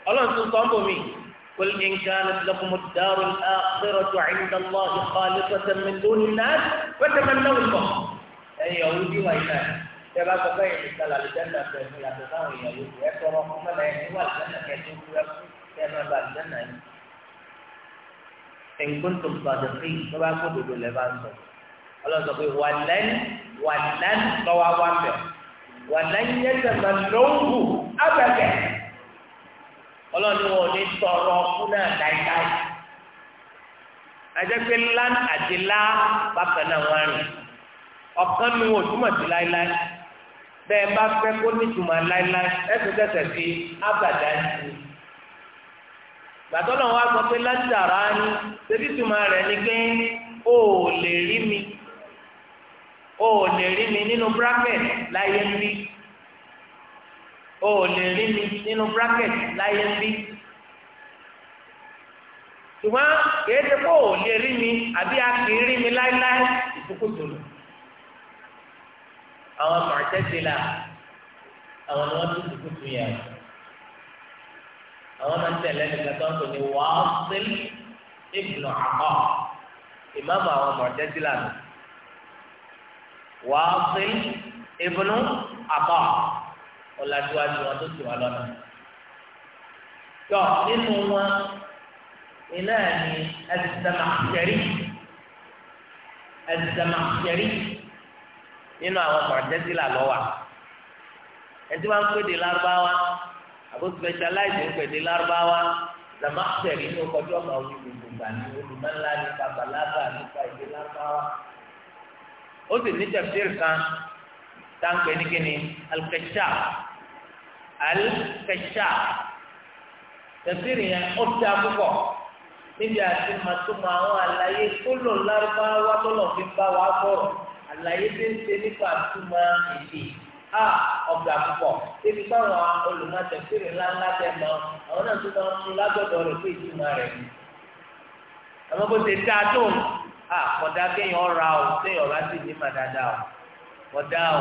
ọlọ́run tún sọ ń bò mí قل إن كانت لكم الدار الآخرة عند الله خالصة من دون الناس فتمنوا الموت ẹ̀yin ọ̀hún bí wà iná tẹ́ bá sọ pé ẹ̀yin nìkan là lè jẹ́nà fẹ́ fún yàtọ̀ táwọn èèyàn yòókù ẹ tọrọ fún mẹ́lẹ̀ ẹ̀yin wà jẹ́nà kẹ́tọ́ fún ẹ fún tẹ́ máa bá jẹ́nà yìí. ẹ̀ǹkún tó gbàdọ̀ sí tó bá kó dòdò lẹ́ bá ń sọ ọlọ́run sọ pé wà lẹ́n wà lẹ́n lọ́wọ́ wá bẹ̀ wà lẹ́n yẹ tẹ̀sán lóhùn abẹ́kẹ̀ ọlọ́run ní tọrọ fún náà dáidái ọ̀kan nu òtúmọ̀ sí láéláé bẹ́ẹ̀ bá fẹ́ kó nítumọ̀ láéláé ẹ̀sùn tẹ̀sẹ̀ fi ábàdá sí i. gbàtọ́ náà wá sọ pé látara ni ṣebí túmọ̀ rẹ̀ ni pé ó lè rí mi ó lè rí mi nínú bracket láyé ń bí ó lè rí mi nínú bracket láyé ń bí ṣùgbọ́n kìí ṣe kó ò lè rí mi àbí a kìí rí mi láéláé ìtukùtù àwọn mọ̀tẹ́sílà àwọn ni wọ́n tún ti kútu yẹn àwọn máa ń tẹ̀lé nìkan tó ń pè ní wàásìl ibnu àkọ́ ìmáàmù àwọn mọ̀tẹ́sílà nù wàásìl ibnu àkọ́ ọ̀làdúwájú wọn tó ti wà lọ́nà tọ nínú wọn iná ni ẹsẹmàkẹrí ẹsẹmàkẹrí nínú àwọn mọ̀tẹ́sílà lọ́wà ẹtí wọn pèdè lárúbáwá àbó specialize ń pèdè lárúbáwá zamakitẹri ní ọkọjọ ọmọ àwọn olùgbà ní olùmọ̀nlá ní babalága nípa èdè lárúbáwá ó sì ní tẹ̀síìr kan táǹpẹ̀ ní kíni alikẹ́sà alikẹ́sà tẹ̀síìr yẹn ó ti àkókò níbi àti màtúmọ̀ àwọn àlàyé kóló lárúbáwá tó lọ́ọ́ fi bá wa bọ̀rọ̀ àlàyé tí ń ṣe nípa àtúmọ̀ èdè a ọgbà púpọ̀ débi báwọn olùmọ̀tẹ̀síri ńláńlá tẹ mọ àwọn náà tó máa ń mú lágbọ̀dọ̀ rẹ̀ fún ìtumọ̀ rẹ̀ àmọ́ bó ṣe dá tó a kọ̀dá kéèyàn ra o kéèyàn bá sì ní mà dáadáa o kọ̀dá o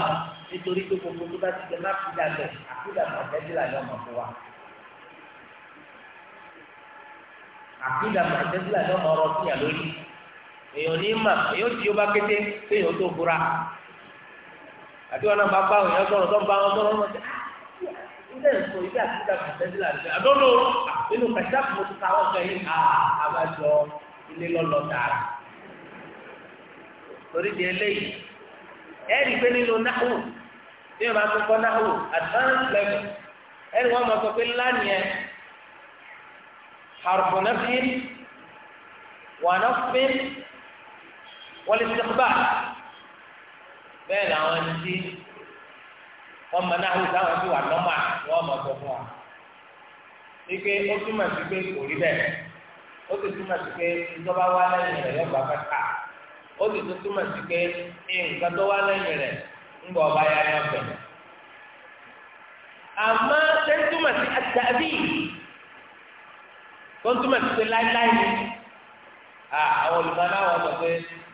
nítorí tó gbogbo tó bá ti jẹ má fi dàgbẹ̀ àkúdà mọ̀tẹ́sílà ni ọmọ fún wa. àkúdà mọ̀tẹ́sílà ni ọmọ ọrọ̀ fún yà lórí èèyàn ní mà èèyàn tí ó bá kété kéèyàn tó búra àti wọn náà bá bá òyìn sọ̀rọ̀ tó ń bá wọn sọ̀rọ̀ lọsẹ ilé ìsọ ilé àtúntà kàtẹ́sí làdúgbò àdónò nínú kàtẹ́sí mo ti ta àwọn kan yìí àbájọ ilé lọ́lọ́ tààrà torí di eléyìí ẹ̀rí pé nínú náhù tí wọ́n bá tún kọ́ náhù advanced level ẹ̀rí wọ́n mọ̀ sọ pé lánìyẹn harfunafin wanafin. wọlẹsẹgbà bẹ́ẹ̀ làwọn ẹni tí wọn mọ náà wípé àwọn ẹbí wà fún wa ike ó túmọ̀ sí pé kò rí bẹ́ẹ̀ ó sì túmọ̀ sí pé ìjọba lẹ́yìn rẹ̀ yọgbà kẹta ó sì tún túmọ̀ sí pé nǹkan tó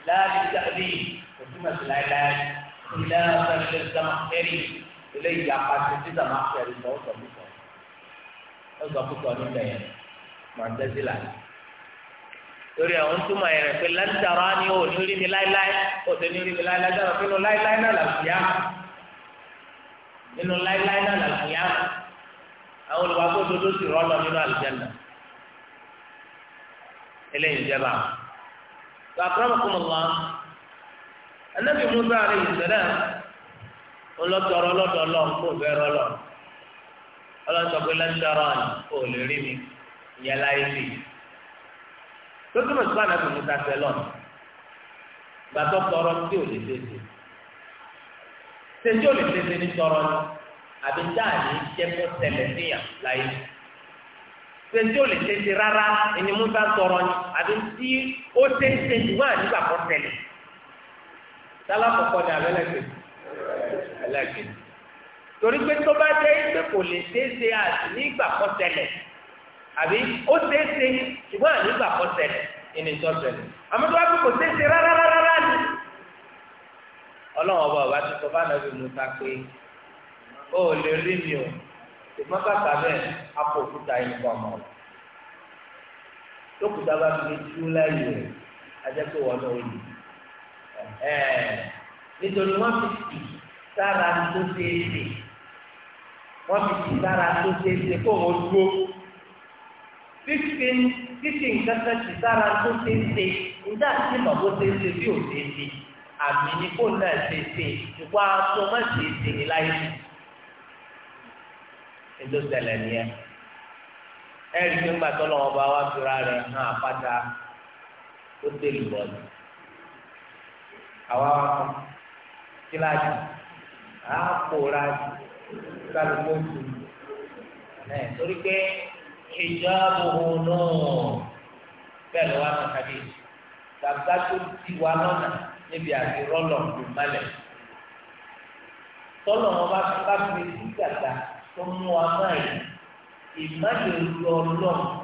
láàrin tàbí òtúmọ̀ sí láéláé ilé ọ̀sẹ̀ sàmàkẹ́rì ilé ìyapa ti ti sàmàkẹ́rì sọ ọ̀sọ̀ púpọ̀ ọ̀sọ̀ púpọ̀ níbẹ̀ yẹn mọ̀tẹ́sílà lórí àwọn túmọ̀ yẹn rẹ̀ pé lẹ́ńdàrọ́ ni ò ní rí mi láéláé ó sì ní rí mi láéláé dára pé nínú láéláé náà làlùfíà nínú láéláé náà làlùfíà àwọn olùwàgbọ́dọ́dọ́ sì rọ́ lọ nínú àlùjánnà eléyìí jẹba àwọn akramakum Allah anabi musa alayhi salam ọlọtọrọ lọ́dọ̀ Ọlọ́run kò fẹrẹ Ọlọ́run ọlọtọ pé lẹsẹrọ ni ò lè rí mi ìyẹn láyé sí i tó túmọ̀ sí pàdé àbùkù musa sẹlọ gbàtọ́ tọrọ tí ò lè tẹ̀sí tẹ̀sí ò lè tẹ̀sí ní tọrọ ni àbí dáàbí jẹ́ kó tẹ̀lẹ̀ níyà láyé sí i sèntì ò lè tètè rárá ẹni musa sọ̀rọ̀ ni àbí tí ó tètè ṣùgbọ́n àdìgbà kọ́ tẹ̀lé sálá kọ̀kọ́ ni abẹ́lẹ̀ kejì abẹ́lẹ̀ kejì torí pé tó bá jẹ́ ìgbẹ́ kò lè tètè àdìgbà kọ́ tẹ̀lé àbí ó tètè ṣùgbọ́n àdìgbà kọ́ tẹ̀lé ẹni tó tẹ̀lé àmọ́ tó bá fi kò tètè rárá rárá ni ọlọ́run ọba ọba ti sọ fún anabi musa pé ó lè rí mi o. ṣùgbọ́n bàtà bẹ́ẹ̀ òkúta yìí kọ́ ọmọ rẹ̀ lókùtà bá fi tú láyé rẹ̀ ajẹ́pẹ́ wọn náà nítorí wọ́n fi tì sára tó ṣeéṣe wọ́n fi tì sára tó ṣeéṣe kó wọ́n dúró fífi fífi sára tó nígbà tí bí ò ètò ṣẹlẹ̀ nìyẹn ẹ̀rí tó ń gbà tọ́lọ̀ ọba wa fira rẹ̀ hàn àpáta ó tẹ̀lé bọ́ọ̀lù àwa kíláàsì àápòra kálukó tu ẹ̀ torí pé ìjọ àbòhò náà bẹ́ẹ̀ lọ́wọ́ àwọn kábíyèsí bàbá tó ti wà lọ́nà níbi àti rọ́lọ̀ ló malẹ̀ tọ́lọ̀ ọba fún bá fi ní ìgbàgbà. tó mú wa náà yìí ìmáyé lọ lọ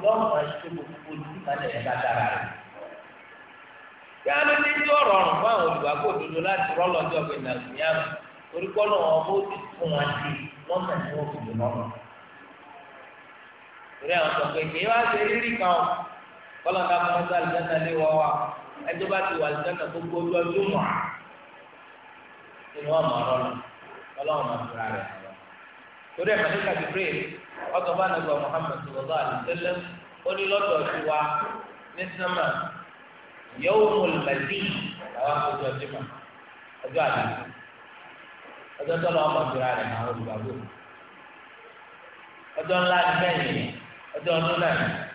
lọ́mọ ẹ̀ṣọ́ gbogbo tí ẹ̀ bá dára rẹ̀. Yá ló ní tí ọ̀rọ̀ ọ̀rùn fún àwọn láti rọ́lọ́ ọjọ́ nàìjíríà fún lọ́mọ Torí àwọn sọ pé kì í wá ṣe rírì kan ká fún ọjọ́ àlùjáde lé wọ́ wa ẹjọ́ bá ti wà àlùjáde gbogbo ojú ọjọ́ mọ́ torí ẹ̀ màlíkà jibril ọkọ̀ bá nàgbà muhammed sallallahu alaihi wasallam ó ní lọ́dọ̀ sí wa ní sámà yawmul badi làwọn àkójọ jimá ọjọ́ àdìsí ọjọ́ tó lọ́wọ́ mọ̀jọ́ra rẹ̀ máa ń olùgbàgbọ́ ọjọ́ ńlá ní bẹ́ẹ̀ yẹn ọjọ́ ọdún náà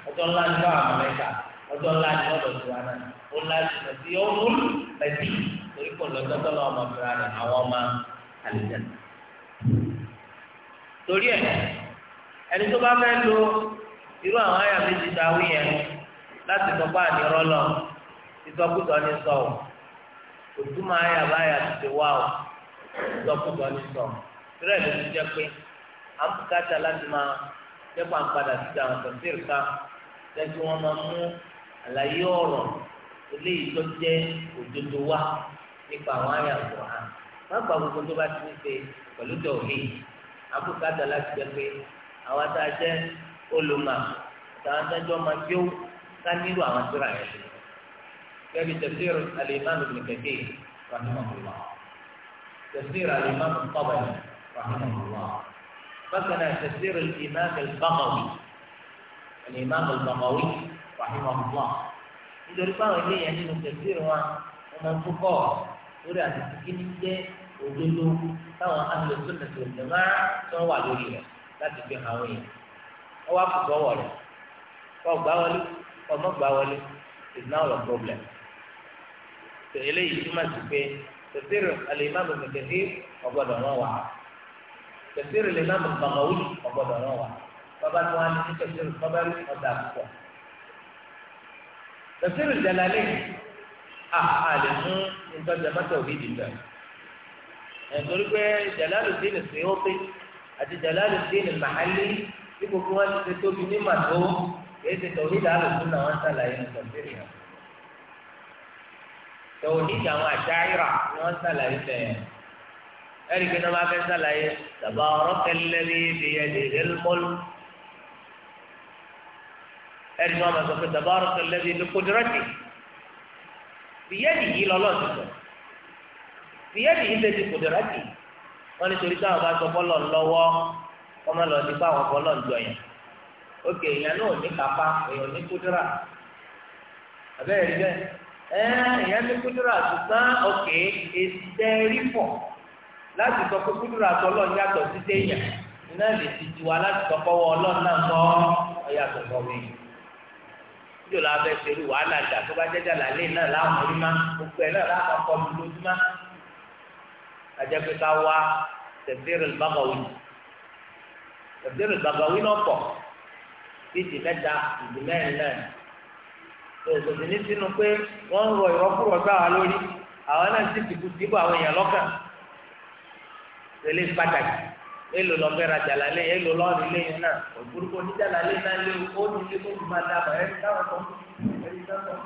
ọjọ́ ńlá ní báwọn mọ̀lẹ́kà ọjọ́ ńlá ní ọ̀dọ̀ sí wa náà ó ńlá ní ọ̀dọ̀ sí yawmul badi torí torí ẹ̀ ẹni tó bá fẹ́ lo irú àwọn àyà méjì tá a wí yẹn láti sọ bá ànírọ́ lọ ìsọkúsọ ní sọ ò òtúmọ̀ àyà báyà ti ti wá ò ìsọkúsọ ní sọ torí ẹ̀ ló ti jẹ́ pé àbùkátà láti máa jẹ́pọ̀ àǹpadà sí àwọn tọ̀síìrì ká tẹ́tí wọ́n máa mú àlàyé ọ̀rọ̀ eléyìí tó jẹ́ òdodo wá nípa àwọn àyà àgbọ̀n hàn. wọ́n gba gbogbo tó bá ti ní ṣe pẹ̀lú tọ̀hìn abúkátà láti jẹ pé àwọn tá a jẹ olùmọ̀ àtàwọn adájọ́ máa kí ó ká nílò àwọn tó rà yẹn lọ kẹbi tafsir al-imam ibn kathir rahimahullah tafsir al-imam at-tabari rahimahullah bákan náà tafsir al-imam al-baghawi al-imam al-baghawi rahimahullah nítorí pé àwọn eléyàn nínú tafsir wọn wọn máa ń kó kọ́ lórí àti kíní jẹ́ òdodo táwọn alòsùn nàìjíríà jẹmọ tó wà lórí rẹ̀ láti fi hàn wọ̀nyí wọn wá kó sọ́wọ́ rẹ̀ kọ gbá wọlé kọ mọ gbá wọlé is now your problem tó eléyìí túmọ̀ sí pé tẹ̀síìrì alìmáàmù kẹ̀kẹ́ ọgbọ́dọ̀ náà wà tẹ̀síìrì alìmáàmù bàmáwí ọgbọ́dọ̀ náà wà bàbá tí wọn ní tẹ̀síìrì bàbá rí ọ̀dà púpọ̀ tẹ̀síìrì jàlálẹ̀ à àlè fún ìtọ́jà mọ́tò òbí dìbẹ̀. nítorí pé Jalaluddin Suyuti àti Jalaluddin Mahalli bí gbogbo wọn ti ṣe tóbi ní màtó kìí ṣe tòwídìí àlùkùn náà wọn ṣàlàyé nǹkan sílẹ̀ yẹn tòwídìí àwọn àṣàyíra ni wọn ṣàlàyé bẹ́ẹ̀ ẹ̀rí pé náà wọn fẹ́ ṣàlàyé tabarakal-ladhi biyadihil mulk ẹ̀rí wọn bá sọ pé tabarakal-ladhi biqudratihi bìyẹ́ nìyí lọ́lọ́sọ̀tọ̀. ìyẹ́dì yìí ṣe ti kùdìrẹ́tì wọ́n ní torí táwọn bá sọ bọ́lọ̀ lọ́wọ́ wọ́n máa lọ sí pé bọ́lọ̀ ń jọyàn ókè èèyàn náà ò ní kápá èèyàn ní kúdúrà àbẹ́rẹ́ rí bẹ́ẹ̀ ẹ́ ní kúdúrà ṣùgbọ́n rí pọ̀ láti sọ pé kúdúrà lọ́ọ̀ yàtọ̀ sí téèyàn iná lè ti ju wa láti sọ pé wọ́n náà mi la wàhálà dà tó bá jẹ́jà náà láwọn ajẹ́pẹ́ ká wá tafsir al-Baghawi tafsir al-Baghawi náà pọ̀ bí ìdí mẹ́ta ìdí mẹ́rin náà òkò sí ní sínú pé wọ́n ń rọ ìrọ́kùrọ̀ gbà wá lórí àwọn náà sì ti kú síbò àwọn èèyàn lọ́kàn tẹ̀lé pàtàkì èlò lọ́fẹ́ rajà lálẹ́ èlò lọ́ọ̀rì lẹ́yìn náà òbúrúkọ níjà lálẹ́ náà lé o ní ilé kó máa dábàá ẹni táwọn tó ẹni táwọn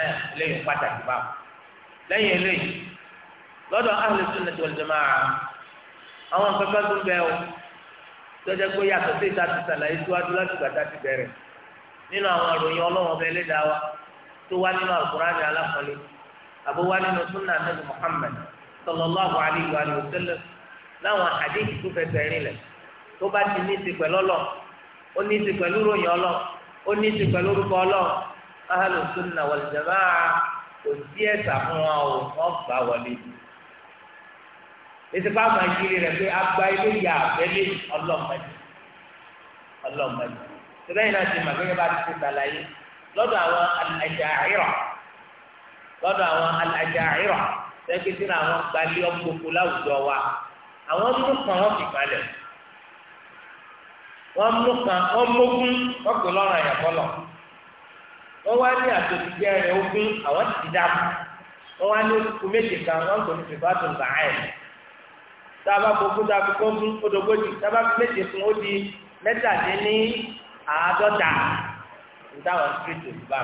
ẹ lẹ́yìn pàtàkì báwọn lẹ́yìn eléyìí. lọ́dọ̀ ahlu sunnati wal jamaa àwọn kankan tó bẹ o tọjá pé yàtọ̀ sí ìta ti sàlàyé síwájú láti gbàtà ti bẹ̀rẹ̀ nínú àwọn àròyìn Ọlọ́run ọbẹ Ẹlẹ́dàá wa tó wá nínú Al-Qur'ani àbó wá nínú sunna anabi Muhammad sallallahu alayhi láwọn àdéhì tó lẹ̀ tó bá ti ní ti ó ní ti pẹ̀lú ròyìn ètò bá máa yiri rẹ̀ pé agba ilé yà abẹ́lé ọlọ́mọdé ọlọ́mọdé sẹ́lẹ̀yìn náà ti mà gẹ́gẹ́ bá ti ti sàlàyé lọ́dọ̀ àwọn al-Asha'ira lọ́dọ̀ àwọn al-Asha'ira sẹ́kì sínú àwọn gbalẹ́ ọ̀gbọ̀kọ̀ láwùjọ wa àwọn mú kan wọ́n fi balẹ̀ wọ́n mú kan wọ́n mógún wọ́n pè lọ́rùn àyàkọ́lọ̀ wọ́n wá ní àtòkìjẹ́ rẹ̀ ogún àwọn ti dá wọ́n wá ní oṣù kan wọ́n kò ní fìbá tó ń bà áyẹ̀ tába gbogbo tá a fi kọ́ fún odògbòjì tába méje fún ó di mẹ́tàdínní àádọ́ta ìdáhùn síríìtì òdìbà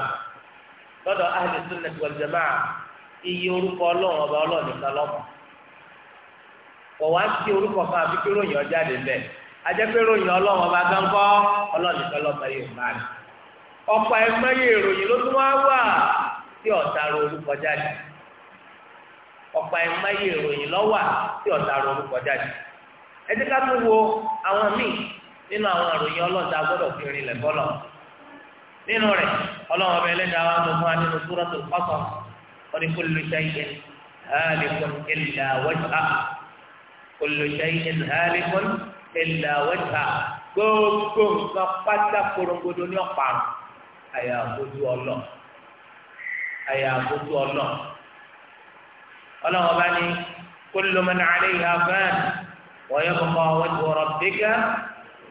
lọ́dọ̀ ahli sunnah wal jamaa iye orúkọ ọlọ́run ọba ọlọ́run nìkan kò wá sí orúkọ fún àfi kí ròyìn ọjà lè lẹ̀ ọ̀pá ẹ̀máyé ìròyìn lọ́wà tí ọ̀tá ronú kọjá jù ẹ jẹ́ ká tún wo àwọn míì nínú àwọn àròyìn ọlọ́ọ̀ta gbọ́dọ̀ fi rin lẹ̀ bọ́lọ̀ nínú rẹ̀ ọlọ́wọ́n ọbẹ̀ ẹlẹ́dàá wa mú fún wa nínú Suratul Qasas ọdún kullu shay'in halikun illa wajha kullu shay'in halikun illa ọlọ́run ọba ní kullu man 'alayha fan wa yabqa wajhu rabbika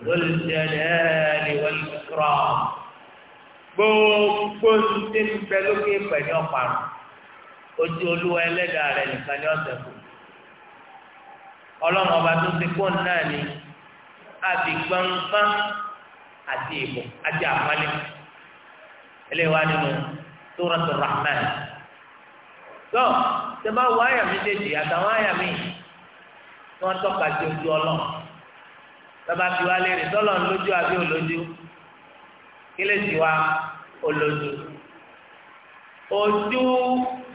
dhul jalali wal ikram gbogbo ti ń bẹ lókè pẹ̀lú ọ̀parun ojú olúwa ẹlẹ́dàá rẹ̀ nìkan ni ọ̀sẹ̀ kù ọlọ́run ọba tó ti kó náà ni àbí gbọ̀ngbọ̀n àti ìbò àti àpálẹ̀ eléwà nínú Suratul Rahman tó. So, tẹ bá wọ àyà méjèèjì àtàwọn àyà mi tí wọn tọ́ka sí ojú ọlọ bàbá fi wá léèrè sọlọ ńlójú àbí olójú kílè sí wa olójú ojú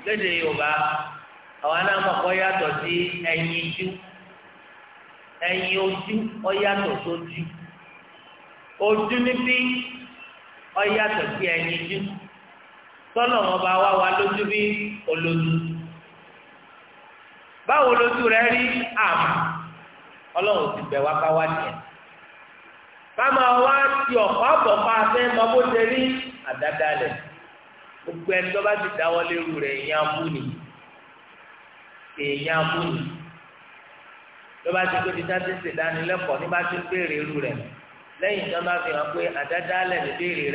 lédè Yorùbá àwọn náà mọ̀ kọ́ yàtọ̀ sí ẹyin ijú ẹyin ojú ọ yàtọ̀ sójú ojú níbí ọ yàtọ̀ sí ẹyin ijú sọlọ wọn bá wá wa lójú bí olójú. báwo lójú rẹ rí àmà ọlọ́run ti bẹ̀ wá ká wá tiẹ̀ káma wá ti ọ̀pá bọ̀ pa fẹ́ mọ bó ṣe rí àdáda gbogbo ẹni tó bá ti rẹ̀ èèyàn ni èèyàn ni tó bá ti tóbi ń irú rẹ̀ lẹ́yìn bá fi hàn pé àdáda ní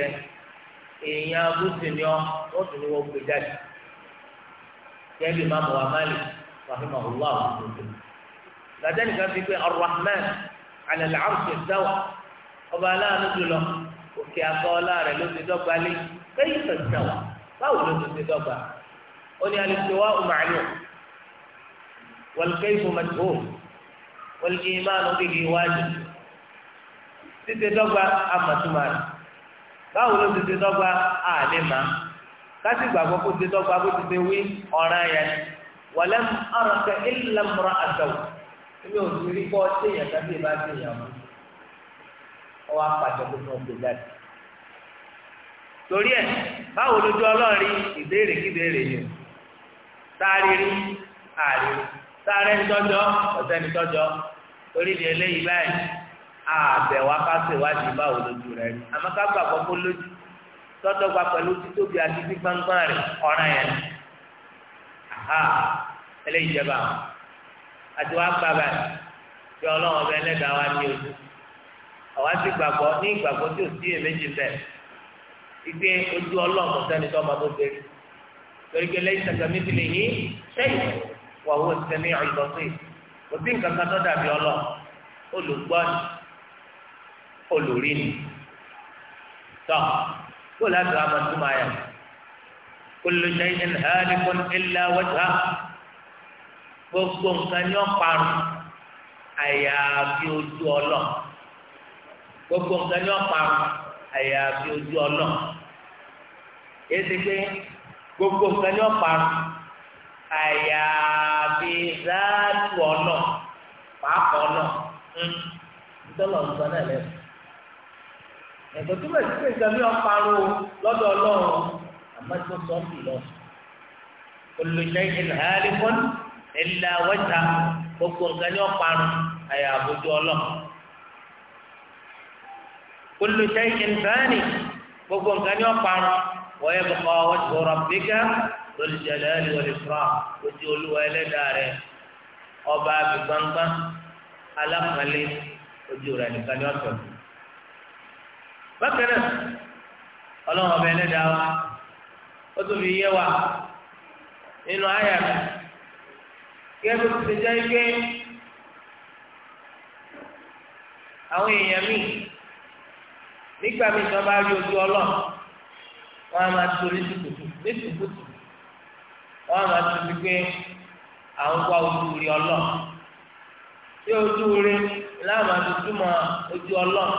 rẹ̀ èèyàn ni ọ́ wọ́n wọ́n gbé jáde rahimahullah gbadé nìkan fi pé arrahman alẹ́lẹ́ arúgbó dáwà ọba aláàánú jùlọ òkè àgọ́ọ́lá rẹ̀ ló ti dọ́gba lé kéyìn tó dáwà báwo ló ti ti dọ́gba ó ní alìsèwá ọmọàlú wọlkéyìn mọ̀tò wọlkéyìn máa ń gbégi wájú títí dọ́gba amọ̀túmọ̀ rẹ̀ báwo ló ti ti dọ́gba àlè má kásìgbàgbọ́ kó ti dọ́gba kó ti ti wí ọ̀ràn yẹn wàlẹ́m àròkè ìlẹ̀mùrà àtẹ̀wò èmi ò sì rí kọ́ téèyàn tàbí ìbá téèyàn mọ́ ọwọ́ apàtẹ tó fún ọgbẹ́ jáde. torí ẹ báwo lójú ọlọ́ọ̀rí ìbéèrè kíbéèrè ni sáré rí àrí sáré nítọ́jọ́ ọ̀sẹ̀ nítọ́jọ́ torí di eléyìí báyìí àbẹ̀wá ká ṣèwádìí báwo lójú rẹ àmọ́ ká gbàgbọ́ kó lójú tọ́tọ́ gba pẹ̀lú títóbi àti gbígbáǹgbá rẹ̀ ọ̀ràn yẹn ni ha eléyìí jẹba àti wàá gba báyìí bí ọlọ́run ọbẹ̀ ẹlẹ́dàá wa ní ojú àwa ti gbàgbọ́ ní ìgbàgbọ́ tí ò sí èméjì bẹ́ẹ̀ ìgbé ojú ọlọ́run sẹ́ni tó ọmọ tó ṣe rí torí pé lẹ́yìn sàkàmì ti lè yín sẹ́yìn wà wọ́n sẹ́ni ọ̀lọ́sìn kò sí nǹkan kan tó dàbí ọlọ́run olùgbọ́ ni olùrí ni tọ́ kó láti wá máa túmọ̀ ayà kullu shay'in halikun illa wajha gbogbo nǹkan ni ó parun àyàfi ojú ọlọ gbogbo nǹkan ni ó parun àyàfi ojú ọlọ èsì pé gbogbo nǹkan ni ó parun àyàfi záàtù ọlọ pàápàá ọlọ ńdọlọ nǹkan náà lẹnu ẹgbẹ tó bẹ sí pé nǹkan Microsoft lọ olùṣe ìhàlìkún ìlà wẹta gbogbo nǹkan ní ọparun àyà àbójú ọlọ olùṣe ìhàlì gbogbo nǹkan ní ọparun wọ́n yẹ kọ́ wọ́n rabbika lórí jẹlẹ́ẹ̀lì olùfra ojú olúwa ẹlẹ́dàá rẹ ọba àbígbangba alákùnrin ojú rẹ nìkan ní ọ̀tọ̀ bákan náà ọlọ́run ọba ẹlẹ́dàá wa. o tún fi yé wa nínú àyà mi gẹ́gẹ́ bó ti ṣe jẹ́ àwọn èèyàn mi nígbà míì tí bá rí ojú ọlọ́ọ̀ wọ́n á máa torí tùkùtù ní tùkùtù wọ́n á máa tuntun pé àwọn wá ojú rí ọlọ́ọ̀ tí ojú rí láàmà tó túmọ̀ ojú ọlọ́ọ̀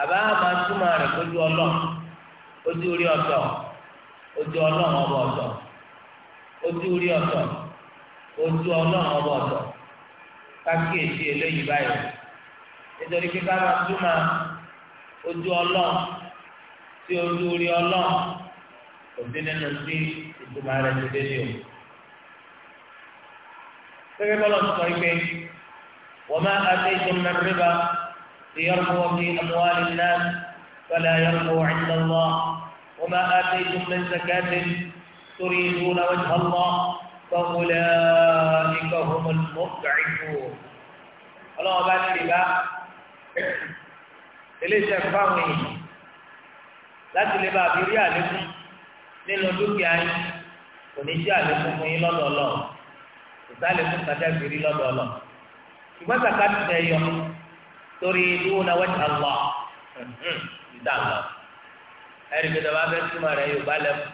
àbá àmà túmọ̀ rẹ̀ ojú ọlọ́run ọba ọ̀tọ̀ ojú orí ọ̀tọ̀ ojú ọlọ́run ọba ọ̀tọ̀ kákíyèsí eléyìí báyìí nítorí pé ká máa túmọ̀ ojú ọlọ́run sí ojú orí ọlọ́run kò sí nínú sí ìtumọ̀ rẹ̀ ti dédé o. gẹ́gẹ́ bọ́lá sọ pé wọ́n máa àti ìjọba rírà ìyọ́nù wọ́n fi àmúwálé náà fẹ́lẹ́ ayọ́nù wọ́n ń lọ́wọ́. وما آتيتم من زكاة تريدون وجه الله فأولئك هم المضعفون الله بارك لك eléyìí tẹ fáwọn èèyàn láti lè bá a fi rí àlékún nínú dúkìá yín kò ní jẹ́ àlékún fún yín lọ́dọọlọ kò sálẹkún kájà fi rí lọ́dọọlọ ṣùgbọ́n sàkàtì tẹ yọ torí ìdúró náà wọ́n ti àlọ́ ìdá àlọ́ ẹ̀rí mi dàbá fẹ́ túmọ̀ rẹ̀ yóò bá lẹ́mu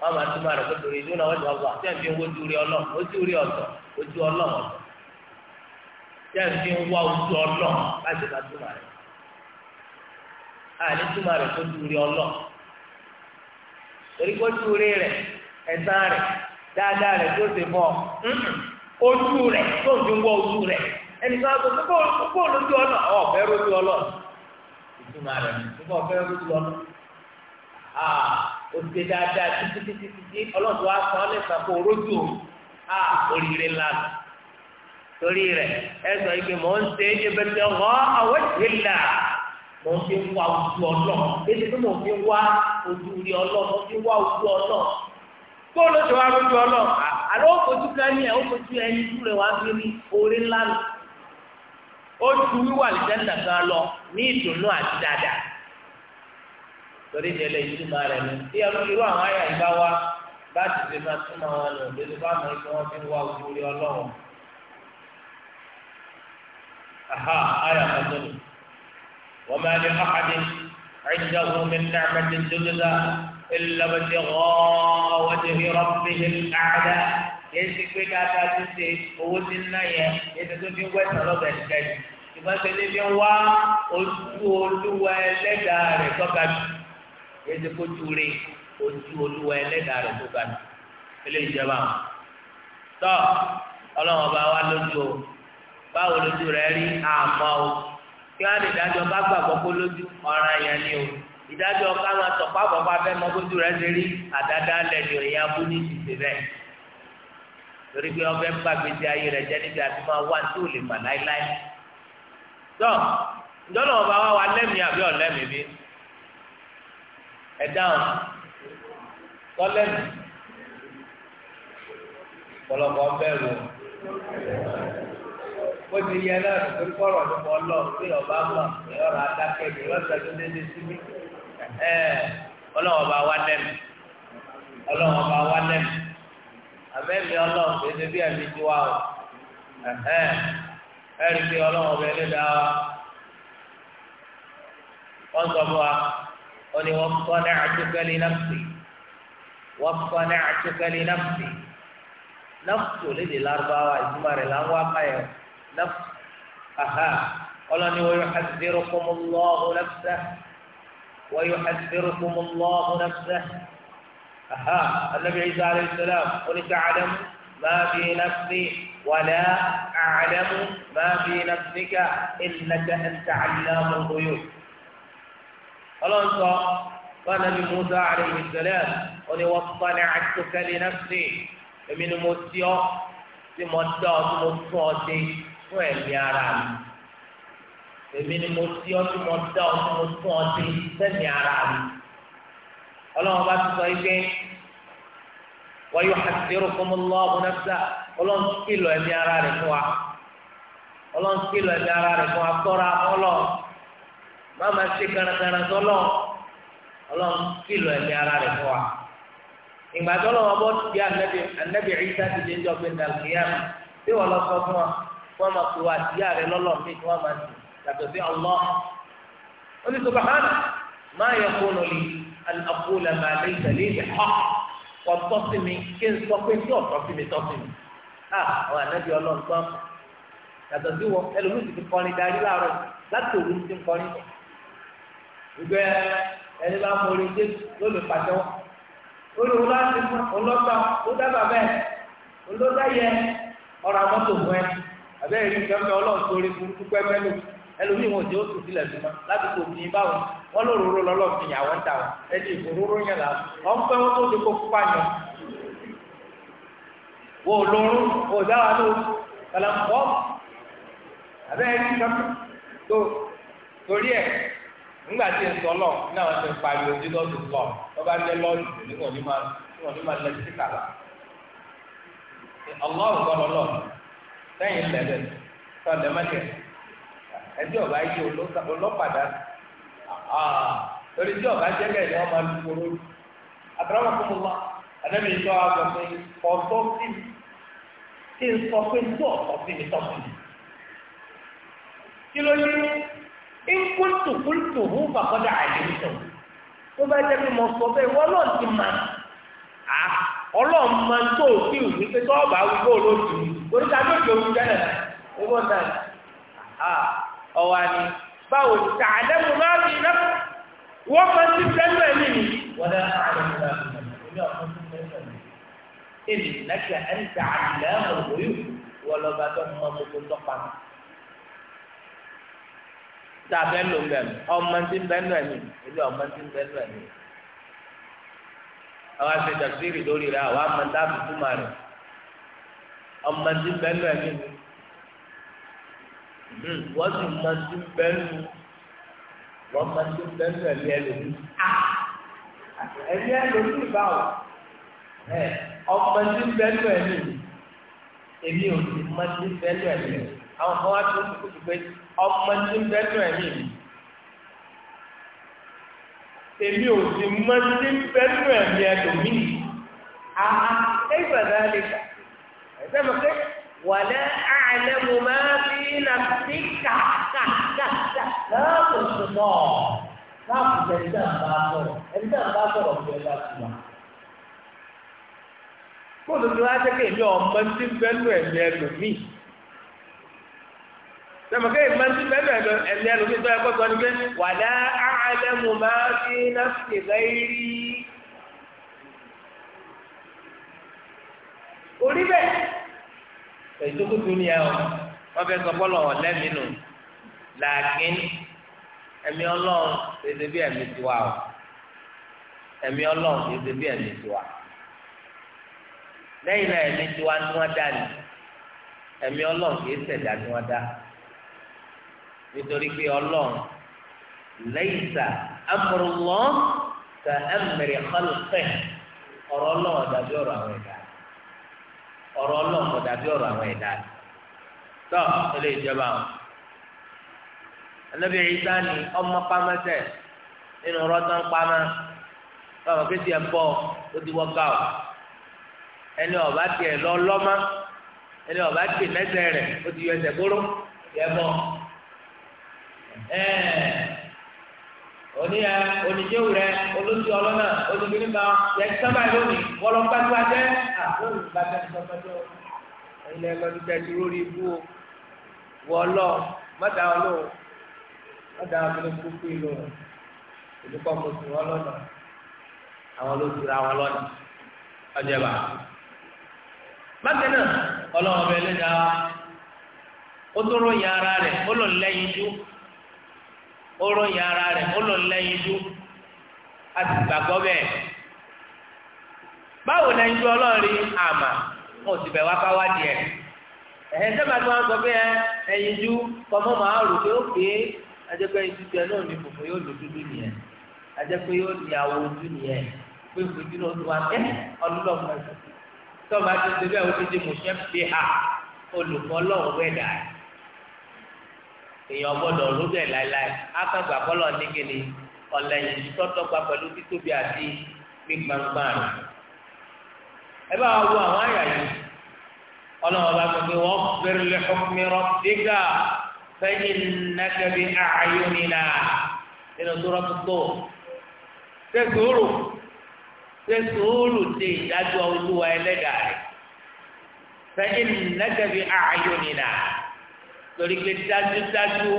wọ́n máa túmọ̀ rẹ̀ kótó rí dúnà wọ́n wà tẹ́ ń fi wojú rí ọlọ́ ojú rí ọ̀tọ̀ ojú ọlọ́ọ̀ ọ̀tọ̀ tẹ́ ń fi wá ojú ọlọ́ọ̀ láti máa túmọ̀ rẹ̀ àní túmọ̀ rẹ̀ kótó rí ọlọ́ torí kótó rí rẹ̀ ẹ̀sán rẹ̀ dáadáa rẹ̀ tó ti bọ̀ ojú rẹ̀ tó ń fi wá ojú rẹ̀ ẹnì kan kò òṣìṣẹ́ dáadáa títí títí títí ọlọ́dún wa sọ ọ́lẹ́sà kó orójú o oríire ńlá torí rẹ̀ ẹ sọ yìí pé mò ń ṣe ebètè ọ̀ àwọn ìlà mò ń fi wá ojú ọlọ́ èyí tí mò ń fi wá ojú rí ọlọ́ mò ń fi wá ojú ọlọ́ kó ló ti wá ojú ọlọ́ àlọ́ òfojú kání ẹ̀ òfojú ẹni tú rẹ̀ wá fi rí orí ńlá ojú wíwà lìjẹ́ ńdàgbà lọ ní ìdùnnú àti dáadáa torí ní ẹlẹ́yìí túmọ̀ rẹ̀ ní. bí irú àwọn àyà yìí bá wá bá ti fi máa túmọ̀ wọn nù lórí bá mọ̀ ikú wọn fi ń wá ojú orí ọlọ́run. aha àyà kan tó nù. wọ́n máa ní ọ̀kadì عِنْدَهُ مِنْ نِعْمَةٍ تُجْزَى إِلَّا ابْتِغَاءَ وَجْهِ رَبِّهِ yéésì pé dáadáa ti ṣe owó ti ń ná yẹn yéésì tó fi wẹ́sàn lọ́bẹ̀ ẹ̀ṣẹ̀ yìí ìgbọ́nsẹ̀ lè fi wá ojú olúwa ẹlẹ́dàá rẹ̀ tọ́ka jù kéde kójú rè ojú olúwa ẹlẹ́dàá rẹ̀ tó ga nù eléyìí jẹba àwọn. tọ́ ọlọ́run ọba wa lójú o báwo lójú rẹ rí àmọ́ o kí wọ́n á lè dájọ́ bá gbàgbọ́ kó lójú ọ̀ràn yẹn ni o ìdájọ́ ká máa tọ̀ pápọ̀ bá fẹ́ mọ bójú rẹ ṣe rí àdáda lẹ́nu ìyá bú ní ìṣiṣẹ́ bẹ́ẹ̀ torí pé ọbẹ̀ gbàgbé ayé rẹ̀ jẹ́ níbi àti máa wá tí ò lè mà láéláé. tọ́ ǹjọ́ ọba wa wa lẹ́mìí àbí ọ̀lẹ́mìí bíi ẹ tọ́lẹ́mù ọ̀pọ̀lọpọ̀ bẹ́ẹ̀ wò ti yẹ náà nítorí kọ́rọ̀ ní ọba mọ̀ ní ọ̀rọ̀ adákẹ́ mi lọ́sẹ̀ tó dédé sí mi ọlọ́wọ́ bá wá ọlọ́wọ́ bá wá ọlọ́wọ́ bí ẹ̀mí ti wá o ẹ̀rí pé ọlọ́wọ́ bẹ́ẹ̀ dáa wọ́n sọ fún wa. أني واصطنعتك لنفسي واصطنعتك لنفسي نفس لذي الأربعة إسمار الأنواع نفس أها قال ويحذركم الله نفسه ويحذركم الله نفسه أها النبي عيسى عليه السلام قل تعلم ما في نفسي ولا أعلم ما في نفسك إنك أنت علام الغيوب ọlọ́nsọ wọn nàbí Musa alayhi salam oní wọ́n sọ́ni àtúkẹ́lẹ́ nafsi èmi ni mo ti ọ́ tí mo dá ọ tí mo tún ọ dé fún ẹ̀mí ara mi èmi ni mo ti ọ́ tí mo dá ọ tí mo tún ọ dé fẹ́mi ara mi ọlọ́run bá ti sọ yìí pé wọ́n yóò hàṣírò fún lọ́ọ̀bù nafsa ọlọ́run kìlọ̀ ẹ̀mí ara rẹ̀ fún wa ọlọ́run kìlọ̀ ẹ̀mí ara rẹ̀ fún wa sọ́ra ọlọ́run má máa ṣe garagara sọlọ ọlọ́run kìlọ̀ ẹ̀mí ara rẹ̀ fún wa ìgbà tó lọ́wọ́ bọ́ ti anabi anabi Isa ti dé njọ́ gbẹ̀ndà kìyàmù tí wọ́n lọ sọ fún wa fún ọmọ tó wa ti yá rẹ̀ lọ́lọ́ mi tí wọ́n máa ti yàtọ̀ sí ọlọ́ ó ní subahana má yẹ kóno lè àkúlẹ̀ máa lè tẹ̀lé ìdè họ kọ́ tọ́ sí mi kí n sọ pé tí ọ̀tọ́ sí mi tọ́ sí mi ah àwọn anabi ọlọ́run gbọ́ yàtọ̀ sí wọn ẹlòmíì ti kọrin darí láàárọ̀ láti òru ti kọrin bẹ́ẹ̀. ìgbẹ́ ẹni bá mọ̀rí dé lónìí pàtó olùwò láti mọ ọlọ́tà ó dábàá bẹ́ẹ̀ olóòtú ayẹ ọ̀rọ̀ àmọ́tò fún ẹ àbẹ́ kẹfẹ́ ẹlòmíì wọn ó tù sílẹ̀ sí ma láti kò bí báwọn wọn lòróró lọ́lọ́ọ̀fin ìyàwó ta wọn ẹni ìfòróró yẹn là wọn tó ti kó yàn wò lóró wò dáwà ló kàlà ń bọ́ àbẹ́ kẹfẹ́ tó torí ẹ̀ nígbà tí ń sọ lọ ní àwọn ti ń pariwo tí lọ́ọ̀dù lọ lọ́ba jẹ́ lọ́ọ̀dù nígbà tí wọ́n ní máa lẹ sí kàlà. ọlọ́run gbọ́dọ̀ lọ sẹ́yìn lẹ́lẹ̀ sọ̀dẹ̀ mẹ́tẹ̀ ẹjọ́ ọba yí olópàdá torí tí ọba jẹ́ bẹ́ẹ̀ ni wọ́n máa lu koro àtàràmọ̀ fún mi wá pé ọ̀tọ́ sí kí n sọ pé ní ọ̀tọ́ sí mi tọ́ sí mi kí ló yẹ nkutu kutu hu fakọdà àdìsọ tó bá jẹ pé mo sọ bẹ́ẹ̀ wọn náà ti mà á Ọlọ́run máa ń tó òsì òsì pé tó ọba wí bó ló ti orí ta ló ti òun jẹlẹ ewọ náà ọwọ àní báwo ni tà àdẹ́mu máa fi rẹ wọ́n máa ti sẹ́nu ẹ̀mí ni wọ́n náà àdẹ́mu máa fi rẹ ìlú ẹ̀mí èmi ẹ̀ ń tà àdìlẹ́ ọ̀rọ̀ yìí wọ́n lọ́ba tó ń mọ́ gbogbo tó pa mọ́ tá a bẹ lò bẹ ọmọ tí ń bẹ nù ẹmí ilé ọmọ tí ń bẹ nù ẹmí àwọn àti tafsiri lórí rẹ àwọn ọmọ tá a fi kú màrẹ ọmọ tí ń bẹ nù ẹmí wọ́n sì mọ tí ń bẹ nù wọ́n mọ tí ń bẹ nù ẹmí ẹlòmí ẹmí ẹlòmí báwò ẹ ọmọ tí bẹ nù ẹmí èmi ò sì mọ tí bẹ nù ẹmí àwọn kan wá tó kú kú pé. ọmọ tí ń bẹ́nu ẹ̀mí mi èmi ò sì mọ tí ń bẹ́nu ẹ̀mí ẹ̀dùnmí àhà ẹgbẹ̀ náà lè kà ẹ̀sẹ̀ mọ̀ pé wàlẹ́ àlẹ́mu máa fi nà sí naa ko sun mo o náà ko bá sọ̀rọ̀ ẹ̀dí náà bá sọ̀rọ̀ fún ẹ̀dá sùnmọ́ kóòtù tó wá jẹ́ kí èmi ọmọ tí ń bẹ́nu ẹ̀mí ẹ̀dùnmí. sẹ́mọ̀kẹ́ ìmọ̀tí bẹ́ẹ̀ lọ ẹ̀lẹ́ lómi tó ẹ̀kọ́ sọ ni pé wàlá àlẹ́mu máa fi nafsi ghairi. orí bẹ́ẹ̀ ètòkù dúnìá o wọ́n fẹ́ sọ bọ́lọ̀ ọ̀lẹ́mí nù làákín ẹ̀mí ọlọ́run ṣèṣe bí ẹ̀mí tiwa o ẹ̀mí ọlọ́run ṣèṣe bí ẹ̀mí tiwa lẹ́yìn náà ẹ̀mí tiwa ni wọ́n dá ni ẹ̀mí ọlọ́run kìí ṣẹ̀dá ni wọ́n dá nítorí pé ọlọ́run lẹ́yìísà amúrúlọ́ ka ẹ̀mẹ̀rẹ̀ kọ́lùfẹ́ ọ̀rọ̀ ọlọ́run dàbí ọ̀rọ̀ àwọn ẹ̀dá ọ̀rọ̀ ọlọ́run dàbí ọ̀rọ̀ àwọn ẹ̀dá tọ́ ilé ìjọba àwọn anabi Isa ni ọmọ pamẹsẹ nínú rọtán pamẹ báwọn kéde ẹbọ ó ti wọ gáwó ẹni ọba tiẹ lọ lọmọ ẹni ọba tiẹ lẹsẹ rẹ ó ti yọ ẹsẹ gbóró yẹ bọ. oníyà onídjéwù rẹ olóṣù ọlọ́nà olùbíní kan yẹ sábà lónìí wọlọ́ pẹ́tù n'oge àbúrò ìbàdàn ìsọfẹ́jọ́ ilẹ̀ lọ́dún tẹ̀sí lórí ibú o wọlọ́ mọ́tà ọlọ́wọ́ mọ́tà ọlọ́wọ́ ó ròyìn ara rẹ̀ ó lò lẹ́yìn jú a ti gbàgbọ́ báwo lẹ́yìn jú ọlọ́ọ̀rí àmà wọn ò sì wá bá wá díẹ̀ ẹ̀hẹ́ sábà tí wọ́n sọ pé ẹyin jú kọ́mọ́ máa rò pé ó pé ajẹ́pẹ́ ibi tẹ náà ní fòfò yóò lò dúdú nìyẹn yóò ojú nìyẹn pé náà wá ti ṣe èèyàn gbọ́dọ̀ lójú ẹ láéláé akàgbà kọlọ nìkìní ọlẹyìn tọtọgba pẹ̀lú títóbi àti gbígbàngbà rẹ ẹ bá wo àwọn àyà yìí ọlọ́wọ́ bá gbé wọ́n bẹ̀rẹ̀ lé xọ́kùnmíràn dígà fẹ́yìn nàkẹ́bí àyùnìlá nínú tóra tó ṣe sùúrù ṣe sùúrù olúwa ẹlẹ́dàá rẹ̀ fẹ́yìn nàkẹ́bí àyùnìlá torí pé dájúdájú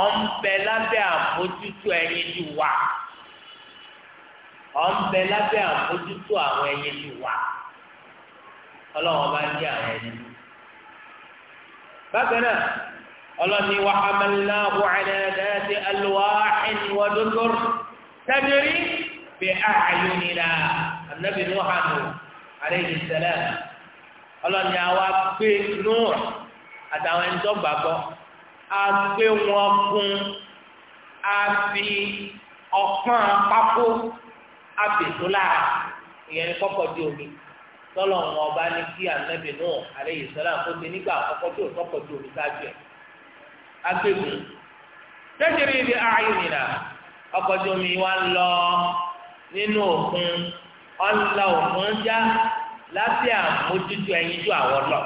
ọ̀nbẹ lábẹ́ àmójútó ẹyin ti wà ọ̀nbẹ lábẹ́ àmójútó àwọn ẹyin ti wà ọlọ́wọ́n bá ń jẹ́ àwọn ẹyin. bákan náà ọlọ́ni wa hamalna wàhálà dáadé alwaaxin wa dúdúr tẹ́lẹ̀rí bí àyùnìlá anabi nuhanu aleyhi salam ọlọ́ni àwa gbé nuhanu àtàwọn ẹni tó gbàgbọ́ a gbé wọn kún a fi ọ̀pọ̀n pákó a fètò lára ìyẹn kọ́kọ́ di omi tọ́lọ̀ wọn ọba ní kí ànábì náà alayhi salam kó ti nígbà àkọ́kọ́ tí ò kọ́kọ́ di omi sáájú ẹ̀ agbègbè tẹ́tẹ̀rì ibi ààyè nìyà ọkọ̀ tí omi wa ń lọ nínú òkun ọ̀la òkun já lábẹ́ àmójútó ẹyin ju àwọn lọ.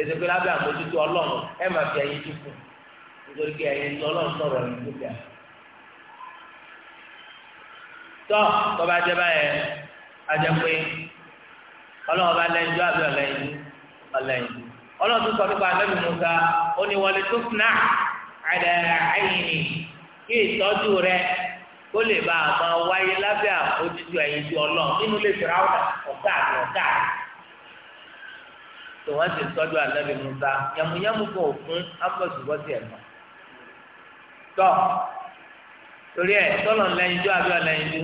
ezigbo pé lábẹ́ àmójútó ọlọ́run ẹ máa fi ẹyin dúkù nítorí pé ẹyin tó ọlọ́run sọ̀rọ̀ ẹyin dúkìá. tọ́ tọ́ba jẹ́ báyẹn ajẹ́ pé bá ju àbí tó sọ nípa anábì Musa ó ní wọlé tó fúnà àyìnì kí ìtọ́jú rẹ kó lè bá a máa wáyé tó wọ́n sì tọ́jú musa yàmùyàmù kan òfun ámbọ̀sibọ́sì ẹ̀fọ́ tọ́ torí ẹ̀ tọ́lọ̀ lẹ́yinjú àbí méjì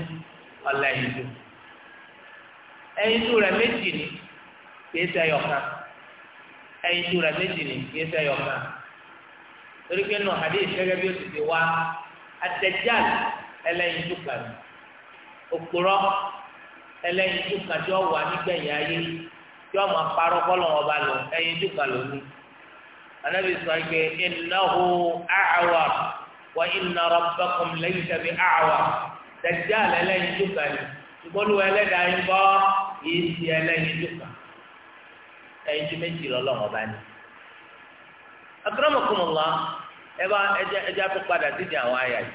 ni kìí méjì ni kìí torí pé nù hadith gẹ́gẹ́ bí o ti ti wá Ad-Dajjal kan òpùrọ́ ẹlẹ́yinjú kan tí wọ́n wà ayé kí a máa ọba lò ẹyin tó lónìí anabi sọ pé innahu a'war wa inna rabbakum laysa bi a'war dàjà lẹlẹyin tó kà ní ẹlẹ́dàá bọ́ yìí ti ẹyin ọba ni. akramakumullah ẹ bá ẹja tó padà sídìí àwọn àyà yìí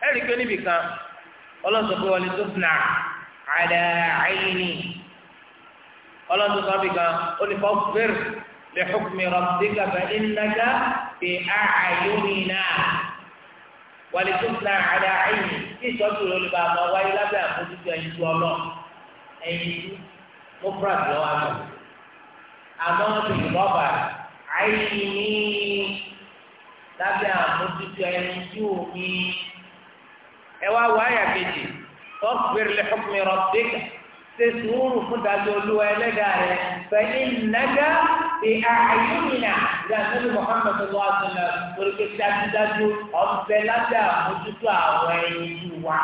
ẹ rí i pé níbìkan ọlọ́sọ̀kọ́ wọlé tó ọlọ́dún sábì kan ó ní fọ́fẹ́rì lè xukumi rọ̀bìdìgà fẹ́ ìnága fi àyùnìnà wàlítúntà àdá ẹ̀yìn tí ìtọ́jú rẹ̀ olùbá àmọ́ wáyé lábẹ́ àmójútó ẹ̀yìn tó ọlọ́ ẹ̀yìn tó fúrad lọ́wọ́ àmọ́ àmọ́ tó ìrọ́bà ẹ̀yìn lábẹ́ àmójútó ẹ̀yìn tó omi ẹ̀ wá wáyà kejì fọ́fẹ́rì lè xukumi rọ̀bìdìgà ṣe sùúrù fún dájọ́ olúwa ẹlẹ́dàá rẹ fẹ̀yìn nàgà ti àyùnìnà ìdásílẹ̀ muhammed lọ́wọ́ àtúnlẹ̀ torípé dájúdájú ọ̀bẹ lábẹ́ àmójútó àwọn ẹyin ju wa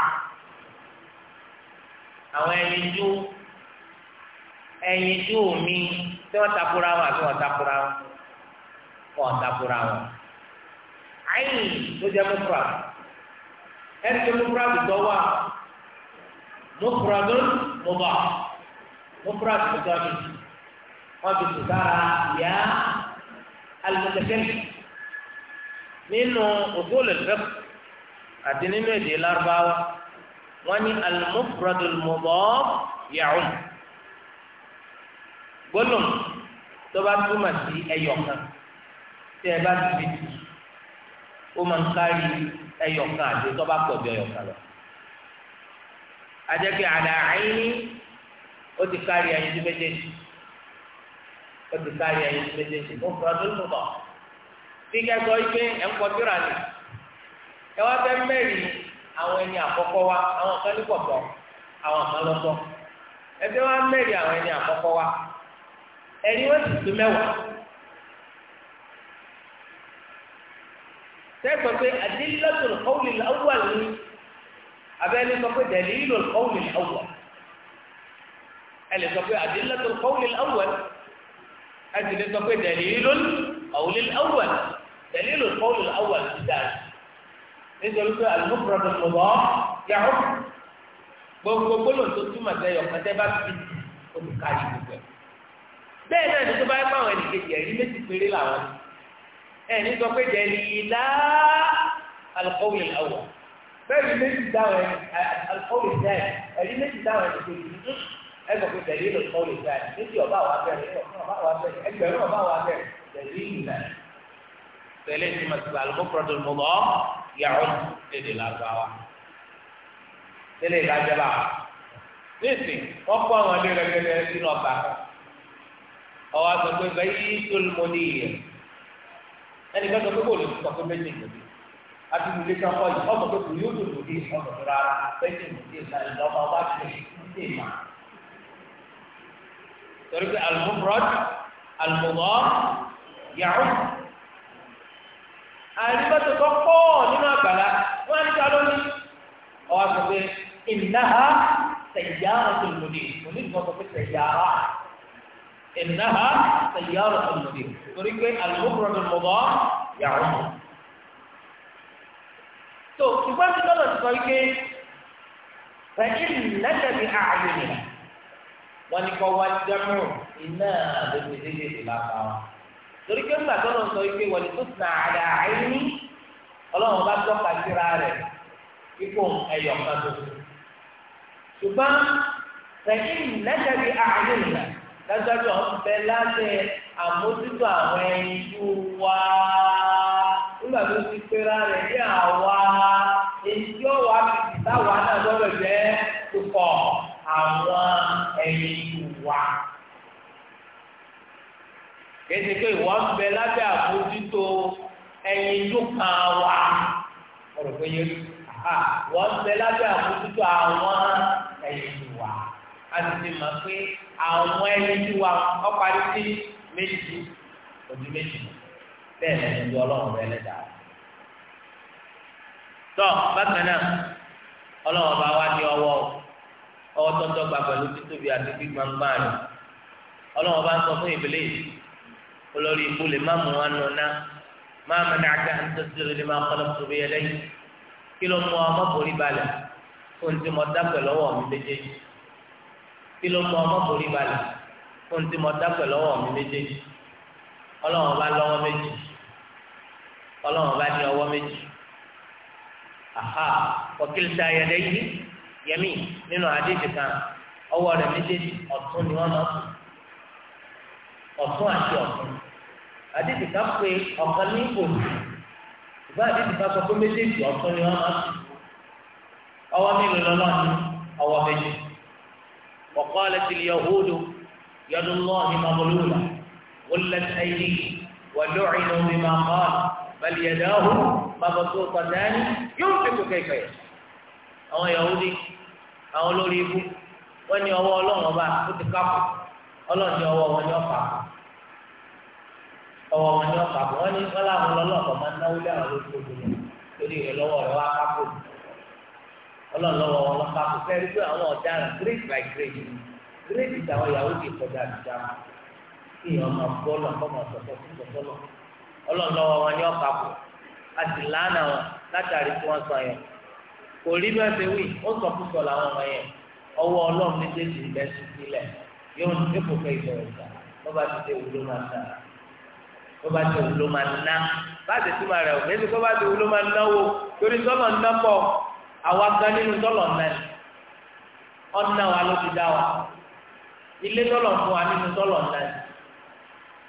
àwọn ẹyin ju ẹyin ju mi tí wọ́n takora wọn àti wọ́n takora wọn wọ́n takora wọn. ayin ló jẹ́ mufra ẹ̀rí tó mufra bìtọ́ wa mufra mọ́bà mọ́búra tó tó àmì wọ́n ti tó sára ìyá alùpùpù nínú ògbólẹ̀fẹ́ àti nínú èdè lárúbáwá wọ́n ní alùpùpù mọ́bà yàrá gbólóhùn tó bá túmọ̀ sí ẹyọ kan tí ẹ bá ti fi tì ó máa ń kárí ẹyọ kan àti tó pọ̀ bí ẹyọ kan lọ. ajẹ́pẹ́ àdáhìní o ti kárí ẹyin tí méjèèjì o ti kárí ẹyin tí méjèèjì ó fura tó lùbọ̀ bí kẹ́kọ̀ọ́ yìí pé ẹ̀ ni ẹ wá fẹ́ àwọn ẹni àkọ́kọ́ wa àwọn kan ní àwọn abẹ́lé sọ pé dalilu al-qawl al-awwal ẹlẹ́ sọ pé adillatu al-qawl al-awwal ẹ̀sìnlẹ̀ sọ pé dalilu al-qawl al-awwal dalilu al-qawl al-awwal ti dáa nítorí pé al-mufrad al-mudaf yàrá gbogbo gbólóhùn tó túmọ̀ sẹ́yọ̀ kọ́tẹ́ bá fi olùkà yìí gbogbo ẹ̀. bẹ́ẹ̀ náà فأي من دعوه القول الثاني ادي مش دعوه اجي في دليل القول الثاني مش يبقى وعبد اجي يبقى وعبد دليل ثالث مثل المفرد المضاف يعد لدي الاربعه tẹ́lẹ̀ ìdájọ́ bá nísìn wọn kọ àwọn ilé rẹ gẹ́gẹ́ sínú ọgbà kan ọwọ́ àgbẹgbẹ bẹ́ẹ̀ لك tó lùmọ ní abimuleka kọ yìí ọmọ tó kùn yóò tó lò dé ọmọ tó rárá pẹ́ẹ́tì lòdì ìgbà ìgbà ọmọ wa ti lè dé mà. torí pé al-mufrad al-mudaf yàrá àríwájú tó kọ́ nínú àgbàlá wọn á ní ká lóní ọwọ́ sọ pé ìnáha sẹ̀yára tó lòdì òní ìgbà sọ pé sẹ̀yára ìnáha sẹ̀yára tó lòdì torí pé al-mufrad al-mudaf yàrá. tó ṣùgbọ́n tí lọ́nà ti sọ wípé pẹ̀lú lẹ́tẹ̀bí ààyè ni wọ́n ní kọ́ wá jẹ́mú iná lóṣù déédéé ti lápá wọn. torí pé ńgbà tó lọ́nà sọ wípé wọ́n ní tó sùn ààrẹ ààyè ní ọlọ́run bá tọ́ka síra rẹ̀ kíkó ẹ̀yọ̀ kan tó. ṣùgbọ́n pẹ̀lú lẹ́tẹ̀bí ààyè ni dájúdájú àwọn bẹ lábẹ́ àmójútó àwọn ẹyin tó nígbà tó ti pera rẹ̀ ní àwa èyí tí ó wà kìkì táwa náà lọ́rọ̀ jẹ́ tó pọ̀ àwọn ẹ̀yìn ìwà. Kéde pé ìwọ ń bẹ lábẹ́ àbójútó ẹ̀yìn ìlú kan wa. Ọ̀rọ̀ pé yé wọ́n ń bẹ lábẹ́ àbójútó àwọn ẹ̀yìn ìwà. A ti ti mọ̀ pé àwọn ẹ̀yìn ìwà ọ̀parí sí méjì, òdì méjì lọ. bẹ́ẹ̀ lẹ́nu ju ọlọ́run rẹ lẹ́dàá. tọ́ bákan náà ọlọ́run bá wá ní ọwọ́ ọwọ́ tọ́tọ́ gba pẹ̀lú títóbi àti gbígbàngbà rẹ̀ ọlọ́run bá ń sọ fún ìbílẹ̀ olórí ikú lè má mú wọn nù ná má mú ní kọ́ kí ló mú balẹ̀ fún mi kí ló mú balẹ̀ fún ọlọ́run bá lọ́wọ́ méjì ọlọ́run bá ní ọwọ́ méjì aha ọ̀kìlìtà ayẹyẹ yìí yẹmí nínú àdéhùn kan ọwọ́ rẹ̀ méjèèjì ọ̀tún ni wọ́n máa ọ̀tún àti ọ̀tún àdéhùn kan pé ọ̀kan ní òkú ìgbà àdéhùn kan sọ pé méjèèjì ọ̀tún ni wọ́n máa ọwọ́ mélòó lọ́lọ́run ọwọ́ méjì wa qalat al-yahudu yadu Allahi maghlula. غلت أيديه ولعنوا بما قال بل يداه مبسوطتان ينفق كيف يشاء àwọn yahudi àwọn olórí ikú wọn ní ọwọ́ Ọlọ́run ọba ó ti kápò Ọlọ́run ní ọwọ́ wọn ní ọfà ọwọ́ wọn ní ọfà wọn ní Ọlọ́run lọlọpọ máa ń náwó lé àwọn olórí ikú lọ torí rẹ̀ lọ́wọ́ rẹ̀ wá kápò Ọlọ́run lọ́wọ́ wọn lọ kápò fẹẹ rí pé àwọn ọ̀daràn grade by grade grade ìtàwọn yahudi kọjá àti jáàmù kí ọmọ bọ́ọ̀lù ọmọ sọ̀tọ̀ sọ̀tọ̀lọ̀ ọlọ́ọ̀lọ́wọ́ wọn ni ọkà kù àti lánà wọn látàrí tí wọ́n sọ yẹn kò rí bẹ́ẹ̀ ṣe wí ó sọ púpọ̀ làwọn ọmọ yẹn ọwọ́ ọlọ́run méjèèjì ń bẹ́ sí sílẹ̀ yóò ní ipò fẹ́ ìbẹ̀rẹ̀ gbà ló bá ti dé wúlò máa ná ló bá ti wúlò máa ná bá ti túmọ̀ rẹ̀ òun èsì kó bá ti wúlò máa náwó torí sọ́lọ̀ ń nápọ̀ àwa gan nínú sọ́lọ̀ náà ọ̀nà wa ló ti dá wa ilé sọ́lọ̀ fún wa nínú sọ́lọ̀ náà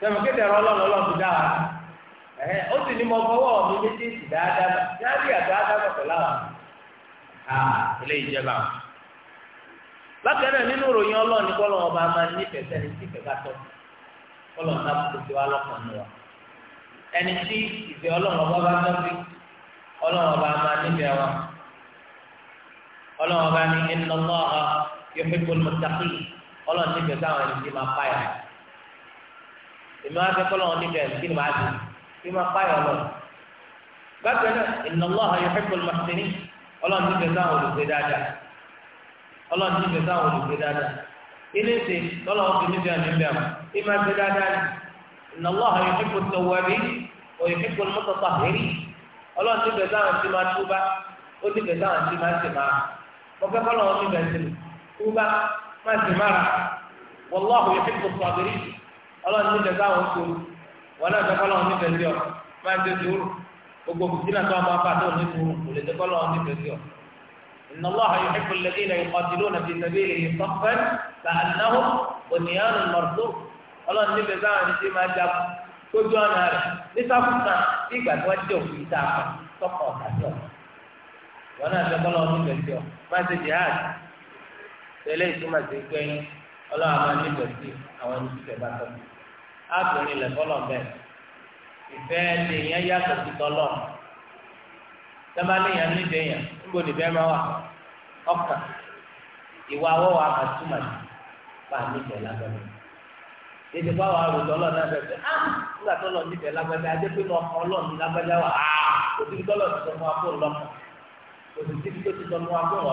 sẹ́mi kéde ẹ̀rọ ọlọ́run ọlọ́run dá wa ẹ̀hẹ́ ó sì ní mo fọwọ́ mi méjèèjì dáadáa yáàbí àdáadáa pẹ̀lú àwọn eléyìí jẹba lákẹ́rẹ́ nínú ìròyìn ọlọ́run ní kọ́lọ́ ọba máa ní pẹ̀sẹ́ ní tí pẹ̀ka tọ́ kọ́lọ́ ọ̀tá kòtò wa lọ́kàn ní wa ẹni tí ìfẹ́ ọlọ́run ọba bá tọ́ sí ọlọ́run ọba máa níbẹ̀ wa ọlọ́run ọba ní inna Allaha yuhibbul muttaqin ọlọ́run níbẹ̀ sáwọn ẹni tí máa pààyà èmi wá fẹ́ kọ́lọ́ wọn níbẹ̀ kí ni màá di kí ni màá fáyọ̀ lọ. bákan náà inna Allaha yuhibbul muhsinin ọlọ́run níbẹ̀ sáwọn olùgbé dáadáa ọlọ́run níbẹ̀ sáwọn olùgbé dáadáa ilé ìsè lọ́lọ́wọ́ fi níbẹ̀ níbẹ̀ mọ́ kí máa gbé dáadáa ni inna Allaha yuhibbut tawwabin wa yuhibbul mutatahhirin ọlọ́run níbẹ̀ sáwọn tí máa túbá ó ọlọ́run nífẹ̀ẹ́ sáwọn oṣù wọn náà tẹ́kọ́ lọ́wọ́ nífẹ̀ẹ́ sí ọ máa ń tẹ̀sí òru gbogbo fìtínà tó wọn bá tó ní sùúrù kò lè tẹ́kọ́ lọ́wọ́ nífẹ̀ẹ́ sí ọ. إن الله يحب الذين يقاتلون في سبيله صفا كأنهم بنيان مرصوص ọlọ́run nífẹ̀ẹ́ sáwọn ẹni tí máa jagun kójú ọ̀nà rẹ̀ ní sáfùkà bí ìgbà tí wọ́n jẹ́ òfin tá a kọ́ tọkọ̀ ọ̀tà máa ọlọ́run àwọn nífẹ̀ẹ́ sí àwọn ẹni tí kẹ̀kẹ́ bá tọ́ sí ábìrin lẹ̀ fọlọ̀ bẹ́ẹ̀ ìfẹ́ lèèyàn yàtọ̀ sí tọ́lọ̀ sábà léèyàn nífẹ̀ẹ́ yàn níbo nífẹ̀ẹ́ máa wà ọkàn ìwà awọ́wọ́ àkàtúmọ̀ bá a nífẹ̀ẹ́ lágbàdo ètò bá wà rò tọ́lọ̀ náà bẹ̀rẹ̀ á ah, nígbà tọ́lọ̀ nífẹ̀ẹ́ lágbàdo adé pé mo ọkàn wà á ah, òtún ti sọ fún wa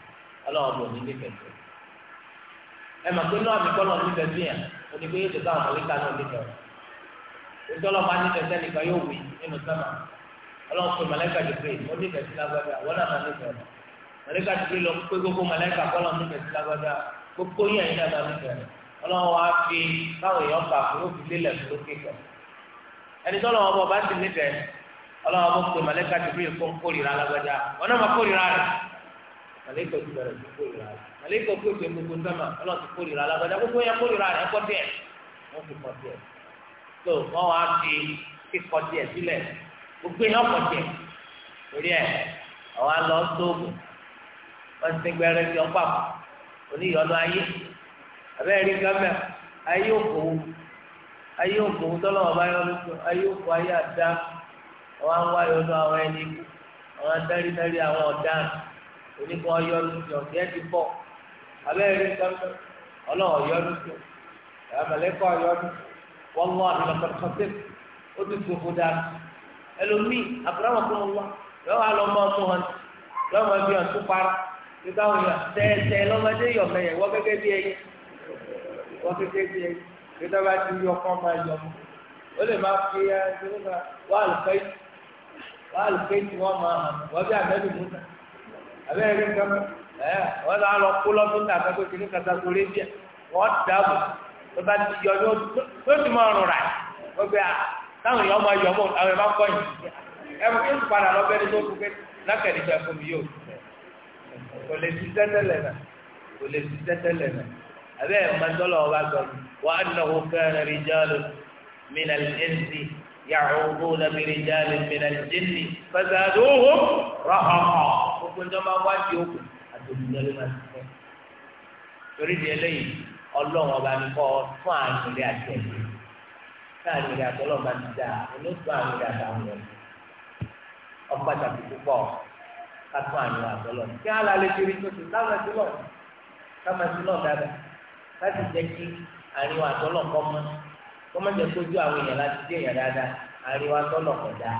ọlọ́run bò ní nífẹ̀ẹ́ sí ẹ mà pé náà mi kọ́ lọ nífẹ̀ẹ́ sí yẹn onígbé yóò tẹ̀sán àwọn mọ̀lẹ́ta náà nífẹ̀ẹ́ ojú ọlọ́pàá nífẹ̀ẹ́ sẹ́ni kan yóò wí nínú sẹ́mà ọlọ́run pé mọ̀lẹ́ka jùlọ mo nífẹ̀ẹ́ sí lágbádá wọn náà máa nífẹ̀ẹ́ rẹ̀ mọ̀lẹ́ka jùlọ lọ pé gbogbo mọ̀lẹ́ka kọ́ lọ nífẹ̀ẹ́ sí lágbádá gbogbo yẹn yìí náà máa nífẹ̀ẹ́ rẹ̀ ọlọ́run wá fi báwọn èèyàn kà fún òfin lélẹ̀ fún màlẹ́kọ̀ ti bẹ̀rẹ̀ sí kórìíra rẹ̀ màlẹ́kọ̀ kó ìpè gbogbo sẹ́mà ọlọ́ọ̀tì kórìíra alágbádá gbogbo yẹn kórìíra rẹ̀ ẹ̀kọ́ díẹ̀ wọ́n fi kọ́ díẹ̀ tó wọ́n wá fi kíkọ́ díẹ̀ sílẹ̀ gbogbo yẹn ọkọ̀ díẹ̀ torí ẹ̀ àwọn alọ́ sóògùn wọ́n ti gbẹrẹ sí ọgbà oníyọ̀nù ayé abẹ́rẹ́ gámẹ́ ayé òkòwò ayé òkòwò tọ́lọ́wọ́ bá yọ lóko ayé òkò ayé àdá àwọn àwọn ayọ̀nù àwọn ẹni àwọn adarí oníkan ọyọ lùsùn ọ̀gẹ́ ti bọ̀ abẹ́rẹ́ sọ́tọ̀ ọlọ́run ọyọ lùsùn ẹ̀mẹ̀lẹ́kọ̀ ọyọ lùsùn wọ́n mú àtúntàkọ́sẹ́ ó ti sòfò dáa ẹlòmíì àkùrọ̀mọ̀ fún wọn lọ́wọ́ àlọ́ mọ́ ọmọ wọn lọ́wọ́ bí wọn tún para nígbà wọn yà tẹ́ẹ̀tẹ́ lọ́mọdé yọ̀ mẹ́yẹ̀ wọ́n gẹ́gẹ́ bí ẹyẹ wọ́n gẹ́gẹ́ bí ẹyẹ nígbà wọn ti yọ kọ́ máa abẹ́rẹ́ nǹkan mọ́ ẹ wọ́n lọ lọ kó lọ́dún tà kẹ́kọ̀ọ́ kìíní kàtà sórí bíà wọ́n dà bò tó bá ti yọ yóò ti mọ ọrùn rà wọ́n a táwọn èèyàn máa yọ mọ́ àwọn ẹ̀ma kọ́ yìí ẹ kí n padà lọ bẹ́ẹ̀ tó kú pé lákàtí tó ẹ̀kọ́ mi yóò kò lè ti tẹ́tẹ́lẹ̀ náà kò lè ti tẹ́tẹ́lẹ̀ náà abẹ́rẹ́ mọ́tọ́lọ́ wa gbọ́ wa annahu kana rijalun min al-insi يعوضون برجال من الجن فزادوهم رهقا gbogbo ẹjọ́ máa wá di okùn àtòlùjọ ló máa ti fẹ́ torí di eléyìí ọlọ́run ọba ní kọ́ fún àmì rẹ̀ àti ẹ̀jẹ̀ fún àmì rẹ̀ àti ọlọ́run bá ti dà olóòtú àmì rẹ̀ àti àwọn ẹ̀jẹ̀ ọ̀pọ̀tàkì púpọ̀ ká fún àmì kí á la rí tó ti láwọn ẹ̀jẹ̀ lọ́ọ̀ ká máa dáadáa láti jẹ́ kí àríwá àti kọ́ mọ́ wọ́n máa ń jẹ́ kójú àwọn èèyàn láti dé èèyàn dáadáa àríwá tọ́lọ̀ kọ̀dá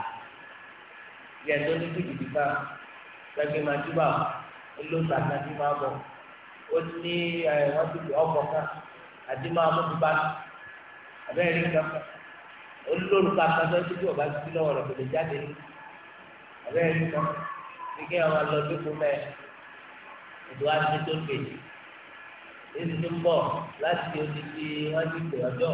yẹ tó ní jìbìtì kan gbẹgbẹ́ máa dúbà ó ló ta kan tí máa bọ̀ ó ní wọ́n ti pè ọkọ̀ kan àti máa mú bíbá abẹ́rẹ́ nǹkan kan ó lórúkọ akadọ́ tí bí ọba ti lọ́wọ́ rẹ̀ kò lè jáde ní abẹ́rẹ́ nǹkan ní kí àwọn alọ́dúnkù mẹ́ ètò àti tó kéde èyí ti ń bọ̀ láti odidi wọ́n ti pè ọjọ́.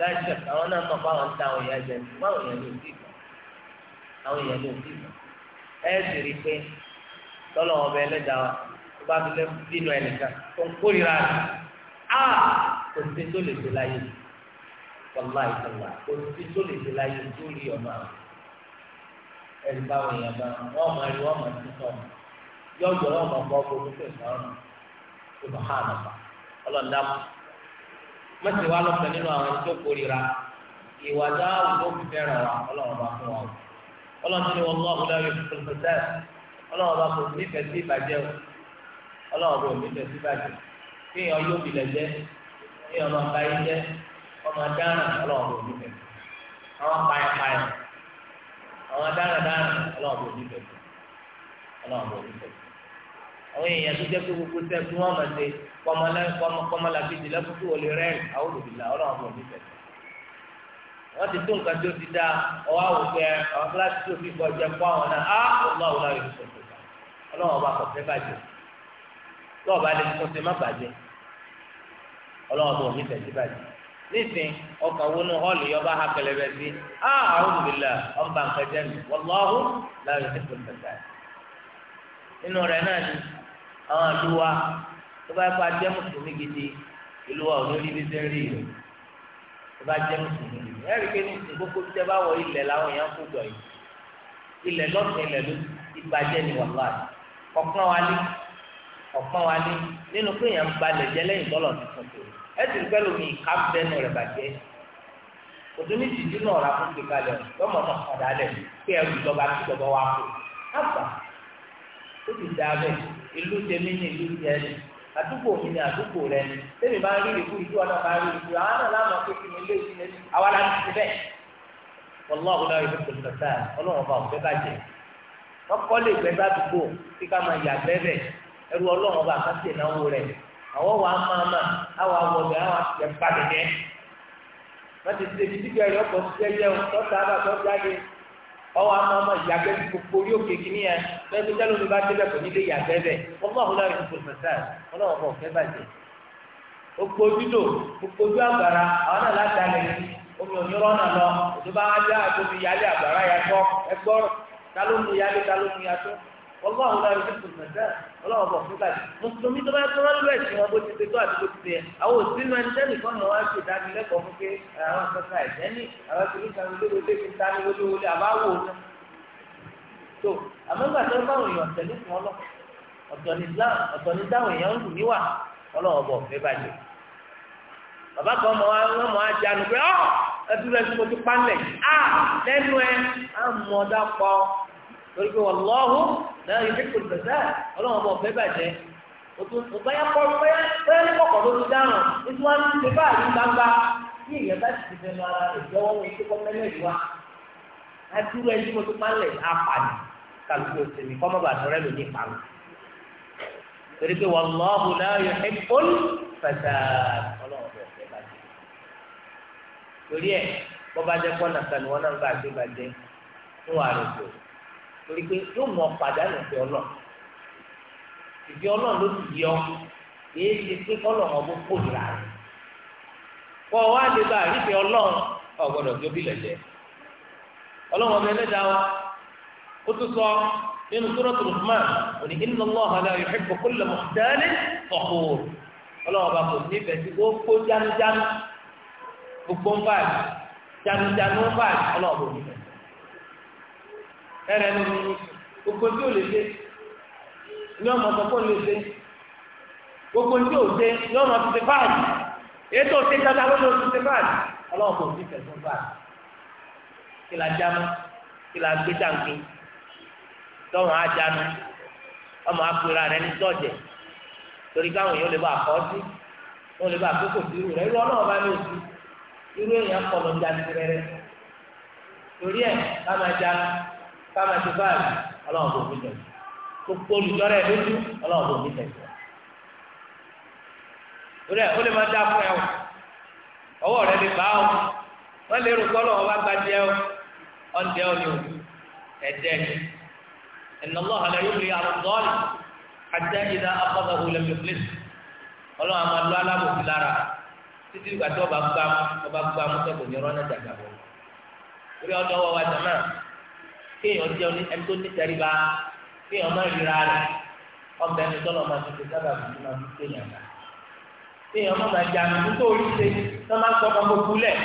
láìsẹ̀ àwọn náà mọ̀ fáwọn ta àwọn èèyàn jẹ fáwọn èèyàn ló ti mọ̀ àwọn èèyàn ló ti mọ̀ ẹ sì rí i pé tọ́lọ̀ ọbẹ̀ ẹlẹ́dàá wa tó bá fi lẹ́ dínú ẹnìkan tó ń kórìíra rẹ̀ á kò sí tó lè ṣe láyé wàlá ìtàlá kò sí tó lè ṣe láyé tó rí ọmọ àwọn ẹni báwọn èèyàn bá wọn máa rí wọn máa ti sọ ọmọ yọjọ náà máa bọ ọgbọ oníṣẹ́ ìsọ̀rọ̀ ìbáhà náà ọlọ́ọ̀dàmù mẹsì wa lọkàn nínú àwọn ẹni tó kórira ìwà dáhùn ló fi fẹ́ràn wa ọlọ́run bá fún wa o ọlọ́run ní wọn lọ́wọ́ lọ́wọ́ yóò fún un sẹ́ẹ̀ ọlọ́run bá fún nífẹ̀ẹ́ sí ìbàjẹ́ o ọlọ́run bá nífẹ̀ẹ́ sí ìbàjẹ́ kí èèyàn yóò bìlẹ̀ jẹ́ kí èèyàn máa ba yín jẹ́ ọmọ dáhùn ọlọ́run bá nífẹ̀ẹ́ àwọn payàpayà àwọn dáhùn dáhùn ọlọ́run bá nífẹ̀ẹ́ ọlọ́run bá nífẹ̀ẹ́ àwọn èèyàn tó jẹ́ pé gbogbo sẹ́ẹ̀ tí wọ́n máa ṣe kọ́mọlábìdì lẹ́kùtù wọlé rẹ́ẹ̀n àwọn olùdílà ọlọ́run fún òbí tẹ̀sí. wọ́n ti tó nǹkan tí ó ti dá ọwọ́ àwòkẹ́ àwọn kíláàsì tó fi kọ́ jẹ fún àwọn náà á ọlọ́run àwọn ọlọ́run yóò sọ̀tò ọlọ́run ọba kọ̀ọ̀fẹ́ bàjẹ́ lọ́ọ̀ bá lè kọ́sẹ̀ má bàjẹ́ ọlọ́run fún òbí tẹ̀sí bàjẹ́ nísìn ọkàn wo nu àwọn àlùwà tó bá yẹ kó ajẹ́ mùsùlùmí gidi ìlú wa ò ní rí bí sẹ́ńrì yìí tó bá jẹ́ mùsùlùmí gidi ẹ̀rí pé ní ìsìn gbogbo tí ẹ bá wọ ilẹ̀ làwọn èèyàn kó jọ yìí ilẹ̀ lọ́sìn ilẹ̀ ló ìbàjẹ́ ni wà láàyè ọ̀pọ̀n wa ní ọ̀pọ̀n wa ní nínú pé èèyàn balẹ̀ jẹ́ lẹ́yìn tọ́lọ̀ tuntun tó ẹ sì rí pẹ́lú mi ìka bẹ́nu rẹ̀ bàjẹ́ òtún ní ìdíjú náà rà fún ìlú tèmi ni ìlú tẹ ni àdúgbò mi ni àdúgbò rẹ ni bá rí ìlú ìlú ọ̀nà bá rí ìlú àwọn náà láwọn pé kí ni ilé ìlú ni àwa la ti bẹ́ẹ̀ wọlọ́ọ̀hún náà yóò tẹ̀lé tẹ̀lé ọlọ́run bàjẹ́ wọ́n kọ́ lè bá kí ká máa yà bẹ́ẹ̀ ẹrú ọlọ́run àwọn wà máa àwọn àwọn ọwọ àmọ́ ọmọ ìyàgbẹ́ ti gbogbo orí òkè kìíní yẹn lẹ́nu tẹ́lẹ̀ omi bá débẹ̀ kò ní lè yàgbẹ́ bẹ̀ ọmọ àwọn ya ìfúnpọ̀ mẹ́sàá ọlọ́wọ́ bọ̀ fẹ́ bàjẹ́ gbogbo dídò gbogbo ojú àgbàrá àwọn náà omi ònyọ́rọ́ náà lọ òdòbá wọ́n bá wọn lọ́wọ́ ìdíkùn ọlọ́wọ́ bọ̀ fún báyìí mùsùlùmí tó bá yẹ kó wọ́n lọ ẹ̀sìn wọn bó ti ṣe tó àti bó ti ṣe àwọn òsínú ẹni tẹ́lẹ̀ kan náà wá ṣe ìdánilẹ́kọ̀ọ́ fún pé àwọn kankan ẹ̀jẹ̀ ní àwọn kìlú kan lóde lóde fi ta ní wọléwọlé àbáwò náà. tó àmọ́ ìgbà tó bá òyìn ọ̀tẹ̀ ló fún ọlọ́ ọ̀tọ̀ ní dáhùn èèyàn ń dùn níwà ọlọ́wọ́ bọ̀ fẹ́ bàjẹ́ bàbá kan mọ wọn mọ ajá nù ọ ẹdúró ẹdúró ti pálẹ̀ á ah, lẹ́nu ẹ á pọ̀ torí pé wàlọ́hù náà yóò fi kùn bẹ̀sẹ̀ ọlọ́run ọmọ ọ̀fẹ́ bàjẹ́ òtúnyà kọ́ pẹ́yà ní kọ̀kọ́ ló ti dáhùn nítorí wọn ti bá àrí gbangba ní ìyẹn bá ti fẹ́ lọ ara rẹ̀ jọwọ́ wọn ètò kọ́ mẹ́lẹ̀ yìí wá adúrú ẹni mo tún máa ń lẹ̀ apàdé kàlùkù òsèlú kọ́ mọ́ bàtọ́ rẹ̀ lónìí pàlọ́ torí pé wàlọ́hù náà yóò fi kùn bẹ̀sẹ̀ ọlọ́run ọ̀fẹ́ bàjẹ́ torí ẹ̀ torí pé yóò mọ pàdánù ìfẹ́ ọlọ́run ìfẹ́ ọlọ́run ló ti yọ èyí ti pé kọ́lọ́run ọgbọ́n kò nira rẹ̀ kọ́ ọ wá lè bá àrífẹ́ ọlọ́run ọ̀gbọ́dọ̀ tó bí lẹ̀jẹ̀ ọlọ́run ọbẹ̀ ẹlẹ́dàá wa ó tún sọ nínú suratul Luqman òní inna Allaha la yuhibbu kulla mukhtalin fakhur ọlọ́run ọba kò nífẹ̀ẹ́ sí gbogbo jánujánu gbogbo ń báyìí jánujánu ń báyìí ọlọ́run kò nífẹ̀ẹ́ ẹrẹ ní omi gbogbo o lè dé ní ọmọ sọpọ lè dé gbogbo o dé ní ọmọ tó báàgì ètò òsè tata lọ́dọ̀ tó báàgì ọlọ́run kò ní kila báàgì kí la jáma kí la gbé dàgbé tọ́wọ́n á jánu ọmọ rẹ ní tọ́jẹ̀ torí káwọn lè bá wọn lè bá àkókò sí irú rẹ irú ọlọ́run bá ní òsì irú èèyàn kọlọ̀ rẹ torí káma ti báyìí ọlọ́run kò ní tẹ̀sí gbogbo olùdọ́rẹ̀ lójú ọlọ́run kò ní tẹ̀sí. torí ẹ̀ ó lè máa dá fún ẹ o ọwọ́ rẹ lè bá o wọ́n lè rò kọ́lọ́ wọn bá gbadìẹ o ọ̀ǹdẹ́ o ni o ẹ̀dẹ́ ẹ̀nà ọlọ́run alẹ́ yóò lè àrùndọ́ọ̀lì àti ìdá akọ́sọ̀hún lè fi fílẹ̀ ọlọ́run àmọ́ alábòsí lára títí ìgbà ọba gbàmú ọba gbàmú tẹ́kọ̀ọ́ ní náà dàgbà bọ̀ torí ọdọ wọ wa jẹ náà kéèyàn jẹ́ ẹni tó nítorí bá kéèyàn má ríra rẹ̀ ọbẹ̀ ẹni tọ́lọ̀ máa ti fi sábà fún ma fi kéèyàn náà kéèyàn má máa jàmù nítorí orí ṣe tó máa sọ ọmọ gbogbo lẹ̀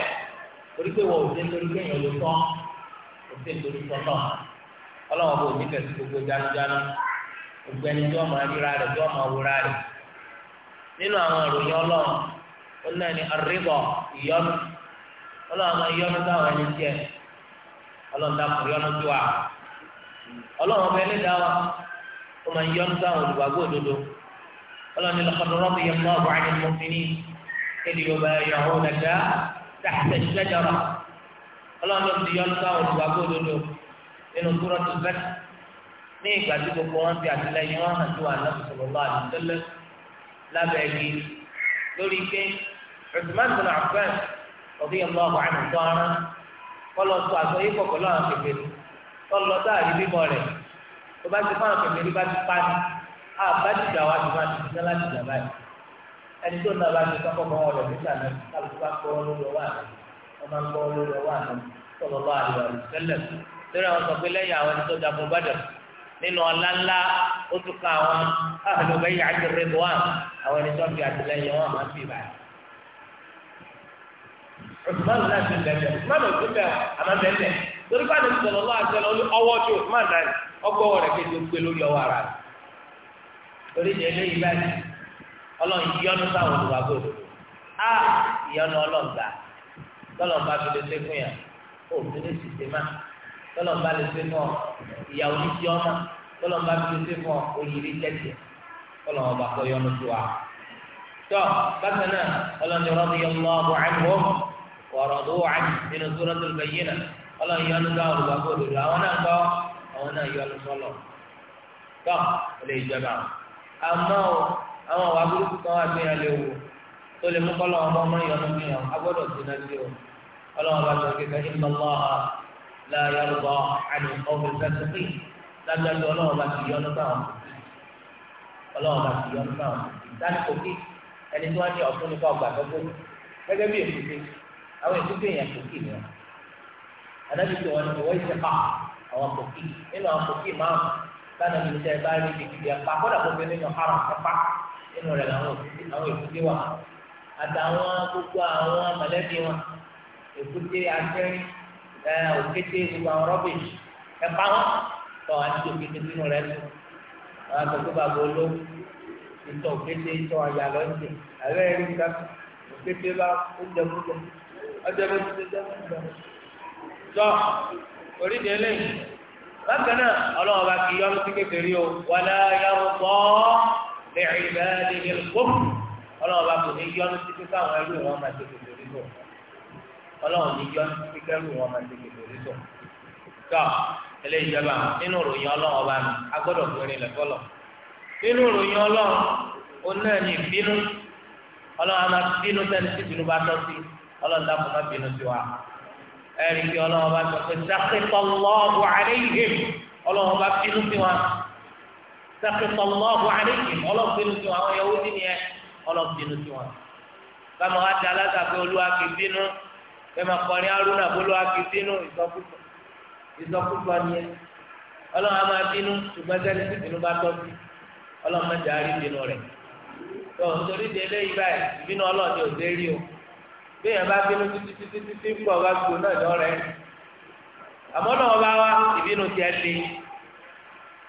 torí pé wọ́n ò dé torí kéèyàn ló tán ò dé torí tán náà ọlọ́wọ́n bò ní fẹ̀sí gbogbo jánujánu gbogbo ẹni tí wọ́n máa ríra rẹ̀ tí máa wúra rẹ̀ nínú àwọn ìròyìn ọlọ́run ó náà ní arébọ̀ ìyọnu ọlọ́run máa ọlọ́run dákun yọ́nú sí wa ọlọ́run ọba ẹlẹ́dàá wa ó máa ń yọ́nú sáwọn olùgbàgbọ́ òdodo ọlọ́run ní laqad radiyallahu 'anil mu'minin idh yubayyi'unaka tahta ash-shajara ọlọ́run ló ti yọ́nú sáwọn olùgbàgbọ́ òdodo nínú Suratul Fath ní ìgbà tí gbogbo wọn ti àtìlẹ́yìn wọn hàn kọlọ tó àtọ yìí kọkọ lọ́rùn pèpè tọlọ táàrí bímọ rẹ tó bá ti fáwọn pèpè rí bá ti pa ni a bá ti dà wá ti máa ti dá láti dà báyìí ẹni tó náà bá ti sọkọ mọ ọ̀rọ̀ nígbà náà kálukú bá kọ ọ lórí ọwọ́ àná wọn máa ń kọ ọ lórí ọwọ́ àná tọlọ bá àríwá rẹ tẹ́lẹ̀ lórí àwọn sọ pé lẹ́yìn àwọn ẹni tó jagun bàdàn nínú ọlá ńlá ó tún ká àwọn àhàlùbẹ́yà àti rẹ̀ bọ́ àwọn ẹni tó fi àtìlẹ́yìn wọn àmọ́ fi báyìí. Usman náà ti bẹ̀rẹ̀ Usman ò ti bẹ̀rẹ̀ àmọ́ torí bá ní sọ̀rọ̀ lọ́wọ́ àti ọ̀nà ọwọ́ tí Usman náà ní na rẹ̀ kéde gbé lórí ọwọ́ ara rẹ̀ torí ní eléyìí báyìí ọlọ́run yíyọ́nú sáwọn olùwàgbò á ọlọ́ọ̀gbà tọ́lọ́ọ̀bá fi lè yà ó fi lè tọ́lọ́ọ̀bá lè ọmọ tọ́lọ́ọ̀bá fi lè jẹ́jẹ́ tọ́lọ́ọ̀bá kọ́ tọ́ bákan náà ọlọ́run ni rọ́bì yọ wọ̀rọ̀dọ̀ wà nínú sọ́rọ́ tó lè yé nà ọlọ́run yọ ọdún sáwọn olùgbàgbọ́ òdòdó àwọn náà gbọ́ àwọn náà yọ ọdún sọ́lọ̀ tọ́ ilé ìjọba àmọ́ àwọn àwọn aburúkú kan wà gbé yàn lé wò tó lè mú kọ́lọ́ ọmọ ọmọ yọ ọdún yàn agbọ́dọ̀ sí náà sí o ọlọ́run bá sọ kéka ìmọ̀ ọlọ́ha láyọ̀ lọ́ àdùn ọ̀gbìn fẹ́sẹ̀fì lágbàdo àwọn ètò kéèyàn kòkì ni wọn adájọ́ tí wọn ti wọ ìṣe pa àwọn kòkì nínú àwọn kòkì máa ń lánàá ní ìṣe bá rí ibi ẹ̀pá kọ́dà gbogbo nínú ara pápá nínú rẹ̀ làwọn èkúté wà àtàwọn gbogbo àwọn mọ̀lẹ́bí wọn èkúté asẹ́rin ẹ òkété gbogbo àwọn rọ́bìṣì ẹ̀pá wọn tọ́ àti òkété nínú rẹ̀ lọ àwọn àgbẹ̀gbẹ̀ bàbá olówó ìtọ̀ òkété ìtọ̀ àyàlọ́ ìṣe àbẹ́rẹ́ nígbà òkété bá ó jẹ ọjọ́ bó ti ṣe jẹ́ tọ́ orídìí eléyìí bákan náà ọlọ́run bá kì í yọ́nú sí kékeré o wàlá yàrá pọ̀ lẹ́yìn ìbáraẹni ìlú ọlọ́run bá kò ní yọ́nú sí pé káwọn ẹrú wọn máa ṣe kékeré tó ọlọ́run ní yọ́nú sí pé kẹ́rù wọn máa ṣe kékeré tó tọ́ eléyìí jẹba nínú ìròyìn ọlọ́run ọba mi agbọ́dọ̀ péré lẹ́kọ́lọ̀ nínú ìròyìn ọlọ́run ó ní ìbínú ọlọ́run á máa bínú sẹ́ni ọlọ́dà kò má bínú sí wa ẹ̀rí kí ọlọ́wọ́ bá sọ pé sakitọ́lọ́ọ̀bù àlẹ́yìn ọlọ́wọ́ bá bínú sí wa sakitọ́lọ́ọ̀bù àlẹ́yìn ọlọ́wọ́ bínú sí wa àwọn Yahudi nìyẹn ọlọ́wọ́ bínú sí wa bámu wá di alága pé olúwa kì í bínú pé máa arúnà olúwa kì í bínú ìsọkúsọ ìsọkúsọ nìyẹn ọlọ́wọ́ máa bínú ṣùgbọ́n sẹ́ni tí bínú bá tọ́ bí yẹn bá bínú títí títí títí ńkọ bá gbó náà lọrẹ àmọ́ náà bá wá ìbínú tiẹ̀ lé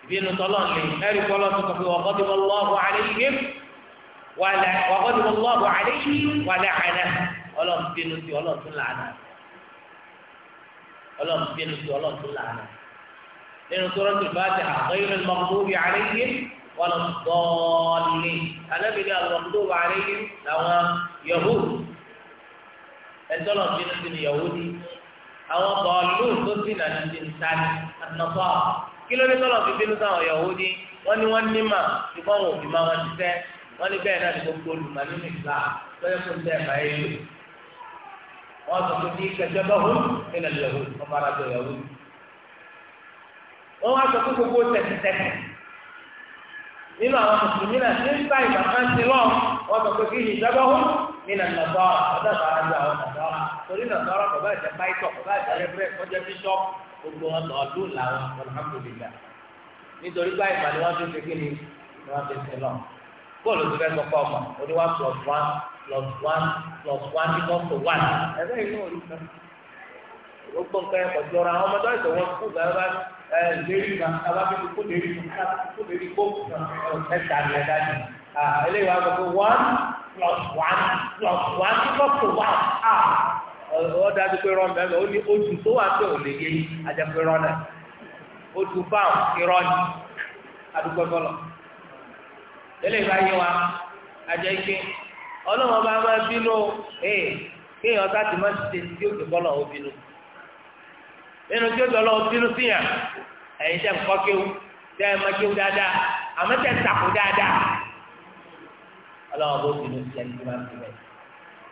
ìbínú tọlọ lé ẹrí kọlọ tó kọfí wà kọ́ dìbò lọ́ọ̀bù àlẹ́yìn wàlẹ̀ wà kọ́ dìbò lọ́ọ̀bù àlẹ́yìn wàlẹ̀ àná ọlọ́run bínú tí ọlọ́run tún làánà ọlọ́run bínú tí ọlọ́run tún làánà nínú tọrọ tó bá ti àkọyìn lọ́kùnrin àlẹ́yìn wàlẹ̀ dọ́ọ̀lì ẹ̀ńtọ́lọ̀ ń bínú sí ni Yahudi àwọn bọ̀ọ̀lù tó sì nà ní tani àtúnọ̀fọ́ kí ló dé tọ́lọ̀ fi bínú sáwọn Yahudi wọ́n ní wọ́n ní mà ṣùgbọ́n wọn ò fi máa wọn ti tẹ́ wọ́n ní bẹ́ẹ̀ náà ní gbogbo olùmọ̀ nínú ìgbà lọ́yẹ̀ kó ń tẹ́ ẹ̀ máa yẹ lò wọ́n sọ pé kí kẹjọ bá hù nílẹ̀ lẹ́hù ọmọ ara jọ yàwó wọ́n wá sọ pé gbogbo tẹ̀tẹ̀tẹ̀ nínú àwọn mùsùlùmí náà ṣé ń ìgbà kan ṣe lọ́ọ̀ wọ́n sọ pé kí ìjọba hù nínú nàzọ́rọ̀ ọ̀dọ́ sọ̀rọ̀ ju àwọn nàzọ́rọ̀ torí nàzọ́rọ̀ kò bá jẹ́ báyìtọ̀ kò bá jẹ́ rẹ́fẹ́rẹ́ kò jẹ́ bíṣọ́pù gbogbo wọn lọ ọdún làwọn alhamdulilá nítorí báyìí màá ni wọ́n ti fi kíni ni wọ́n ti fi lọ bọ́ọ̀lù ti fẹ́ sọ pé ọmọ ó ní one plus one plus one plus one equals to one ẹgbẹ́ inú òru kan gbogbo nǹkan ẹ̀kọ́ ti ọ̀rọ̀ àwọn ọmọdé ọ̀sẹ̀ wọn kú gbà bá ẹ lérí kan kábà fi kú lérí kan kábà fi kú lérí kó ẹ̀ta ni ẹ̀dá ni eléyìí wà á sọ pé one. plus one plus one equal one ah ọ dájú pé mẹ́rin ó ní ojú tó wà pé lè yé ajẹ́pẹ́ rọ náà irọ́ ni tẹ́lẹ̀ bá yé wa ike ọlọ́wọ́n bá máa bínú kéèyàn máa ti ṣe tí ó ti bínú nínú tí ó ti bínú síyàn ẹ̀yin kọ́ tẹ́ ẹ máa dáadáa àmọ́ ọlọ́wọ́ bó bínú sí ẹni tí wọ́n ti bẹ̀.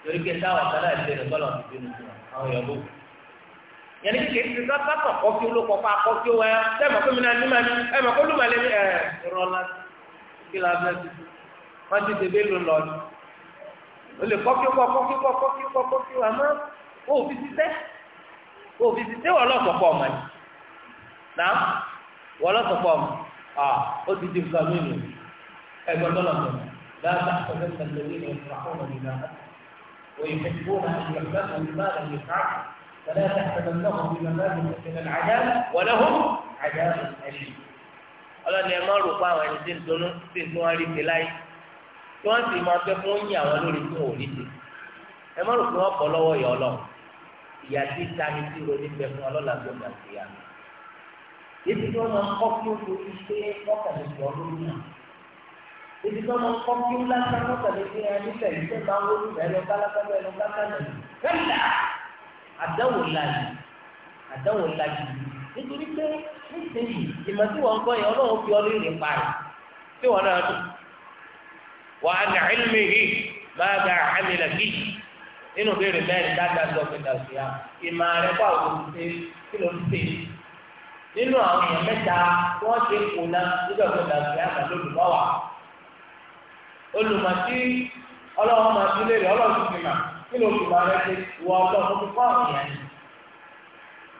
torí pé táwọn kan náà ṣe lọ́kọ́ lọ́ọ́ fi bínú sí wọn àwọn yọ̀bù. yẹnni kí kìí sọ sátọ̀ kọ́kí ó ló kọ́ fún akọ́kí ó wá ẹ mọ̀ kó mi náà ní ma ní ẹ mọ̀ kó lù màlẹ́ mi ẹ rọ la kí la bẹ́ẹ̀ ti wọ́n ti tẹ̀lé ló lọ ni. o lè kọ́kí kọ́ kọ́kí kọ́ kọ́kí kọ́ kọ́kí àmọ́ o ò fi ṣiṣẹ́ o ò fi ṣiṣẹ́ wọ́n lọ́sọ̀pọ̀ ọmọ yìí ti di nǹkan mímu ẹgbẹ́ لا تحسبن الذين يفرحون بما أتوا ويحبون أن يحبسوا بما لم يفعلوا فلا تحسبنهم بمماثل من العذاب ولهم عذاب أليم ọlọ́ni ẹ máa rò pa àwọn ẹni tí ń dunnú tí ń tún wá rí ti láyé tí wọ́n sì máa fẹ́ fún yín àwọn lórí tí wọ́n ò rí ti ẹ máa rò pé wọ́n bọ́ lọ́wọ́ yọ ọlọ́run ìyá tí ta ni tí ro níbẹ̀ fún ọlọ́lá tó gbà sí ya. ibi tí wọ́n máa ń kọ́ kí ó torí pé ọkàn ìṣòro náà ibi tí wọn kọ kí lásán ló tẹ̀lé ní ẹni tẹ̀lé tó máa wọlé ẹlọ kálákálá ẹlọ kálákálá kẹlá àdáwò láàyè àdáwò láàyè nítorí pé nísìnyí ìmọ̀ tí wọ́n kọ́ yẹn ọlọ́run fi ọlé rè parí tí wọ́n náà dùn. wà á nà ẹlẹ́mì yìí máa gba àmì làbí nínú béèrè mẹ́rin dáadáa lọ fi dà sí ìmọ̀ rẹ̀ kọ́ àwọn olùsè kí ló ń sè nínú àwọn èèyàn mẹ́ta wọ́n ṣe kùnà nígbà tó dà sí olùmọ̀tí ọlọ́wọ́ máa ti léèrè ọlọ́ọ̀tún fi mà kí ló fi máa rẹ́ ṣe wọ ọlọ́ọ̀tún fi fọ́ àwọn yẹn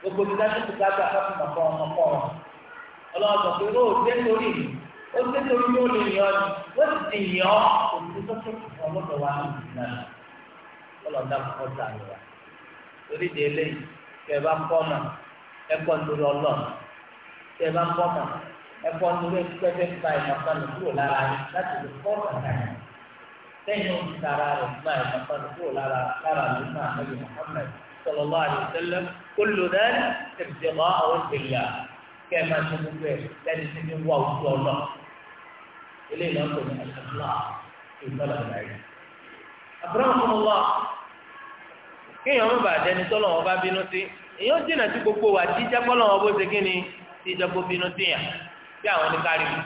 gbogbo ti dájú ti dájú àkọ́kọ́ mọ̀kọ́ ọmọkọ́ ọlọ́ọ̀tún fi ró òṣè torí ó ṣe torí ó lè yàn ó sì ti yàn òṣè tó tó ọlọ́dọ̀ wa ní ìlú náà ọlọ́dà kọ́ sàmì wa torí de eléyìí bá kọ́ mà ẹ ẹ ẹ̀kọ́ ní orí ẹ̀kọ́ ẹ̀fẹ́ fa ìmọ̀kánu kúrò lára rẹ̀ láti lè kọ́ kàkàyà sẹ́yìn òun ti tara rẹ̀ fa ìmọ̀kánu kúrò lára lára rẹ̀ fún àmọ́lẹ̀ Muhammad sallallahu alaihi wasallam kullu dhalika ibtigha'a àwọn ìgbéyà kẹ́ ẹ̀ máa ṣe gbogbo ẹ̀ lẹ́ni tí ní wà ojú ọlọ́ eléyìí náà kò tọ́lọ̀ wọn bá bínú sí èyí ó dènà gbogbo wa tí ìjẹ́pọ̀ lọ́wọ́ bó ṣe kí ni tí ìjẹ́pọ̀ bínú sí yàn bí àwọn ní kárí mi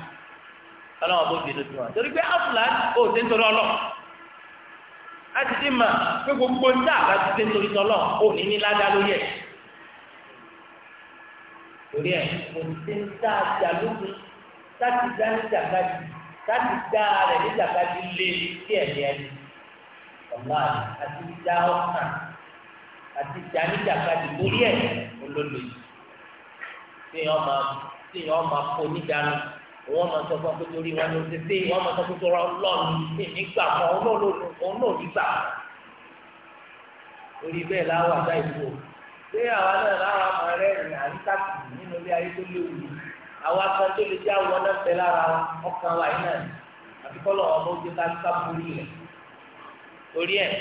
ọlọ́wọ́n bó ti lójú wọn torí pé áfúlà ò ti ń torí ọlọ́ láti ti mà pé gbogbo ń dà bá ti ti ń torí tọ́lọ́ ò ní ní ládá lórí ẹ̀ torí ẹ̀ kò ti ń dá àjà lókun láti dá ní jàkadì láti dá rẹ̀ ní jàkadì lé sí ẹ̀mí ẹni ọ̀la àti dá ọ̀kan àti dá ní jàkadì lórí ẹ̀ olólùyìí fi hàn máa tí èèyàn ọmọ akọ nídàánu wọn máa sọ fún akótó rí wọn ní oṣù tí wọn máa sọ fún tọrọ ọlọ́ọ̀ni nígbà kan òun náà nígbà orí bẹ́ẹ̀ láwọ̀ àdá ìfò pé àwa náà lára ọmọ rẹ rìn àríkàtì nínú ilé ayé tó léwu àwa kan tó lè jẹ́ àwọn náà fẹ́ lára ọkàn wa yìí náà àti kọ́lọ̀ ọmọ ojú ká ká burú rẹ̀ orí ẹ̀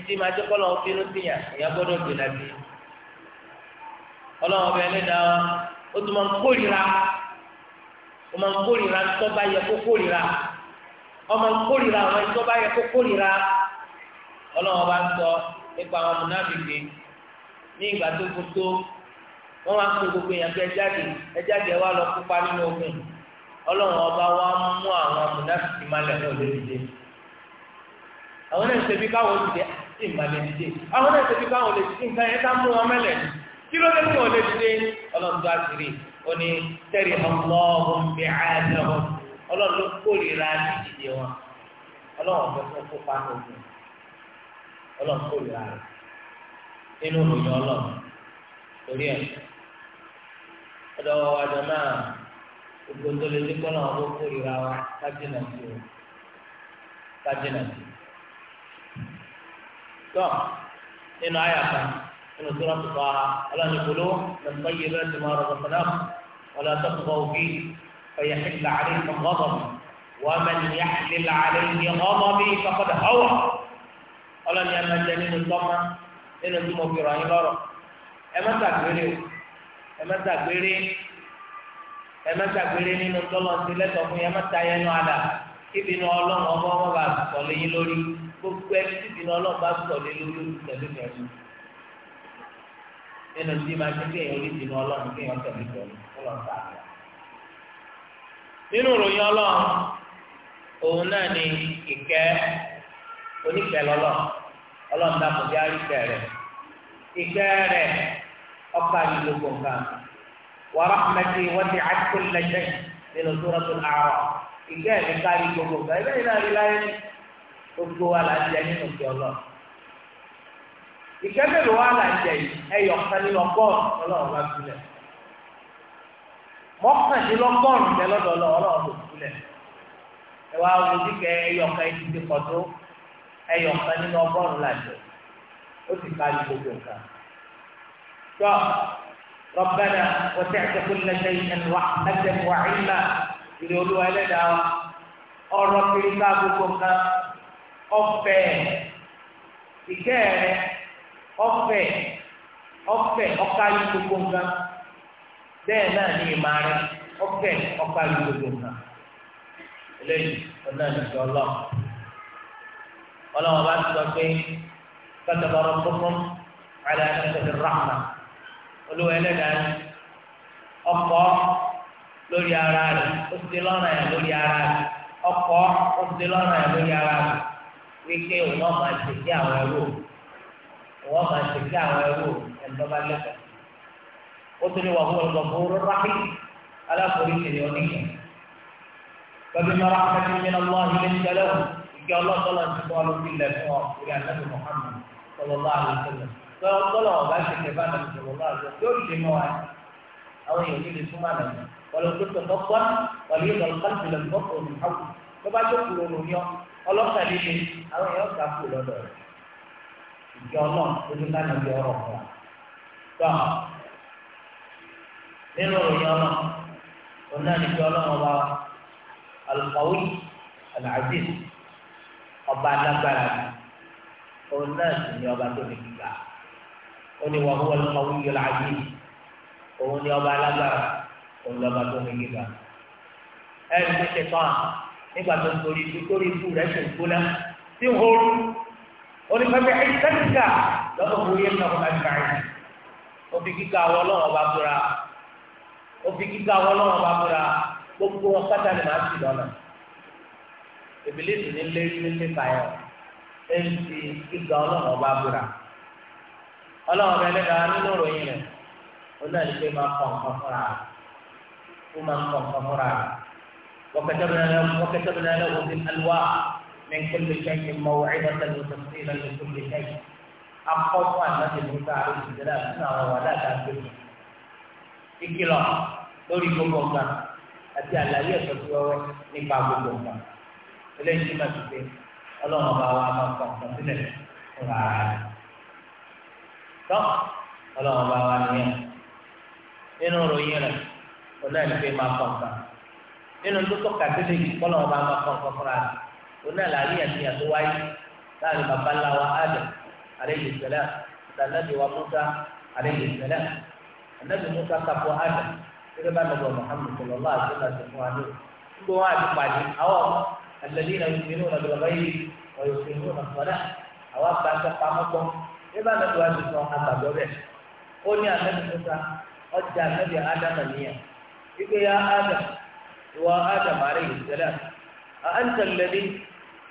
ntí máa jẹ́ kọ́lọ̀ ọmọ bínú tìyàn ìyá gbọ́dọ̀ gbìnà bí ọlọ́wọ́ bẹ́ẹ̀ ó tún máa ń kórìíra ó máa ń kórìíra tó bá yẹ kó kórìíra ó máa ń kórìíra àwọn ẹni tó bá yẹ kó kórìíra ọlọ́wọ́n bá sọ nípa àwọn múnábìbí ní ìgbà tó gbogbo wọ́n wá pé gbogbo èèyàn pé ẹjáde ẹjáde wa lọ kópa nínú ogun ọlọ́wọ́n ọba wa mú àwọn múnábìbí má lẹ́nu òdòdó àwọn náà bí káwọn olùdíje sí ìmàlẹ́ dídé àwọn náà ń ṣe bí káwọn nǹkan yẹn ká mú wọn mẹ́lẹ̀ ní kí ló dé tí wọ́n lè ṣe ọlọ́run tó àṣírí ó ní tẹ́rì ọlọ́run bí àádọ́ ọlọ́run ló kórìíra ní ìdíje wọn ọlọ́run ọ̀fẹ́ fún kópa ogun ọlọ́run kórìíra rẹ̀ nínú òmìnira ọlọ́run torí ẹ̀ ọ̀dọ̀ ọ̀dọ̀ náà gbogbo lè dínkọ́ náà ló kórìíra wa kájínà sí o kájínà sí o. tọ́ nínú àyàfà. من سورة طه ألا نقولوا من طيبات ما رزقناكم ولا تطغوا فيه فيحل عليكم غضبي ومن يحلل عليه غضبي فقد هوى ألا يا مجانين الضمة إن أنتم في رأي بارا أما تكبري أما تكبري أما تكبري إن الله سلسة أما تاينوا على ìbínú ọlọ́run ọmọ wọn bá sọ̀lé yín lórí gbogbo ẹni tí ìbínú ọlọ́run bá sọ̀lé lórí tẹ̀lé tẹ̀lé nínú tí máa ti kí èyí ti nu ọlọ́run kí èyàn tẹ̀lé tẹ̀lé ọlọ́run tà á. nínú ìròyìn ọlọ́run òun náà ni ìkẹ́ oníkẹ́ lọ́lọ́ ọlọ́run dàpọ̀ bí àríkẹ́ rẹ̀ ìkẹ́ rẹ̀ ọkà yìí ló gbọ̀n kan wa rahmati wasi'at kulla nínú suratul A'raf ìkẹ́ mi kárí gbogbo nǹkan yìí náà rí láyé gbogbo wa nínú ìkẹ́ ọlọ́run ìkẹ́fẹ́ ló wà lájẹ yìí ẹyọ kan nínú ọgọ́rùn-ún ọlọ́run bá sílẹ̀ mọ́kàndínlọ́gọ́rùn-ún tẹ lọ́dọ̀ ọlọ́run ló sílẹ̀ ẹ wá wo kíkẹ́ ẹyọ kan yìí ti kọ́tó ẹyọ kan nínú ọgọ́rùn-ún lájẹ ó sì ká ní gbogbo nǹkan. tọ́ rọ́bẹ́nà wọ́tí àtẹ̀kù lẹ́sẹ̀ yìí ẹnu wa ẹsẹ̀ wà ìlà ìrè ọ̀fẹ́ ọ̀fẹ́ ọ̀káyí gbogbo nǹkan bẹ́ẹ̀ náà ní ìmọ̀ rẹ ọ̀fẹ́ ọ̀káyí gbogbo nǹkan eléyìí ọ̀nà ìjọ ọlọ́run ọlọ́run bá ti sọ pé kátàbà rabbukum ala ẹsẹ̀ rahma olówó ẹlẹ́dàá ọkọ̀ lórí ara rẹ̀ ó ti lọ́rùn lórí ara rẹ̀ ọkọ̀ ó ti lọ́rùn lórí ara rẹ̀ wíkẹ́ òun náà máa ṣe àwọn ẹrú wọ́n máa ṣe kí àwọn ẹrú ẹ̀ńtọ́ bá lẹ́kọ̀ọ́. ó tún ní wàhùn ọ̀gbọ̀n rákì aláforíṣi ni oníyàn. bàbá mi ra kàtí mi náà lọ́wọ́ ilé ìjọ lẹ́wọ̀ ìgbà ọlọ́sọ́lọ́ ti kọ́ ló fi lẹ̀ fún ọ ìrìn àtẹ́bí Muhammad sọlọ́lá àlùsọ́lọ́. sọlọ́ ọ̀gá ṣe kẹfà náà sọlọ́lá àlùsọ́lọ́ yóò ṣe mọ́ wa àwọn èèyàn ní lè súnmọ́ àná wọlé tó tọ̀ tọ́gbọ́n wọlé ìgbàlùkọ́ ìgbàlùkọ́ òmìnira tó bá jókòó lónìí ọlọ́kàlílẹ̀ àwọn èèyàn kà ìjọ náà lójú lánàá bí ọ̀rọ̀ fún wa. gbà nínú ìròyìn ọ̀nà òun náà níjọ náà wà alùpàwí alàzíz ọba alágbára òun náà sì ní ọba tó ní kíkà òun ni wàhùn alùpàwí alàzíz òun ni ọba alágbára òun ni ọba tó ní kíkà. ẹ̀rí tó ṣe tán nígbà tó ń torí ikú torí ikú rẹ̀ ṣe ń gbóná tí ń horú onífẹ́fẹ́ lọ́dọ̀ fún yẹn náà fún àgbáyé òfin kíkà àwọn ọlọ́wọ́n bá búra òfin kíkà àwọn ọlọ́wọ́n bá búra gbogbo wọn pátá ni màá sì lọ́nà ìbílẹ̀sì ní lé nílé báyọ̀ ẹ̀ǹtì kíkà ọlọ́wọ́n bá búra ọlọ́wọ́n bẹ lẹ́nu nínú ìròyìn rẹ̀ ọlọ́wọ́n ní pé máa kọ̀ nǹkan fúnra ó máa kọ̀ nǹkan من كل شيء موعظة وتفصيلا لكل شيء أقوى النبي موسى عليه السلام سنة ولا تأكل ìkìlọ̀ lórí gbogbo nǹkan àti àlàyé ẹ̀sọ́ tí wọ́wẹ́ nípa gbogbo nǹkan eléyìí tí màá ti pé ọlọ́run bá wa máa kọ̀ ọ̀kan sílẹ̀ fúnra ara rẹ̀ tọ́ ọlọ́run bá wa nìyẹn nínú ròyìn rẹ̀ ọ̀nà ìpè máa kọ̀ ọ̀kan nínú tó tọ́ka sílẹ̀ yìí kọ́ ọlọ́run bá máa kọ̀ ọ̀kan fúnra rẹ̀ oní àlàyé ẹ̀mí ẹ̀ tó wáyé láàrin babaláwa adam alayhi salam sànàbí wa musa alayhi salam anabi musa kakọ adam gẹ́gẹ́ bá nàbọ muhammed sọlọlá àti láti fún adé gbogbo wọn àti pàdé àwọn àlẹlẹ náà yóò sinú ọdọ ọba yìí wọn yóò sinú ọdọ sọdá àwọn àgbà tó pamọ́ pọ gẹ́gẹ́ bá nàbọ àti sọ àgbàdo rẹ ó ní anabi musa ọjà anabi adam nìyẹn ìgbéya adam ìwọ adam alayhi salam àǹtẹ̀lẹ́dẹ́.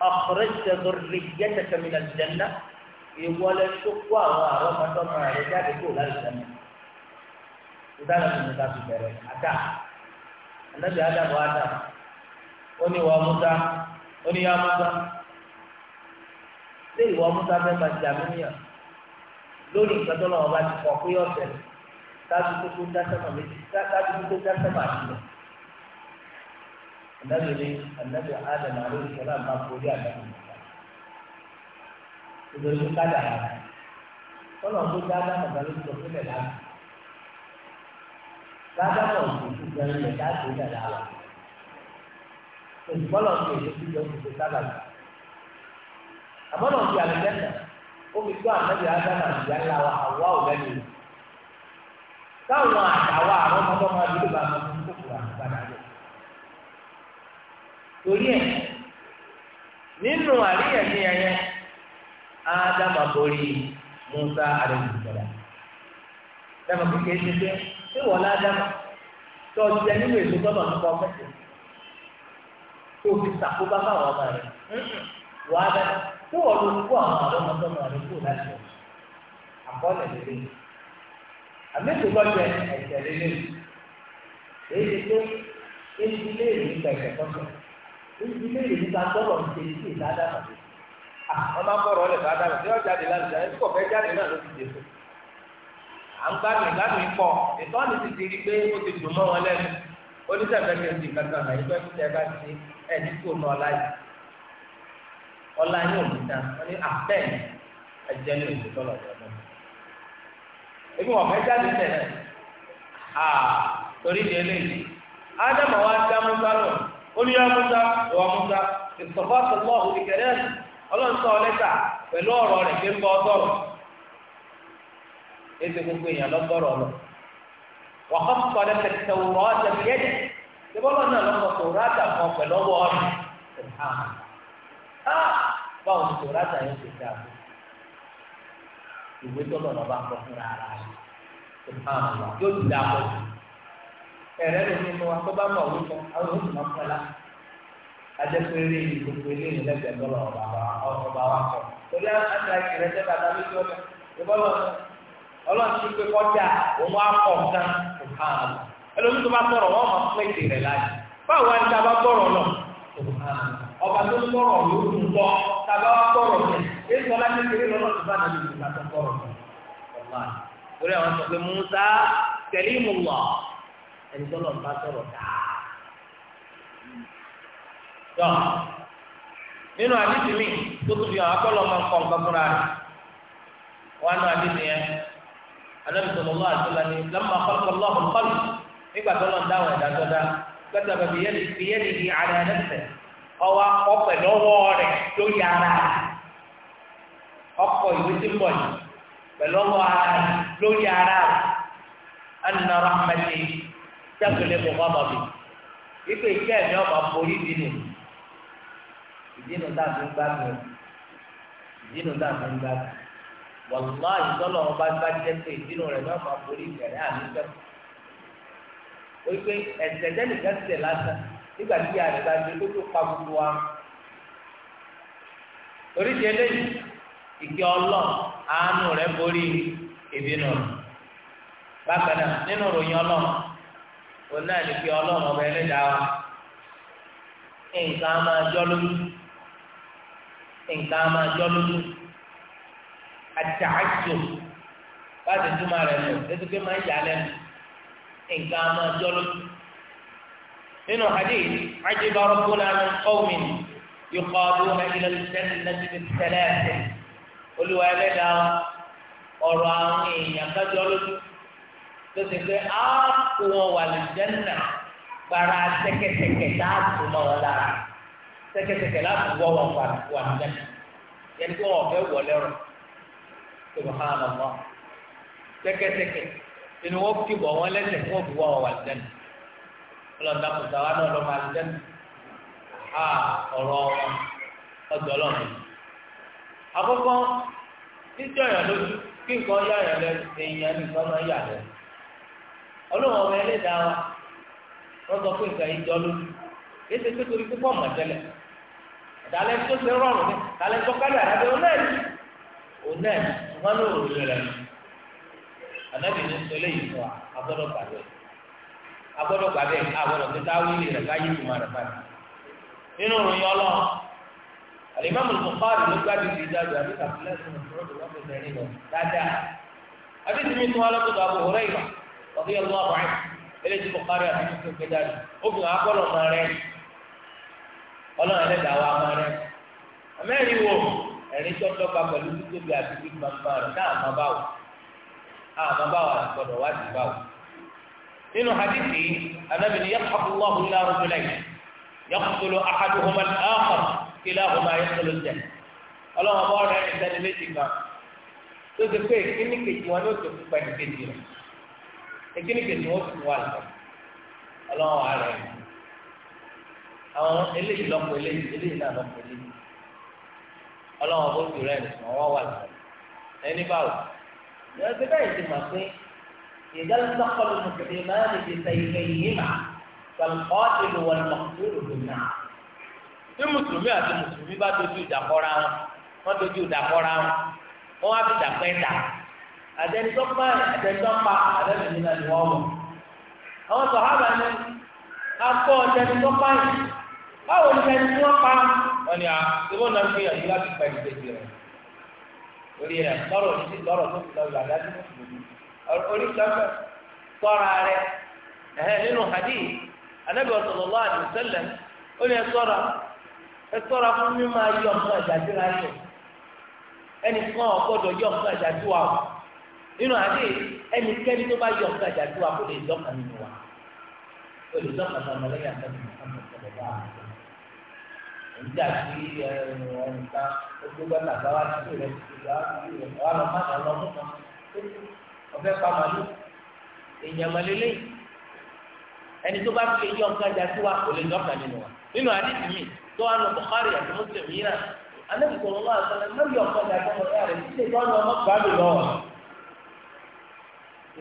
أخرجت ذريتك من الجنة يقول الشقوى وما تمر على ذلك يقول الجنة ودانا من ذاك الجري أتى النبي آدم وأتى أني وموسى أني يا موسى ṣé ìwọ musa fẹ́ máa ṣe àmúnìyàn lórí nǹkan tó lọ́wọ́ bá ti kọ̀ pé ọ̀sẹ̀ ṣáájú tó tó dá sẹ́mà méjì ṣáájú tó tó dá sẹ́mà àti lọ. ànábì ni ànábì ádámù àlóyún na bá forí àdámù nítorí pé káàdà rà kọlọ̀ tó dá ádámù àgbàlú sọ sílẹ̀ láti ádámù ọ̀sùn tó jẹ ilẹ̀ láti ilẹ̀ lára olùkọ́lọ̀ tó yẹ kó wa torí ẹ̀ nínú àríyànjiyàn yẹn ádámà borí musa àdéhùnsọ̀rọ̀ dáàmà kékeré ti dé ṣé wọ́n ládámà tó ọjà nínú èso tọ́nà nípa ọmọdé tó fi sàkóbá fáwọn ọmọ rẹ̀ wọ́n á dáná tó wọ́n ló kó àwọn àdọ́mọdọ́mọ rẹ̀ kó láti ọ̀ àkọọ́lẹ̀ lélẹ̀ àmẹ́tò bọ́jọ ẹ̀sẹ̀ lélẹ̀ èyí tó èyí lé ìgbà ìgbà tọ́sọ̀rọ̀ ilé ìlú ta sọ̀rọ̀ ní ṣe ṣe dáadáa wọn máa ń bọ̀rọ̀ ọ̀lẹ̀ dáadáa ṣé ọjà dé láti ṣe ẹ̀kọ́ fẹ́ jáde náà ló ti dé fún à ń gbá mi gbádùn pọ̀ ìtọ́ni ti ti rí pé ó ti dùn mọ́ wọn lẹ́nu oníṣẹ́fẹ́ kejì kankan àyè pé kí ẹ bá ti ẹ̀ ní kò náà láyé ọlá yóò mú ta wọn ní àpẹ́ ẹ̀jẹ̀ ní òṣèlú tọ́lọ̀ ọ̀dọ́ ebi wọn fẹ́ jáde tẹ́lẹ̀ قل يا موسى وموسى اصطفاك الله لكلامه ọlọ́run sọ ọ lẹ́tà pẹ̀lú ọ̀rọ̀ rẹ̀ pé ń bọ ọtọ́rọ̀ ètò gbogbo èèyàn lọ́gbọ́rọ̀ lọ. wà á sọ lẹ́tà tẹ̀wọ̀rọ̀ ọ̀tẹ̀mí yẹ́dẹ̀ tí bọ́lá náà lọ́kọ̀ tòrátà kan pẹ̀lú ọwọ́ ọ̀rọ̀ ah! báwo ni tòrátà yẹn ti dà ìwé tọ́lọ̀ lọ́ba kọ́ fúnra ara rẹ̀ ẹ̀rẹ́ ló ní wa tó bá mọ̀ òun kan àwọn yóò mọ̀ fún ẹ lá. Adékòrè yìí gbogbo eléyìí lẹ́gbẹ̀ẹ́ lọ́wọ́ ọba wa kọ̀. Torí àtàkì rẹ̀ jẹ́ bàtà lójú ọ̀nà ìbọ̀lọ̀ ọlọ́run ti pé kọjá òun wá kọ̀ nǹkan kò hàn án. Ẹlòmí tó bá tọrọ wọn máa pẹ́ èdè rẹ̀ láyé. Báwo ni ta bá tọrọ lọ? Ọba tó tọrọ ló ń bọ̀ ta bá wá tọrọ rẹ̀. Èyí sọlá kékeré lọ́nà tó bá nàbí ìgbà tó tọrọ rẹ̀. Torí àwọn sọ pé Musa kẹlí lọ ẹni tó lọ bá sọ̀rọ̀ dáa. Tọ́ nínú àdìsí mi tó tún fi hàn akọ́lọ́ máa ń kọ́ nǹkan fúnra rẹ̀. Wọ́n á nú àdìsí yẹn. Ànábì sallallahu alaihi wasallam ni lamma khalaqa Allahu al-qalb nígbà tó lọ dáhùn ẹ̀dá tó dá. Gbẹ́sẹ̀ bàbí yẹ́nì fi yẹ́nì yìí ara ẹ̀dẹ́sẹ̀. Ọwọ́ akọ pẹ̀lú ọwọ́ rẹ̀ lórí ara rẹ̀. ìwé tí ń bọ̀ yìí pẹ̀lú ọwọ́ ara rẹ̀ lórí ara rẹ̀. Anna rahmati sẹ́kùnlé mọ̀ wá bàbí ipe iṣẹ́ ẹ̀mí ọ̀ma borí dínú ìdínú tá a fi ń gbádùn ìdínú tá a fi ń gbádùn wàlúwà ìtọ́lọ̀ ọba bá jẹ́ pé ìdínú rẹ̀ ní ọ̀ma borí ìbẹ̀rẹ̀ àmì sẹ́kù o ipe ẹ̀sẹ̀ tẹ́lifẹ̀ tẹ̀ lásán nígbà tí àrẹ bá ti tó tó pa gbogbo wa oríṣi eléyìí ìkẹ́ ọlọ́ àánú rẹ̀ borí ìbínú bákan náà nínú ìròyìn ọlọ́run òun náà ní pé ọlọ́run ọba ẹlẹ́dàá wa nǹkan á máa jọ́ lójú nǹkan á máa jọ́ lójú àtàjò láti túmọ̀ rẹ̀ lọ ètùkẹ́ máa ń yà lẹ́nu nǹkan á máa jọ́ lójú. nínú hadith ajiba rabbuna min qawmin yuqaduna ila al-jannati bit-thalath olùwà ẹlẹ́dàá ọ̀rọ̀ àwọn èèyàn kájọ́ lójú tó ti pé á kó wọn wà lè jẹ́nà gbàrà sẹ́kẹ̀sẹ̀kẹ̀ láàbù mọ́ wọn lára sẹ́kẹ̀sẹ̀kẹ̀ láàbù wọ́ wọn wà wà jẹ́nà yẹn kó wọn fẹ́ wọlé rọ tó bá hàn lọ́wọ́ sẹ́kẹ̀sẹ̀kẹ̀ inú wọn kí bọ̀ wọn lẹ́sẹ̀ fún òbí wọn wà jẹ́nà ọlọ́dà kò sáwá náà lọ́ máa jẹ́nà á ọ̀rọ̀ wọn ọ̀dọ́ ọlọ́run àkọ́kọ́ níjọ́ ìyàlójú kí nǹkan yá ìyàlẹ́ èèyàn nìkan máa yà lẹ́nu. ọlọ́wọ́n ọmọ ẹlẹ́dàá wa wọ́n sọ pé nǹkan yìí jọ lójú kéṣe pé torí púpọ̀ mọ̀ tẹ́lẹ̀ ìdálẹ́ tó ṣe rọrùn ní tó wọn ló rò rẹ̀ ní yìí fún wa agbọ́dọ̀ gbàgbẹ́ agbọ́dọ̀ gbàgbẹ́ agbọ́dọ̀ rẹ̀ káyé rẹ̀ nínú ìròyìn ló àbí kàfílẹ́sì lọ dáadáa ọ̀dí ọlọ́wọ́ àbáyé eléyìí bukari àti tuntun gbẹdá rẹ obìnrin akọlọ máa rẹ ọlọ́run ẹlẹ́dàá wa máa rẹ amẹ́rin wo ẹ̀rín tó dọ́gba pẹ̀lú títóbi àti gbígbàmbà rẹ náà má bá wò náà má bá wò àti gbọdọ̀ wá sí bá wò. nínú hadithi anabi ni yàtọ̀ allahu ilá rúbulẹ̀ yàtọ̀lọ̀ ahaduhuma al-akhar kílá ahoma yàtọ̀lọ̀ jẹ ọlọ́run ọba ọ̀rẹ́ ẹ̀sẹ̀ ni méjì kan ekele kejì wọn fi wà lọ Ọlọ́run ààrẹ àwọn eléyìí lọpọ eléyìí eléyìí náà lọpọ eléyìí Ọlọ́run ọbọ tó rẹ nìkan wọn wà lọ ẹni báwò yọ ṣe bẹ́ẹ̀ ti mọ̀ pé ìdálẹ́sọ́kọ̀lù mùsùlùmí máa ń lè ṣe ilé yìí mà kàlùkọ́ ìlú wọn lọ sí òdòdó náà bí mùsùlùmí àti mùsùlùmí bá dojú ìdàkọ́ra wọn wọn dojú ìdàkọ́ra wọn wọn á fi dàpẹ́ dà. àtẹnitọ́ pẹ́ àtẹnitọ́ pa àtẹnitọ́ àwọn sọ̀hábà ni akọ́ àtẹnitọ́ yìí báwo ni àtẹnitọ́ pa ni à náà fi àyè láti pa ìdíje rẹ̀ orí rẹ̀ na ní ti lọ́rọ̀ tó fi ọrụ ìlànà tó fi lọ́ọ́ orí sọ́fẹ̀ tọ́ra rẹ̀ ẹ̀hẹ́ nínú hadí anábì sallallahu ọrụ wasallam ó ní ẹ ẹ fún ayé nínú àdé ẹnikẹ́ni tó bá yọ ọ̀gá ìdájọ́ wa kó lè dọ́kà nínú wa kó lè dọ́kà nínú ọmọlẹ́yìn àtọ́jú ọmọ ìṣẹ̀lẹ̀ bá a lọ. ìdí àti ọ̀rùn ta ojú gbọ́dọ̀ àgbáwá níbi rẹ̀ ìgbà wà lọ má lọ mú kan ọ̀fẹ́ pa màlúù èèyàn mọ̀lélẹ́ ẹni tó bá fi yọ ọ̀gá ìdájọ́ wa kó lè dọ́kà nínú wa nínú àdé mi tó wà lọ Bukhari àti Muslim yìí náà alẹ́ kòkòrò náà sọ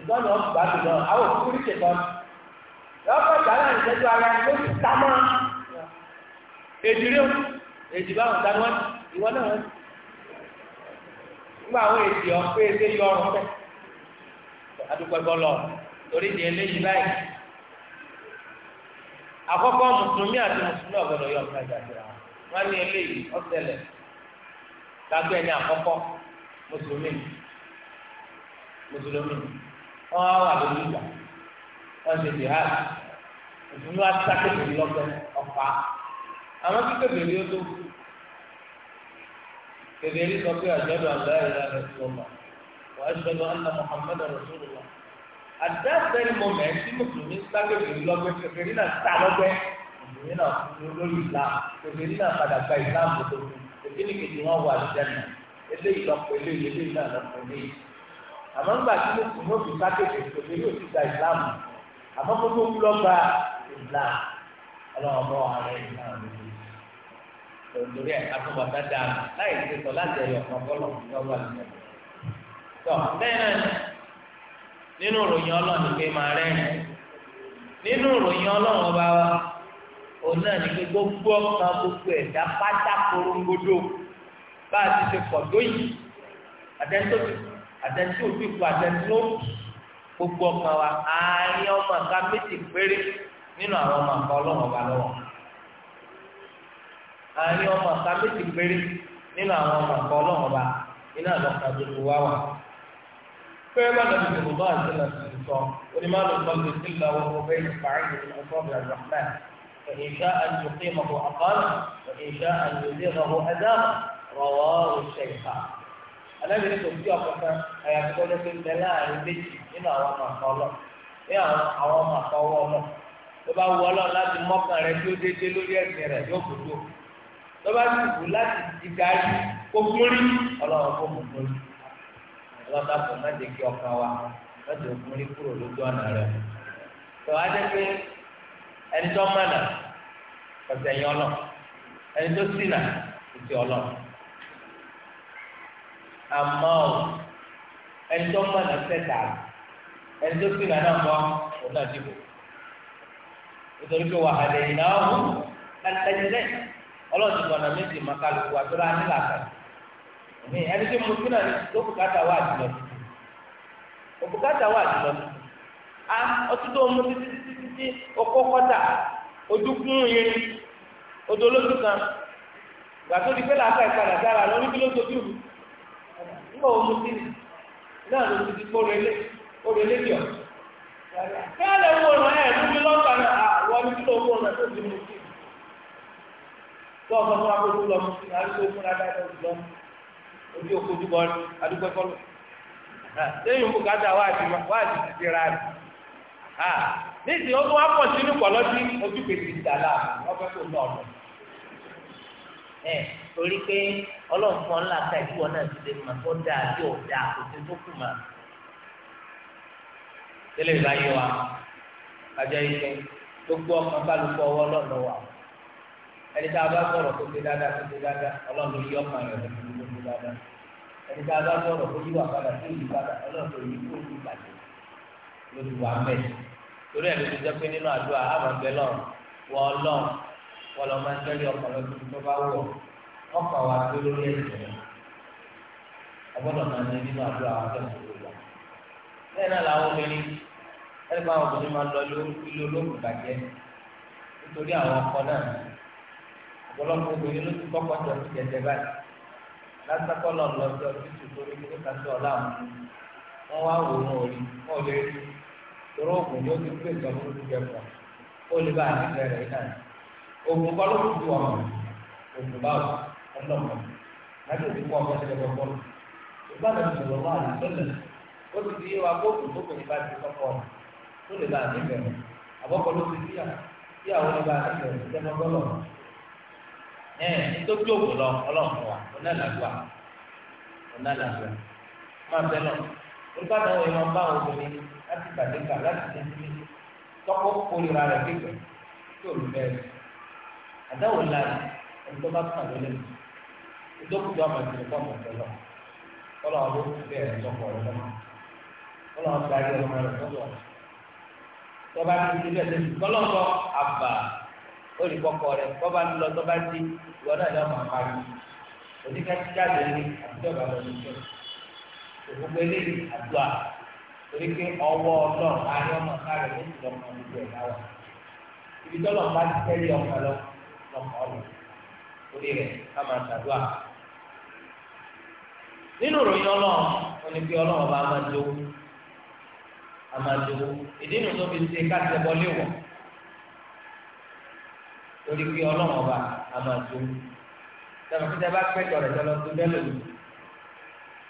ìgbọ́nà ọ̀gbà àbùdọ̀ àwọn òkú rí ṣètọ́ lọ́kọ̀ ìdáná ìṣẹ́jú ara ló ti ta mọ́ wọn ìwọ náà wọn nígbà àwọn ọ̀pẹ ẹgbẹ́ yọ ọrùn fẹ́ torí báyìí àkọ́kọ́ mùsùlùmí àti mùsùlùmí ọ̀gbọ́dọ̀ yọ wọn ní ọ̀sẹ̀lẹ̀ àkọ́kọ́ mùsùlùmí mùsùlùmí. wọn wà lórí ìgbà wọn ṣe jihad òfin wa sá kébèrè lọgbẹ ọfà àwọn tí kébèrè ó tó kébèrè sọ pé àjọyọ̀ àgbà ìlà rẹ̀ sọ̀rọ̀ wàá ṣẹlẹ̀ ọ̀nà Muhammad rasulullah at that very moment tí mùsùlùmí sá kébèrè lọgbẹ kébèrè náà sá lọgbẹ mùsùlùmí náà lórí ìlà kébèrè náà padà gba ìlà àbùkù ètò ìkejì wọn wà lójá náà eléyìí lọ pẹ̀lú eléyìí náà lọ pẹ̀lú eléyìí àmọ́ ńgbà tí mùsùlùmí ò fi sákèké pèsè yóò ti gba islam àmọ́ kó tó kú lọ́gba islam ọlọ́run ọmọ ààrẹ islam lórí ẹ̀ akọ́kọ́ dáadáa láì ṣe sọ láti ẹ̀yọ̀ kan bọ́lọ̀ lọ́wọ́ àlùyẹ̀ tó bẹ́ẹ̀ náà nínú ìròyìn ọlọ́run ni pé máa rẹ́rìn nínú ìròyìn ọlọ́run ọba wa òun náà ni pé gbogbo ọkàn gbogbo ẹ̀dá pátá korongodo bá a ti ṣe pọ̀ àtẹnudí òtún ìkú àtẹnudí ó gbogbo ọkàn wa àárín ọmọ àká méjì péré nínú àwọn ọmọ àká ọlọ́run ọba lọ́wọ́ àárín ọmọ àká méjì péré nínú àwọn ọmọ àká ọlọ́run ọba iná àlọ́ka gbogbo wa wà. pé má lọ sí gbogbo náà sí lọ sọ onímọ̀ lọ sọ lè sí lọ wọ́n bẹ́ẹ̀ ní ní ọ̀sán ọ̀bẹ àgbàfẹ́ فإن شاء أن يقيمه أقام وإن أن يزيغه أدام رواه الشيخان alábi ní tòkí ọ̀kankan àyàfi kọ́jọ́ pé bẹ́ẹ̀ láàrin méjì nínú àwọn ọmọ àkọ́ lọ ní àwọn ọmọ àkọ́ wọ́ lọ tó bá wọ́ lọ láti mọ́kàn rẹ tí ó déédéé lórí ẹ̀sìn rẹ yóò gbódò tó bá sì wù láti ti darí kó gúnrí ọlọ́run kó mú gúnrí ọlọ́run kò má jẹ́ kí ọkàn wa má jẹ́ gúnrí kúrò lójú ọ̀nà rẹ tó wá jẹ́ pé ẹni tó mọ̀nà ọ̀sẹ̀ yẹn ọlọ́ ẹni tó sínà ìtì ọlọ́run. àmọ́ ò ẹjọ́ mọ̀nà na ẹjọ́ sì nàá náà bọ́ òun náà dìbò nítorí wàhálà yìí náà wù ẹnìtẹ́jìlẹ̀ ní ẹni tí mo fi náà tó a ọtí tó mú títí títí kan gbàtó di pé làákà nígbà wo mo náà ló ti di kó relé ó relé bí ọ. kẹ́lẹ̀ wo ọ̀nà ẹ̀ mú mi lọ́kà náà àwọn ibi tó wọ ọ̀nà tó ti mú fún lọ ojú adúgbò ẹ̀kọ́ lọ. lẹ́yìn òkú wá àti wá àti ra rẹ̀. ó tún wá pọ̀ sínú pọ̀ lọ́sí ojú torí pé ọlọ́run kan ńlá ta ìdíwọ́ náà ti lè mọ̀ tó dáa bí ò dáa kò tó tó kù mà. tẹ́lẹ̀ ìbáyé wa àjọ ìfẹ́ gbogbo ọkàn kálukú ọwọ́ ọlọ́run wà ẹni tá a bá sọ̀rọ̀ tó ṣe dáadáa tó ṣe dáadáa ọlọ́run yí ọkàn rẹ̀ lọ́dún tó ṣe dáadáa ẹni tá a bá sọ̀rọ̀ tó yíwà padà tó yí padà ọlọ́run yí kó yí padà lórí wà mẹ́ torí ẹ̀ ló ti jẹ́ pé nínú àdúrà àmọ̀ bẹ́ẹ̀ lọ́run wọ ọlọ́run wọ́n lọ́ máa ń tẹ́lẹ̀ ọkàn tó bá wọ̀ ọkọ̀ wa tó lórí ẹ̀sìn rẹ̀ ọgbọ́dọ̀ máa ní nínú àdúrà wa tó ń tó ala bẹ́ẹ̀ náà làwọn obìnrin ẹni bá àwọn obìnrin máa lọ ilé olóògùn bàjẹ́ nítorí àwọn ọkọ náà ọ̀pọ̀lọpọ̀ obìnrin ló ti kọ́kọ́ jọ sí jẹjẹ báyìí lásìkò lọ lọ sí ká sí wọn wá wò wọn wọn lè rí torí oògùn yóò ti ó ọlọ́run láti òbí kọ́ ọkọ̀ ṣẹlẹ̀ gbọ́gbọ́ ìgbàlẹ̀ ìṣòro wà lọ́lẹ̀ ó ti di wa gbóòtù tó kòní bá ti kọ́kọ́ tó lè bá àti bẹ̀rẹ̀ àbọ̀kọ́ ló ti díyà tí àwọn lè bá àti bẹ̀rẹ̀ tẹ́mọ́ gbọ́lọ̀ ẹ̀ nítorí òwò lọ ọlọ́run wa onálàgbà onálàgbà máa bẹ lọ olùbàdàn wo ìwọ̀n bá àwọn obìnrin láti gbàdégbà láti tẹ́sí tọ́kọ́ kórìíra rẹ̀ kékeré tó lù bẹ́ẹ̀ àdáwò láàyè ẹni tó bá ìdókòtò àmàlẹ́ fún ọmọdé lọ kọlọ àwọn olókùn bẹ́ẹ̀ sọpọ ọ̀rọ̀ náà kọlọ àwọn darí ọmọ rẹ sọ́dọ̀ tọba ti di bẹ́ẹ̀ sẹbi kọlọ ń lọ àbà olùkọkọ rẹ kọba ń lọ tọba ti ìwọ náà lọ máa parí oníkà ti jáde ní àtijọba lọ ní ìjọ òkùnkùn eléyìí àdúrà torí pé ọwọ́ Ọlọ́run ayé ọmọ nínú ìròyìn ọlọ́run wọn ni pé ọlọ́run bá máa dó a máa dó ìdí nu tó fi ṣe káṣẹ bọlé wọ torí pé ọlọ́run bá a máa dó sọ̀rọ̀ pé tẹ́lá pẹ́jọ rẹ̀ tẹ́lá tó bẹ́ẹ̀ lòdì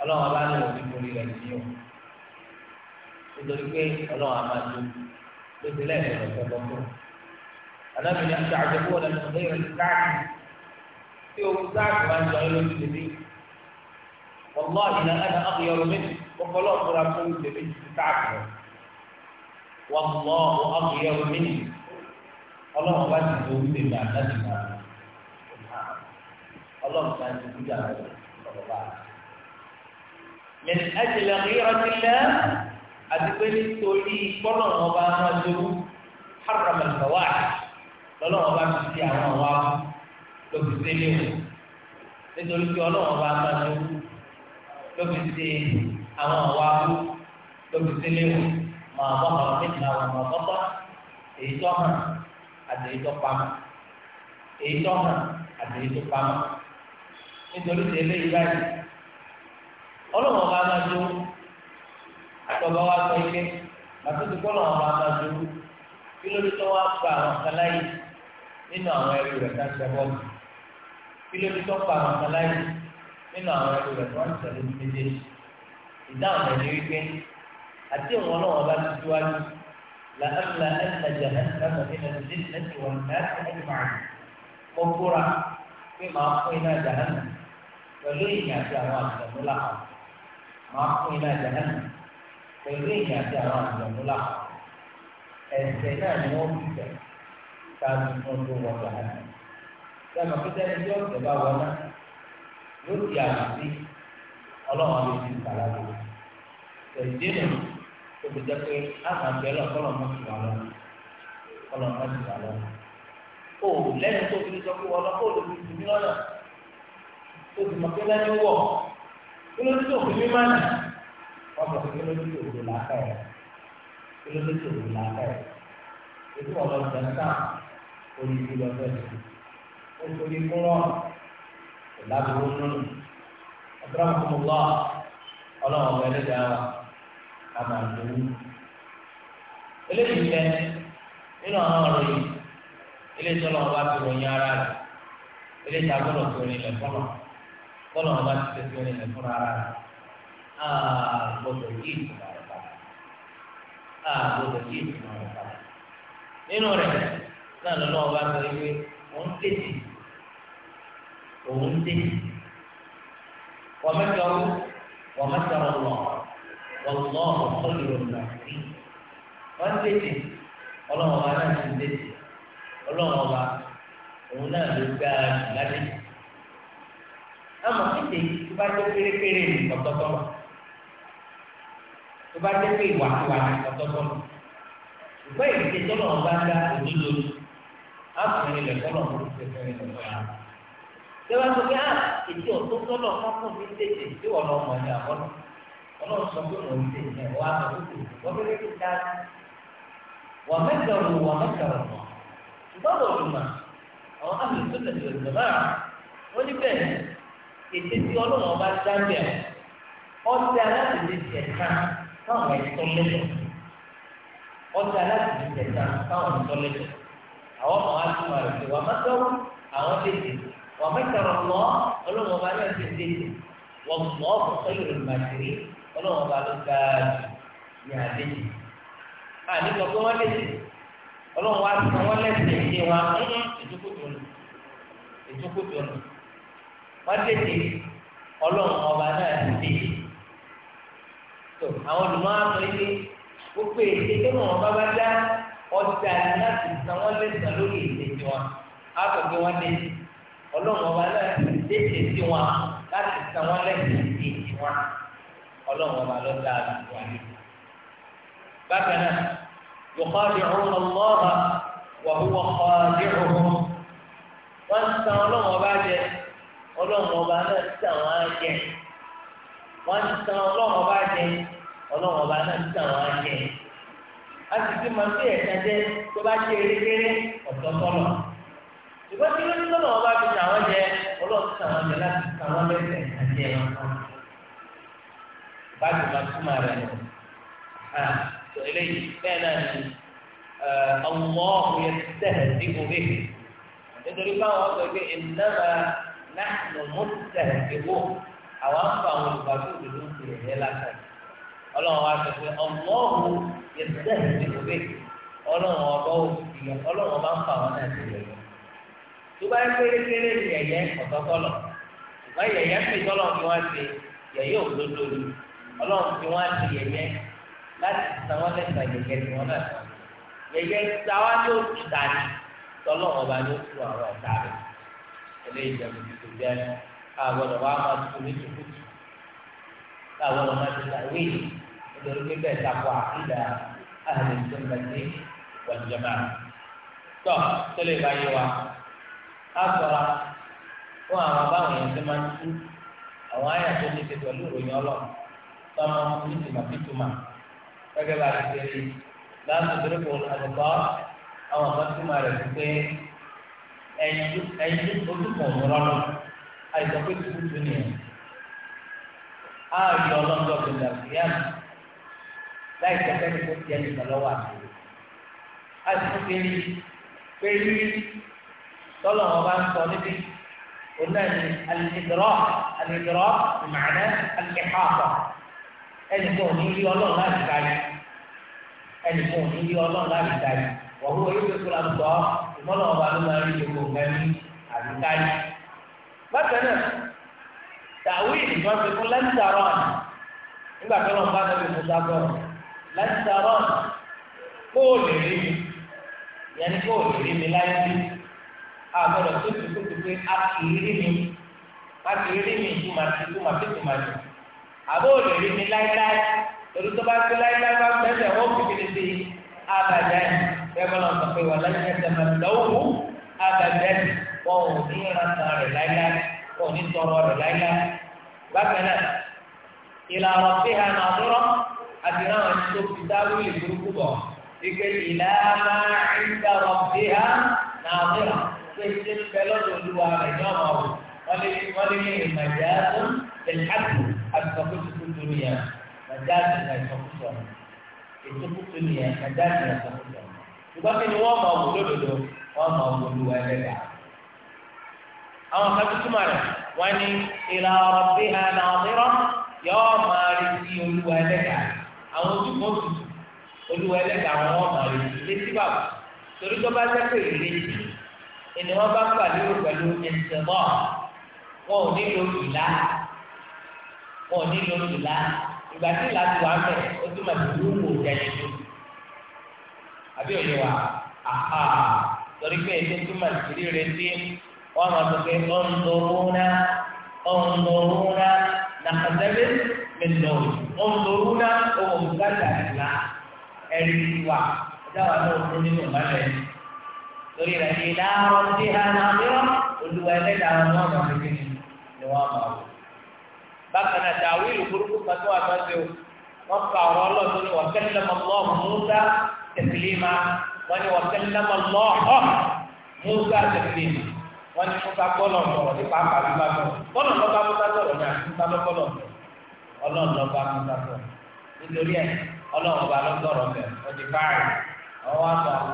ọlọ́run bá ní òní borí rẹ̀ sí o nítorí pé ọlọ́run a máa dó ló ti lẹ́yìn rẹ̀ tẹ́lá tó alábìnrin àti àjẹkù ọ̀dà tó ń bẹ̀rẹ̀ káàkiri tí o kú sáà máa ń jọ ẹ lójú tèmi. والله لا أنا أغير منه وفلا أقول لبنت كعبه والله أغير مني الله بس يقول لي بعد نجمة الله كان يقول من أجل غيرة الله أدبل تولي كل ما نجم حرم الفواحش لولا ما بس في أموال لو بسيله لذلك الله ما نجم ló fi ṣe àwọn àwa bú ló fi ṣe léwu máa bọ́ àwọn méjì náà wọ́n máa bọ́ èyí tó hàn àti èyí tó pamọ́ èyí tó hàn àti èyí tó pamọ́ nítorí ti eléyìí báyìí ọlọ́wọ́ bá máa jó àtọ̀bọ̀ wa sọ ike màtúntì kọ́ lọ́wọ́ bá máa jó kí ló dé tó wá gba àwọn kan nínú àwọn ẹrù rẹ̀ tá ṣe bọ́ọ̀lù kí ló dé tó gba àwọn kan nínú àwọn ẹrú rẹ̀ wọ́n ń tẹ̀lé ní méjèèjì ìdáhùn rẹ̀ ní wípé àti ìwọ̀n náà wọ́n bá ti síwájú làálà ẹ̀ka jahannam nínú ilé ìtẹ́jú wọn láti ẹ̀jú màá mo tẹ̀lé àti àwọn àjọ̀dún làwọn màá fún iná jahannam pẹ̀lú ìyìn àti àwọn àjọ̀dún làwọn ẹ̀sẹ̀ náà ni wọ́n fi tẹ̀ káàdì fún tó wọ jahannam. sọ́nà pété ẹni tí ó tẹ̀ bá wọ náà. yóò di àbí asị ló ti gbà lábẹ́ ẹ̀jẹ̀ nù tó fi jẹ́ pé àwọn lọ kọ́lọ̀ mọ́ ti wà kọ́lọ̀ mọ́ ti wà o lẹ́nu tó fi sọ pé ọlọ́kọ́ fi lọ́nà tó fi mọ̀ pé wọ̀ kí ló kí ló làákà kí ló làákà ètò ọlọ́dún láti wọ́n nínú abúlámùkúmùlá ọlọ́run ọ̀gá ẹlẹ́dàá àmàlùmí. eléyìí lẹ nínú àwọn ọ̀rọ̀ yìí eléyìí tọ́lọ̀ ọba ti ròyìn ara rẹ̀ eléyìí tá a gbọ́dọ̀ fi rìn lẹ̀ fọ́nà tọ́lọ̀ ọba ti tẹ̀ fi rìn lẹ̀ fọ́nà ara rẹ̀ àà gbọ́dọ̀ yí ìtura rẹ̀ padà àà gbọ́dọ̀ yí ìtura rẹ̀ padà nínú rẹ̀ náà lọ́wọ́ ọba sọ wípé òun tètè òun dé wàmẹtọrọ wàmẹtọrọ lọ wọlọ ọlọrọ nàbí wọn tètè ọlọ́run ọba náà ti tètè ọlọ́run ọba òun náà ló gbá àgbàdé àmọ́ tètè tó bá dé pérépéré ọtọtọ tó bá dé pé ìwàkiwà ọtọtọ ṣùgbọ́n èyí tètè ọlọ́run bá dá òdodo àfọyín lẹkọọ lọrun tó fẹẹ fẹẹ lọ bá yà tẹ́wọ́n sọ pé ah èdè ọ̀tún tọ́lọ̀ fọ́nkùn mi tètè tí wọ́n lọ mọ̀ ní àbọ̀nà ọlọ́run sọ pé wọ́n ti ẹ̀ wá àwọn olùkọ́ wọ́n fẹ́ẹ́ ti dá wọ́n mẹ́tẹ̀rù wọ́n mẹ́tẹ̀rù mọ́ ṣùgbọ́n olùmọ̀ àwọn àmì tó tẹ̀lé ìjọba wọ́n ní bẹ́ẹ̀ ètè tí ọlọ́run ọba dá bẹ́ẹ̀ ọtí alátìlẹ́ tiẹ̀ ká káwọn ẹ̀tọ́ ọtí alátìlẹ́ tiẹ̀ ká káwọn ẹ̀tọ́ wà mẹ́tẹ̀rọ lọ ọlọ́run ọba náà ti dé ní wọ́n mọ̀ ọ́ fún sẹ́yìn olùmọ̀sírí ọlọ́run ọba ló ga ní àdéjì. àní sọ pé wọ́n lẹ́sẹ̀ ọlọ́run wa sọ wọ́n lẹ́sẹ̀ ní wa ìdókòtò nù ìdókòtò nù wọ́n tètè ọlọ́run ọba náà ti dé. tó àwọn olùmọ̀ àtọ̀ ilé gbogbo èdè tó mọ̀ wọn bá bá dá ọjà láti san wọ́n lẹ́sẹ̀ lórí ìdèjì wọn á sọ pé wọ́n lẹ́sẹ̀ ọlọ́run ọba náà tètè sí wọn láti san wọn lẹ́sìn sí ìdí wọn ọlọ́run ọba ló dáa lù wá ní. bákan náà yukhadi'una Allaha wa huwa khadi'uhum wọ́n ń san ọlọ́run ọba jẹ ọlọ́run ọba náà san wọn jẹ wọ́n san ọlọ́run ọba jẹ ọlọ́run ọba náà san wọn jẹ a sì ti máa ń ẹ̀ka jẹ tó bá ṣe eré kéré ọ̀tọ̀ tọ́lọ̀ ìgbà tí wọn nílò wọn bá fi tà wọn jẹ ọlọ́run tà wọn jẹ láti tà wọn lẹ́sẹ̀ àti ẹran kan báàgì máa túmọ̀ rẹ̀ nù tó eléyìí bẹ́ẹ̀ náà ni ọmọọmọ yẹn tẹ̀lé sí òwe nítorí báwọn sọ pé ìnáwó láàánú mú tẹ̀lé sí àwọn ń àwọn olùgbàgbọ́ òdodo ń pè é lásán ọlọ́run wa sọ pé ọmọọmọ yẹn tẹ̀lé sí òwe ọlọ́run ọba òfin ọlọ́run ọba ń àwọn náà sí òwe tó bá kérékéré ni yẹyẹ ọ̀tọ̀tọ̀lọ̀ ṣùgbọ́n yẹyẹ fi tọ́lọ̀ tí wọ́n ṣe yẹyẹ òdodo ni ọlọ́run tí wọ́n ṣe yẹyẹ láti sanwó lẹ́sà yẹyẹ tí wọ́n náà sọ yẹyẹ sáwá ní oṣù tani tọ́lọ̀ ọba ní oṣù àwọn ọ̀tá rẹ̀ eléyìí jẹ́ mi tó jẹ́ àgbọ̀dọ̀ wa máa tó ní tukutu àgbọ̀dọ̀ máa ti sàwé nítorí pé bẹ́ẹ̀ takọ̀ àkídà ìjọba ti wà ní jọba. tọ́ tẹ́lẹ̀ wa. kásọra fún àwọn abáwọn yẹn ti máa ń tú àwọn ọlọ, tó ní pẹ̀lú ìròyìn ọlọ́run tọ́mọ ní tìmọ̀ fi túmọ̀ gẹ́gẹ́ bá ti ṣe rí láti dúró kò àlùkò àwọn kan túmọ̀ rẹ̀ sí pé ẹyin ojú kan rọrùn àìsàn pé nìyẹn a tọ́lọ̀ wọn bá ń sọ níbi oná ní alìdìrọ́ alìdìrọ́ ìmàlẹ́ alìkẹ́kọ̀ọ́ ẹnì kan ò ní yí ọlọ́run láti darí ẹnì kan ò ní yí ọlọ́run láti darí wọ́n wọ́n yóò fẹ́ kóra gbọ́ ìmọ̀lọ́ wọn bá ló máa rí gbogbo nǹkan ní àbíkárí. bákan náà tàwí ìdìbò ti fún lẹ́ńtàrọ́n nígbà tó lọ́n bá lọ́ọ́ fi fún lẹ́ńtàrọ́n kóòlì rí mi yẹn ni kóòlì rí mi láyé bíi àgbọ̀dọ̀ tó ti kó ti pé a kì í rí mi a kì í rí mi ìtumà ti ìtumà ti ìtumà ti àbó ò lè rí mi láíláí torí tó bá ti láíláí bá pẹ́ẹ́sẹ̀ wọ́n fi kéde sí abàjá yìí bẹ́ẹ̀ bọ́lá ń sọ pé wà láyé ẹsẹ̀ máa lọ́wọ́ abàjá yìí wọn ò ní ìrànṣẹ́ rẹ̀ láíláí wọn ò ní tọrọ rẹ̀ láíláí bákan náà ìlànà tí a nà dúró àti náà ní tó fi dáwọ́ ìlú burúkú bọ̀ ìgbẹ́ ìlànà ìdàrọ̀ tí a nà dúró pé ṣe ń bẹ lọ́dọ̀ olúwa rẹ̀ ní ọmọ wò wọ́n lé wọ́n lé ní ìmọ̀já tó ìlhàkù àtìkọ́kùtù tó torí yẹn mọ̀já tó ní àtìkọ́kùtù ọ̀nà ètò kùtù ní yẹn mọ̀já tó ní àtìkọ́kùtù ṣùgbọ́n kí ni wọ́n mọ̀ wò lódodo wọ́n mọ̀ wò olúwa ẹlẹ́dà. àwọn kan rẹ̀ wọ́n ní ìlà ọ̀rọ̀ bí hàn náà yọọ máa retí olúwa ẹlẹ́dà àwọn olúwa ẹlẹ́dà àwọn ọmọ rẹ̀ létí bàbá torí tó bá jẹ́ ìrètí ẹni wọn bá gbà lérò pẹ̀lú ẹsẹmọ wọn ò nílò ìlà wọn ò nílò ìlà ìgbà tí ìlà ti wà mẹ o tún máa dùn wò jẹyẹ tó àbí òye wa aha torí pé ètò tún máa ti ríre sí wọn máa sọ pé ọ̀nùdọ̀rúnà ọ̀nùdọ̀rúnà nàkàtẹ́lẹ́ mẹtọ́ọ̀ ọ̀nùdọ̀rúnà ọ̀nùdọ̀rúnà ìlà ẹ̀rí wa ẹ̀dá wa náà tó nínú ìbálẹ̀ yìí torí rẹ̀ ní ìdáhùn sí àmàmíràn olúwa ẹlẹ́dàá wọn máa fi kí ni wọ́n máa wò. bákan náà tàwí ìlú burúkú kan tó wà lọ́sẹ̀ o wọ́n ka ọ̀rọ̀ ọlọ́run ní wọ́n kẹ́lẹ́ mọ́lọ́ mùsà tẹ̀sílímà wọ́n ní wọ́n kẹ́lẹ́ mọ́lọ́ mùsà tẹ̀sílímà wọ́n ní mùsà bá sọ̀rọ̀ gbọ́lọ̀ lọ́ba mùsà sọ̀rọ̀ ní àtúntà lọ́gbọ́lọ̀ ọlọ́run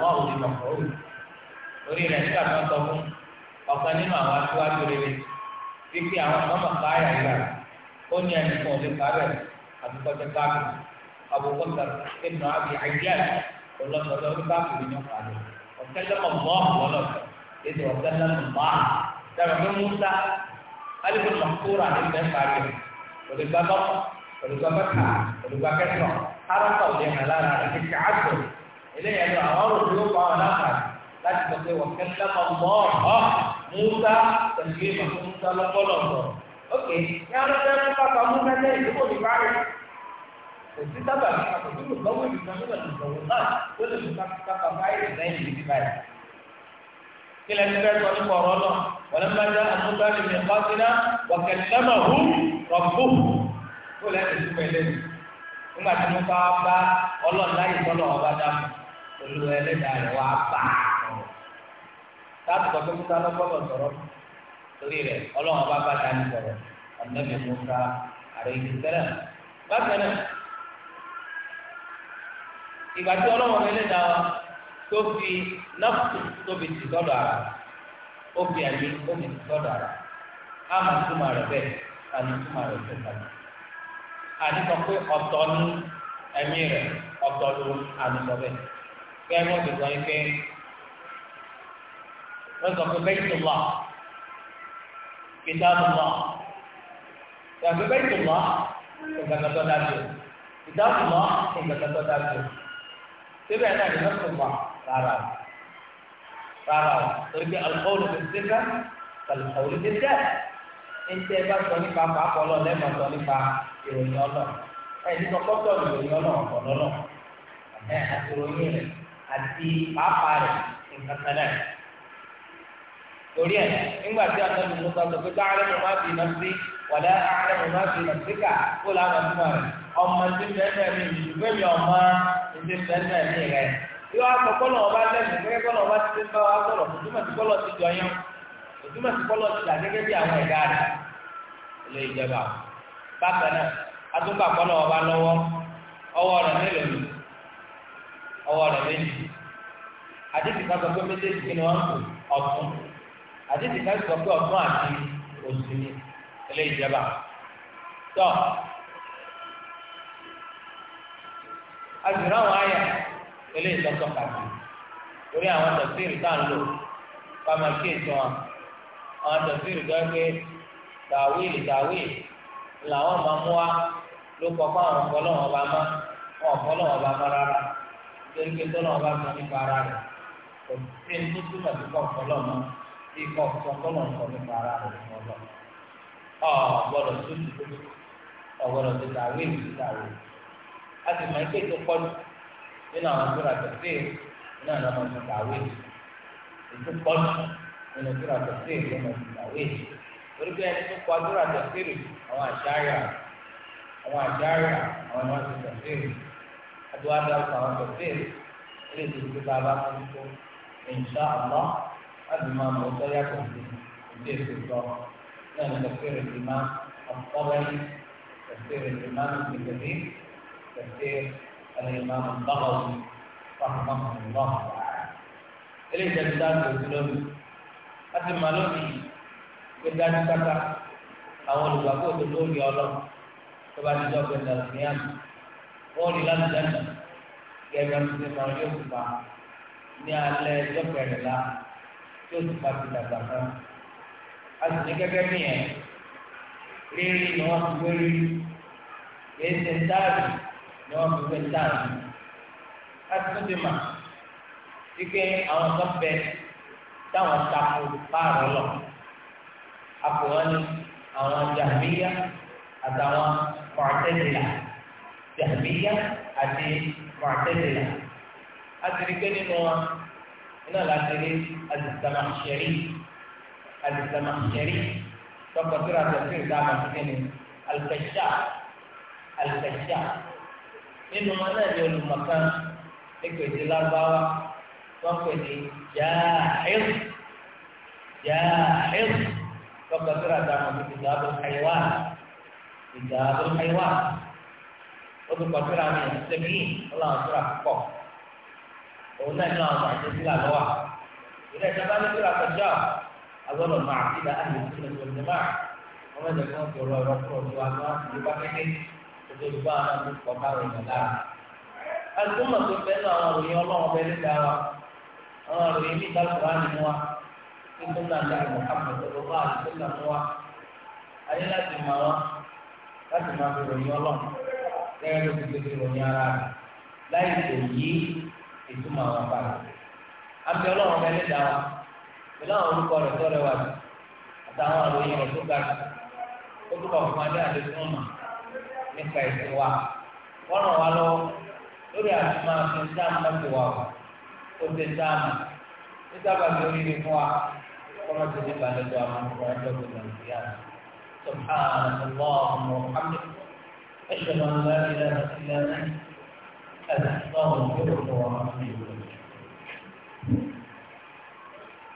lọ́ba mùsà lórí rẹ̀ nígbà tó ń sọ fún ọ̀kan nínú àwọn aṣíwájú rere wípé àwọn ọmọ káyà ìgbà ó ní ẹnì kan òde kárẹ̀ àbúkọ́tẹ́ káàkiri àbúkọ́tẹ́ ìnà àbí àyíyá ọlọ́sọ̀rọ̀ orí káàkiri ní ọ̀kadà ọ̀kẹ́lẹ́mọ̀ mọ́ ọ̀pọ̀lọ̀ ètò ọ̀kẹ́lẹ́mọ̀ mọ́ dábàá pé musa alẹ́kùn mọ̀kúrà ní bẹ́ẹ̀ kárẹ̀ òdìgbà bọ́ òdìgbà bẹ́ẹ̀ka òdìgbà kẹsàn-án arákà òde hàn lára rẹ̀ kíkà á láti sọ pé wọ́n kẹ́kẹ́ máa mọ́ ọ́ múta tẹ̀síwé màá múta lọ́pọ̀lọpọ̀. ok ní àwọn ọ̀sẹ̀ fún pàpà múta jẹ́ ìdókòwò ní báyìí kò sí sábà ní àkókò tó lọ́wọ́ ìdùnnú nígbà tó lọ́wọ́ náà ó lè fún pàpà báyìí lẹ́yìn ìdí báyìí. kí lẹ́nu fẹ́ sọ nípa ọ̀rọ̀ náà wọ́n lè máa jẹ́ àmúta ní ìmọ̀kọ́síná wọ́n kẹ́kẹ́ máa hù rọ̀bù kó lẹ́nu tó láti sọ pé musa lọ́gbọ́dọ̀ sọ̀rọ̀ torí rẹ̀ ọlọ́run bá bá dání sọ̀rọ̀ ànábì musa àrẹ ìdísẹ́rẹ̀ bákan náà ìgbà tí ọlọ́run lélẹ̀ náà tó fi nọ́ọ̀tù tó fi tì sọ́dọ̀ ara ó fi àyè ó fi tì sọ́dọ̀ ara á máa túmọ̀ rẹ̀ bẹ́ẹ̀ á ní túmọ̀ rẹ̀ bẹ́ẹ̀ kàlẹ́ àti pé ọ̀tọ̀ ní ẹ̀mí rẹ̀ ọ̀tọ̀ ló àlùsọ bẹ́ẹ̀ bẹ́ẹ̀ wọ́n ti sọ رزق بيت الله كتاب الله رزق بيت الله كتاب الله كتاب الله كتاب الله كتاب الله كتاب الله كتاب الله كتاب الله كتاب القول بالذكر فالقول بالذات انت بس تقولي بابا قول الله لما تقولي بابا يقولي الله ẹ ní kọkọ tó ọdún yìí lọnà ọkọ lọnà ẹ àti ronyìn rẹ àti pàápàá rẹ nǹkan kan náà torí ẹ̀ nígbà tí àtọ́jú musa sọ pé láàrin mo máa fi iná sí wàlẹ́ àárín mo máa fi iná sí kó láwọn ọmọ mi ìdúgbò mi ọmọ mi ọba lẹ́nu ọba ti sọ̀rọ̀ jọ yẹn òtúmọ̀ kọ́lọ̀ ti dà gẹ́gẹ́ bí àwọn ẹ̀dá rẹ̀ ilé ìjọba bákan àdìsí ká sọ pé ọ̀tún àti òsì ni eléyìí jẹba tọ azìrá wọn àyà eléyìí lọsọ kàdé torí àwọn tẹsíìrì tá à ń lò pàmò kéèsì wọn àwọn tẹsíìrì tó ń gbé tàwíìlì tàwíìlì làwọn máa mú wa ló kọ fún àwọn ọ̀pọ̀lọ́wọ́n ọba má wọn ọ̀pọ̀lọ́wọ́n ọba má rárá torí pé tọ́lọ́wọ́n ọba má nípa ara rẹ̀ kò sí ní túmọ̀ sí kọ́ ọ̀pọ̀lọ́wọ́n má bí kò sọtọlọ sọ nípa ara rẹ fún ọlọ ọ gbọ́dọ̀ tó ti tó ọ gbọ́dọ̀ tó ta wíìlì tó ta wíìlì a ti mọ ike tó kọlu nínú àwọn tóra tẹsí nínú àwọn ọmọ tó ta wíìlì ètò kọlu nínú tóra tẹsí nínú ọmọ tó ta wíìlì torí bí ẹni tó kọ tóra tẹsí rè àwọn àṣàyà àwọn àṣàyà àwọn ọmọ tó tẹsí rè adúlá dáhùn àwọn tẹsí rè ilé ìdúró láti máa mọ ọtọ yàtọ̀ sí ilé ìtòtọ náà ní tẹsíìrì ìmá ọtọbẹni tẹsíìrì ìmá nìkẹtẹbí tẹsíìrì ìmá ọtọbẹni fáfáfáfá lọ. ilé ìjẹun dáàbò òsì lónìí láti máa lónìí pé dájú kátà àwọn olùgbàgbọ́ òdodo lórí ọlọ́ tó bá ti jọ pé nàìjíríà wọ́n rí láti dáná kí ẹgbẹ́ tuntun máa yóò fà ní alẹ́ ẹjọ́ kẹrìnlá. tí ó sì bá ti dàgbà kan a sì ní gẹ́gẹ́ bí yẹn rírí ni wọ́n fi wérí kìí ṣe táàbì ni wọ́n fi wé táàbì a sì tún ti mà wípé àwọn kan bẹ táwọn tako páàrọ̀ lọ àpò wọn ni a هنا لا تجد الزمخشري الزمخشري فقصيرة تفسير دعما تكين الكشاح الكشاح إنه ما نجي المكان إكوي دي لاربا فقوي دي جاحظ جاحظ فقصيرة دعما تكين دعب الحيوان دعب الحيوان وقصيرة من السمين الله أصرح فقصيرة òun náà nínú àwọn àti sílà lọ́wọ́ ìdá ìjọba ní sílà kọjá agbọ́dọ̀ máa ti da àyè sílẹ̀ tó ní máa wọ́n mẹ́jọ kí wọ́n fi ọ̀rọ̀ ọ̀rọ̀ kúrò ní wa ní wọ́n fi bá kékeré tó ti bá ní kọ́ rẹ̀ yàrá. alùpùpù tó fẹ́ nù àwọn òròyìn ọlọ́run bẹ́ẹ̀ ní dáa àwọn òròyìn ní ìtàkùrọ̀ àná mú wa ní tó náà ní àwọn àpòtò tó àti ìtumọ̀ àwọn afárá àbí ọlọ́run ọmọ ẹlẹ́dà wa pẹ̀lú àwọn orúkọ rẹ̀ tó rẹwà jù àtàwọn àròyìn rẹ̀ tó ga jù ó túbọ̀ fún wa ní àdéhùn ọ̀nà nípa ẹ̀sìn wa wọ́n ràn wá lọ́wọ́ lórí àti máa fi dáàmú wà ó ti dáàmú ní sábà tó rí ni fún wa kọ́mọ́ ti ní balẹ̀ tó àwọn ọmọ ọjọ́ tó lọ sí àná سبحانك اللهم وبحمدك أشهد أن لا إله إلا أنت الأسرار والحب ورحمه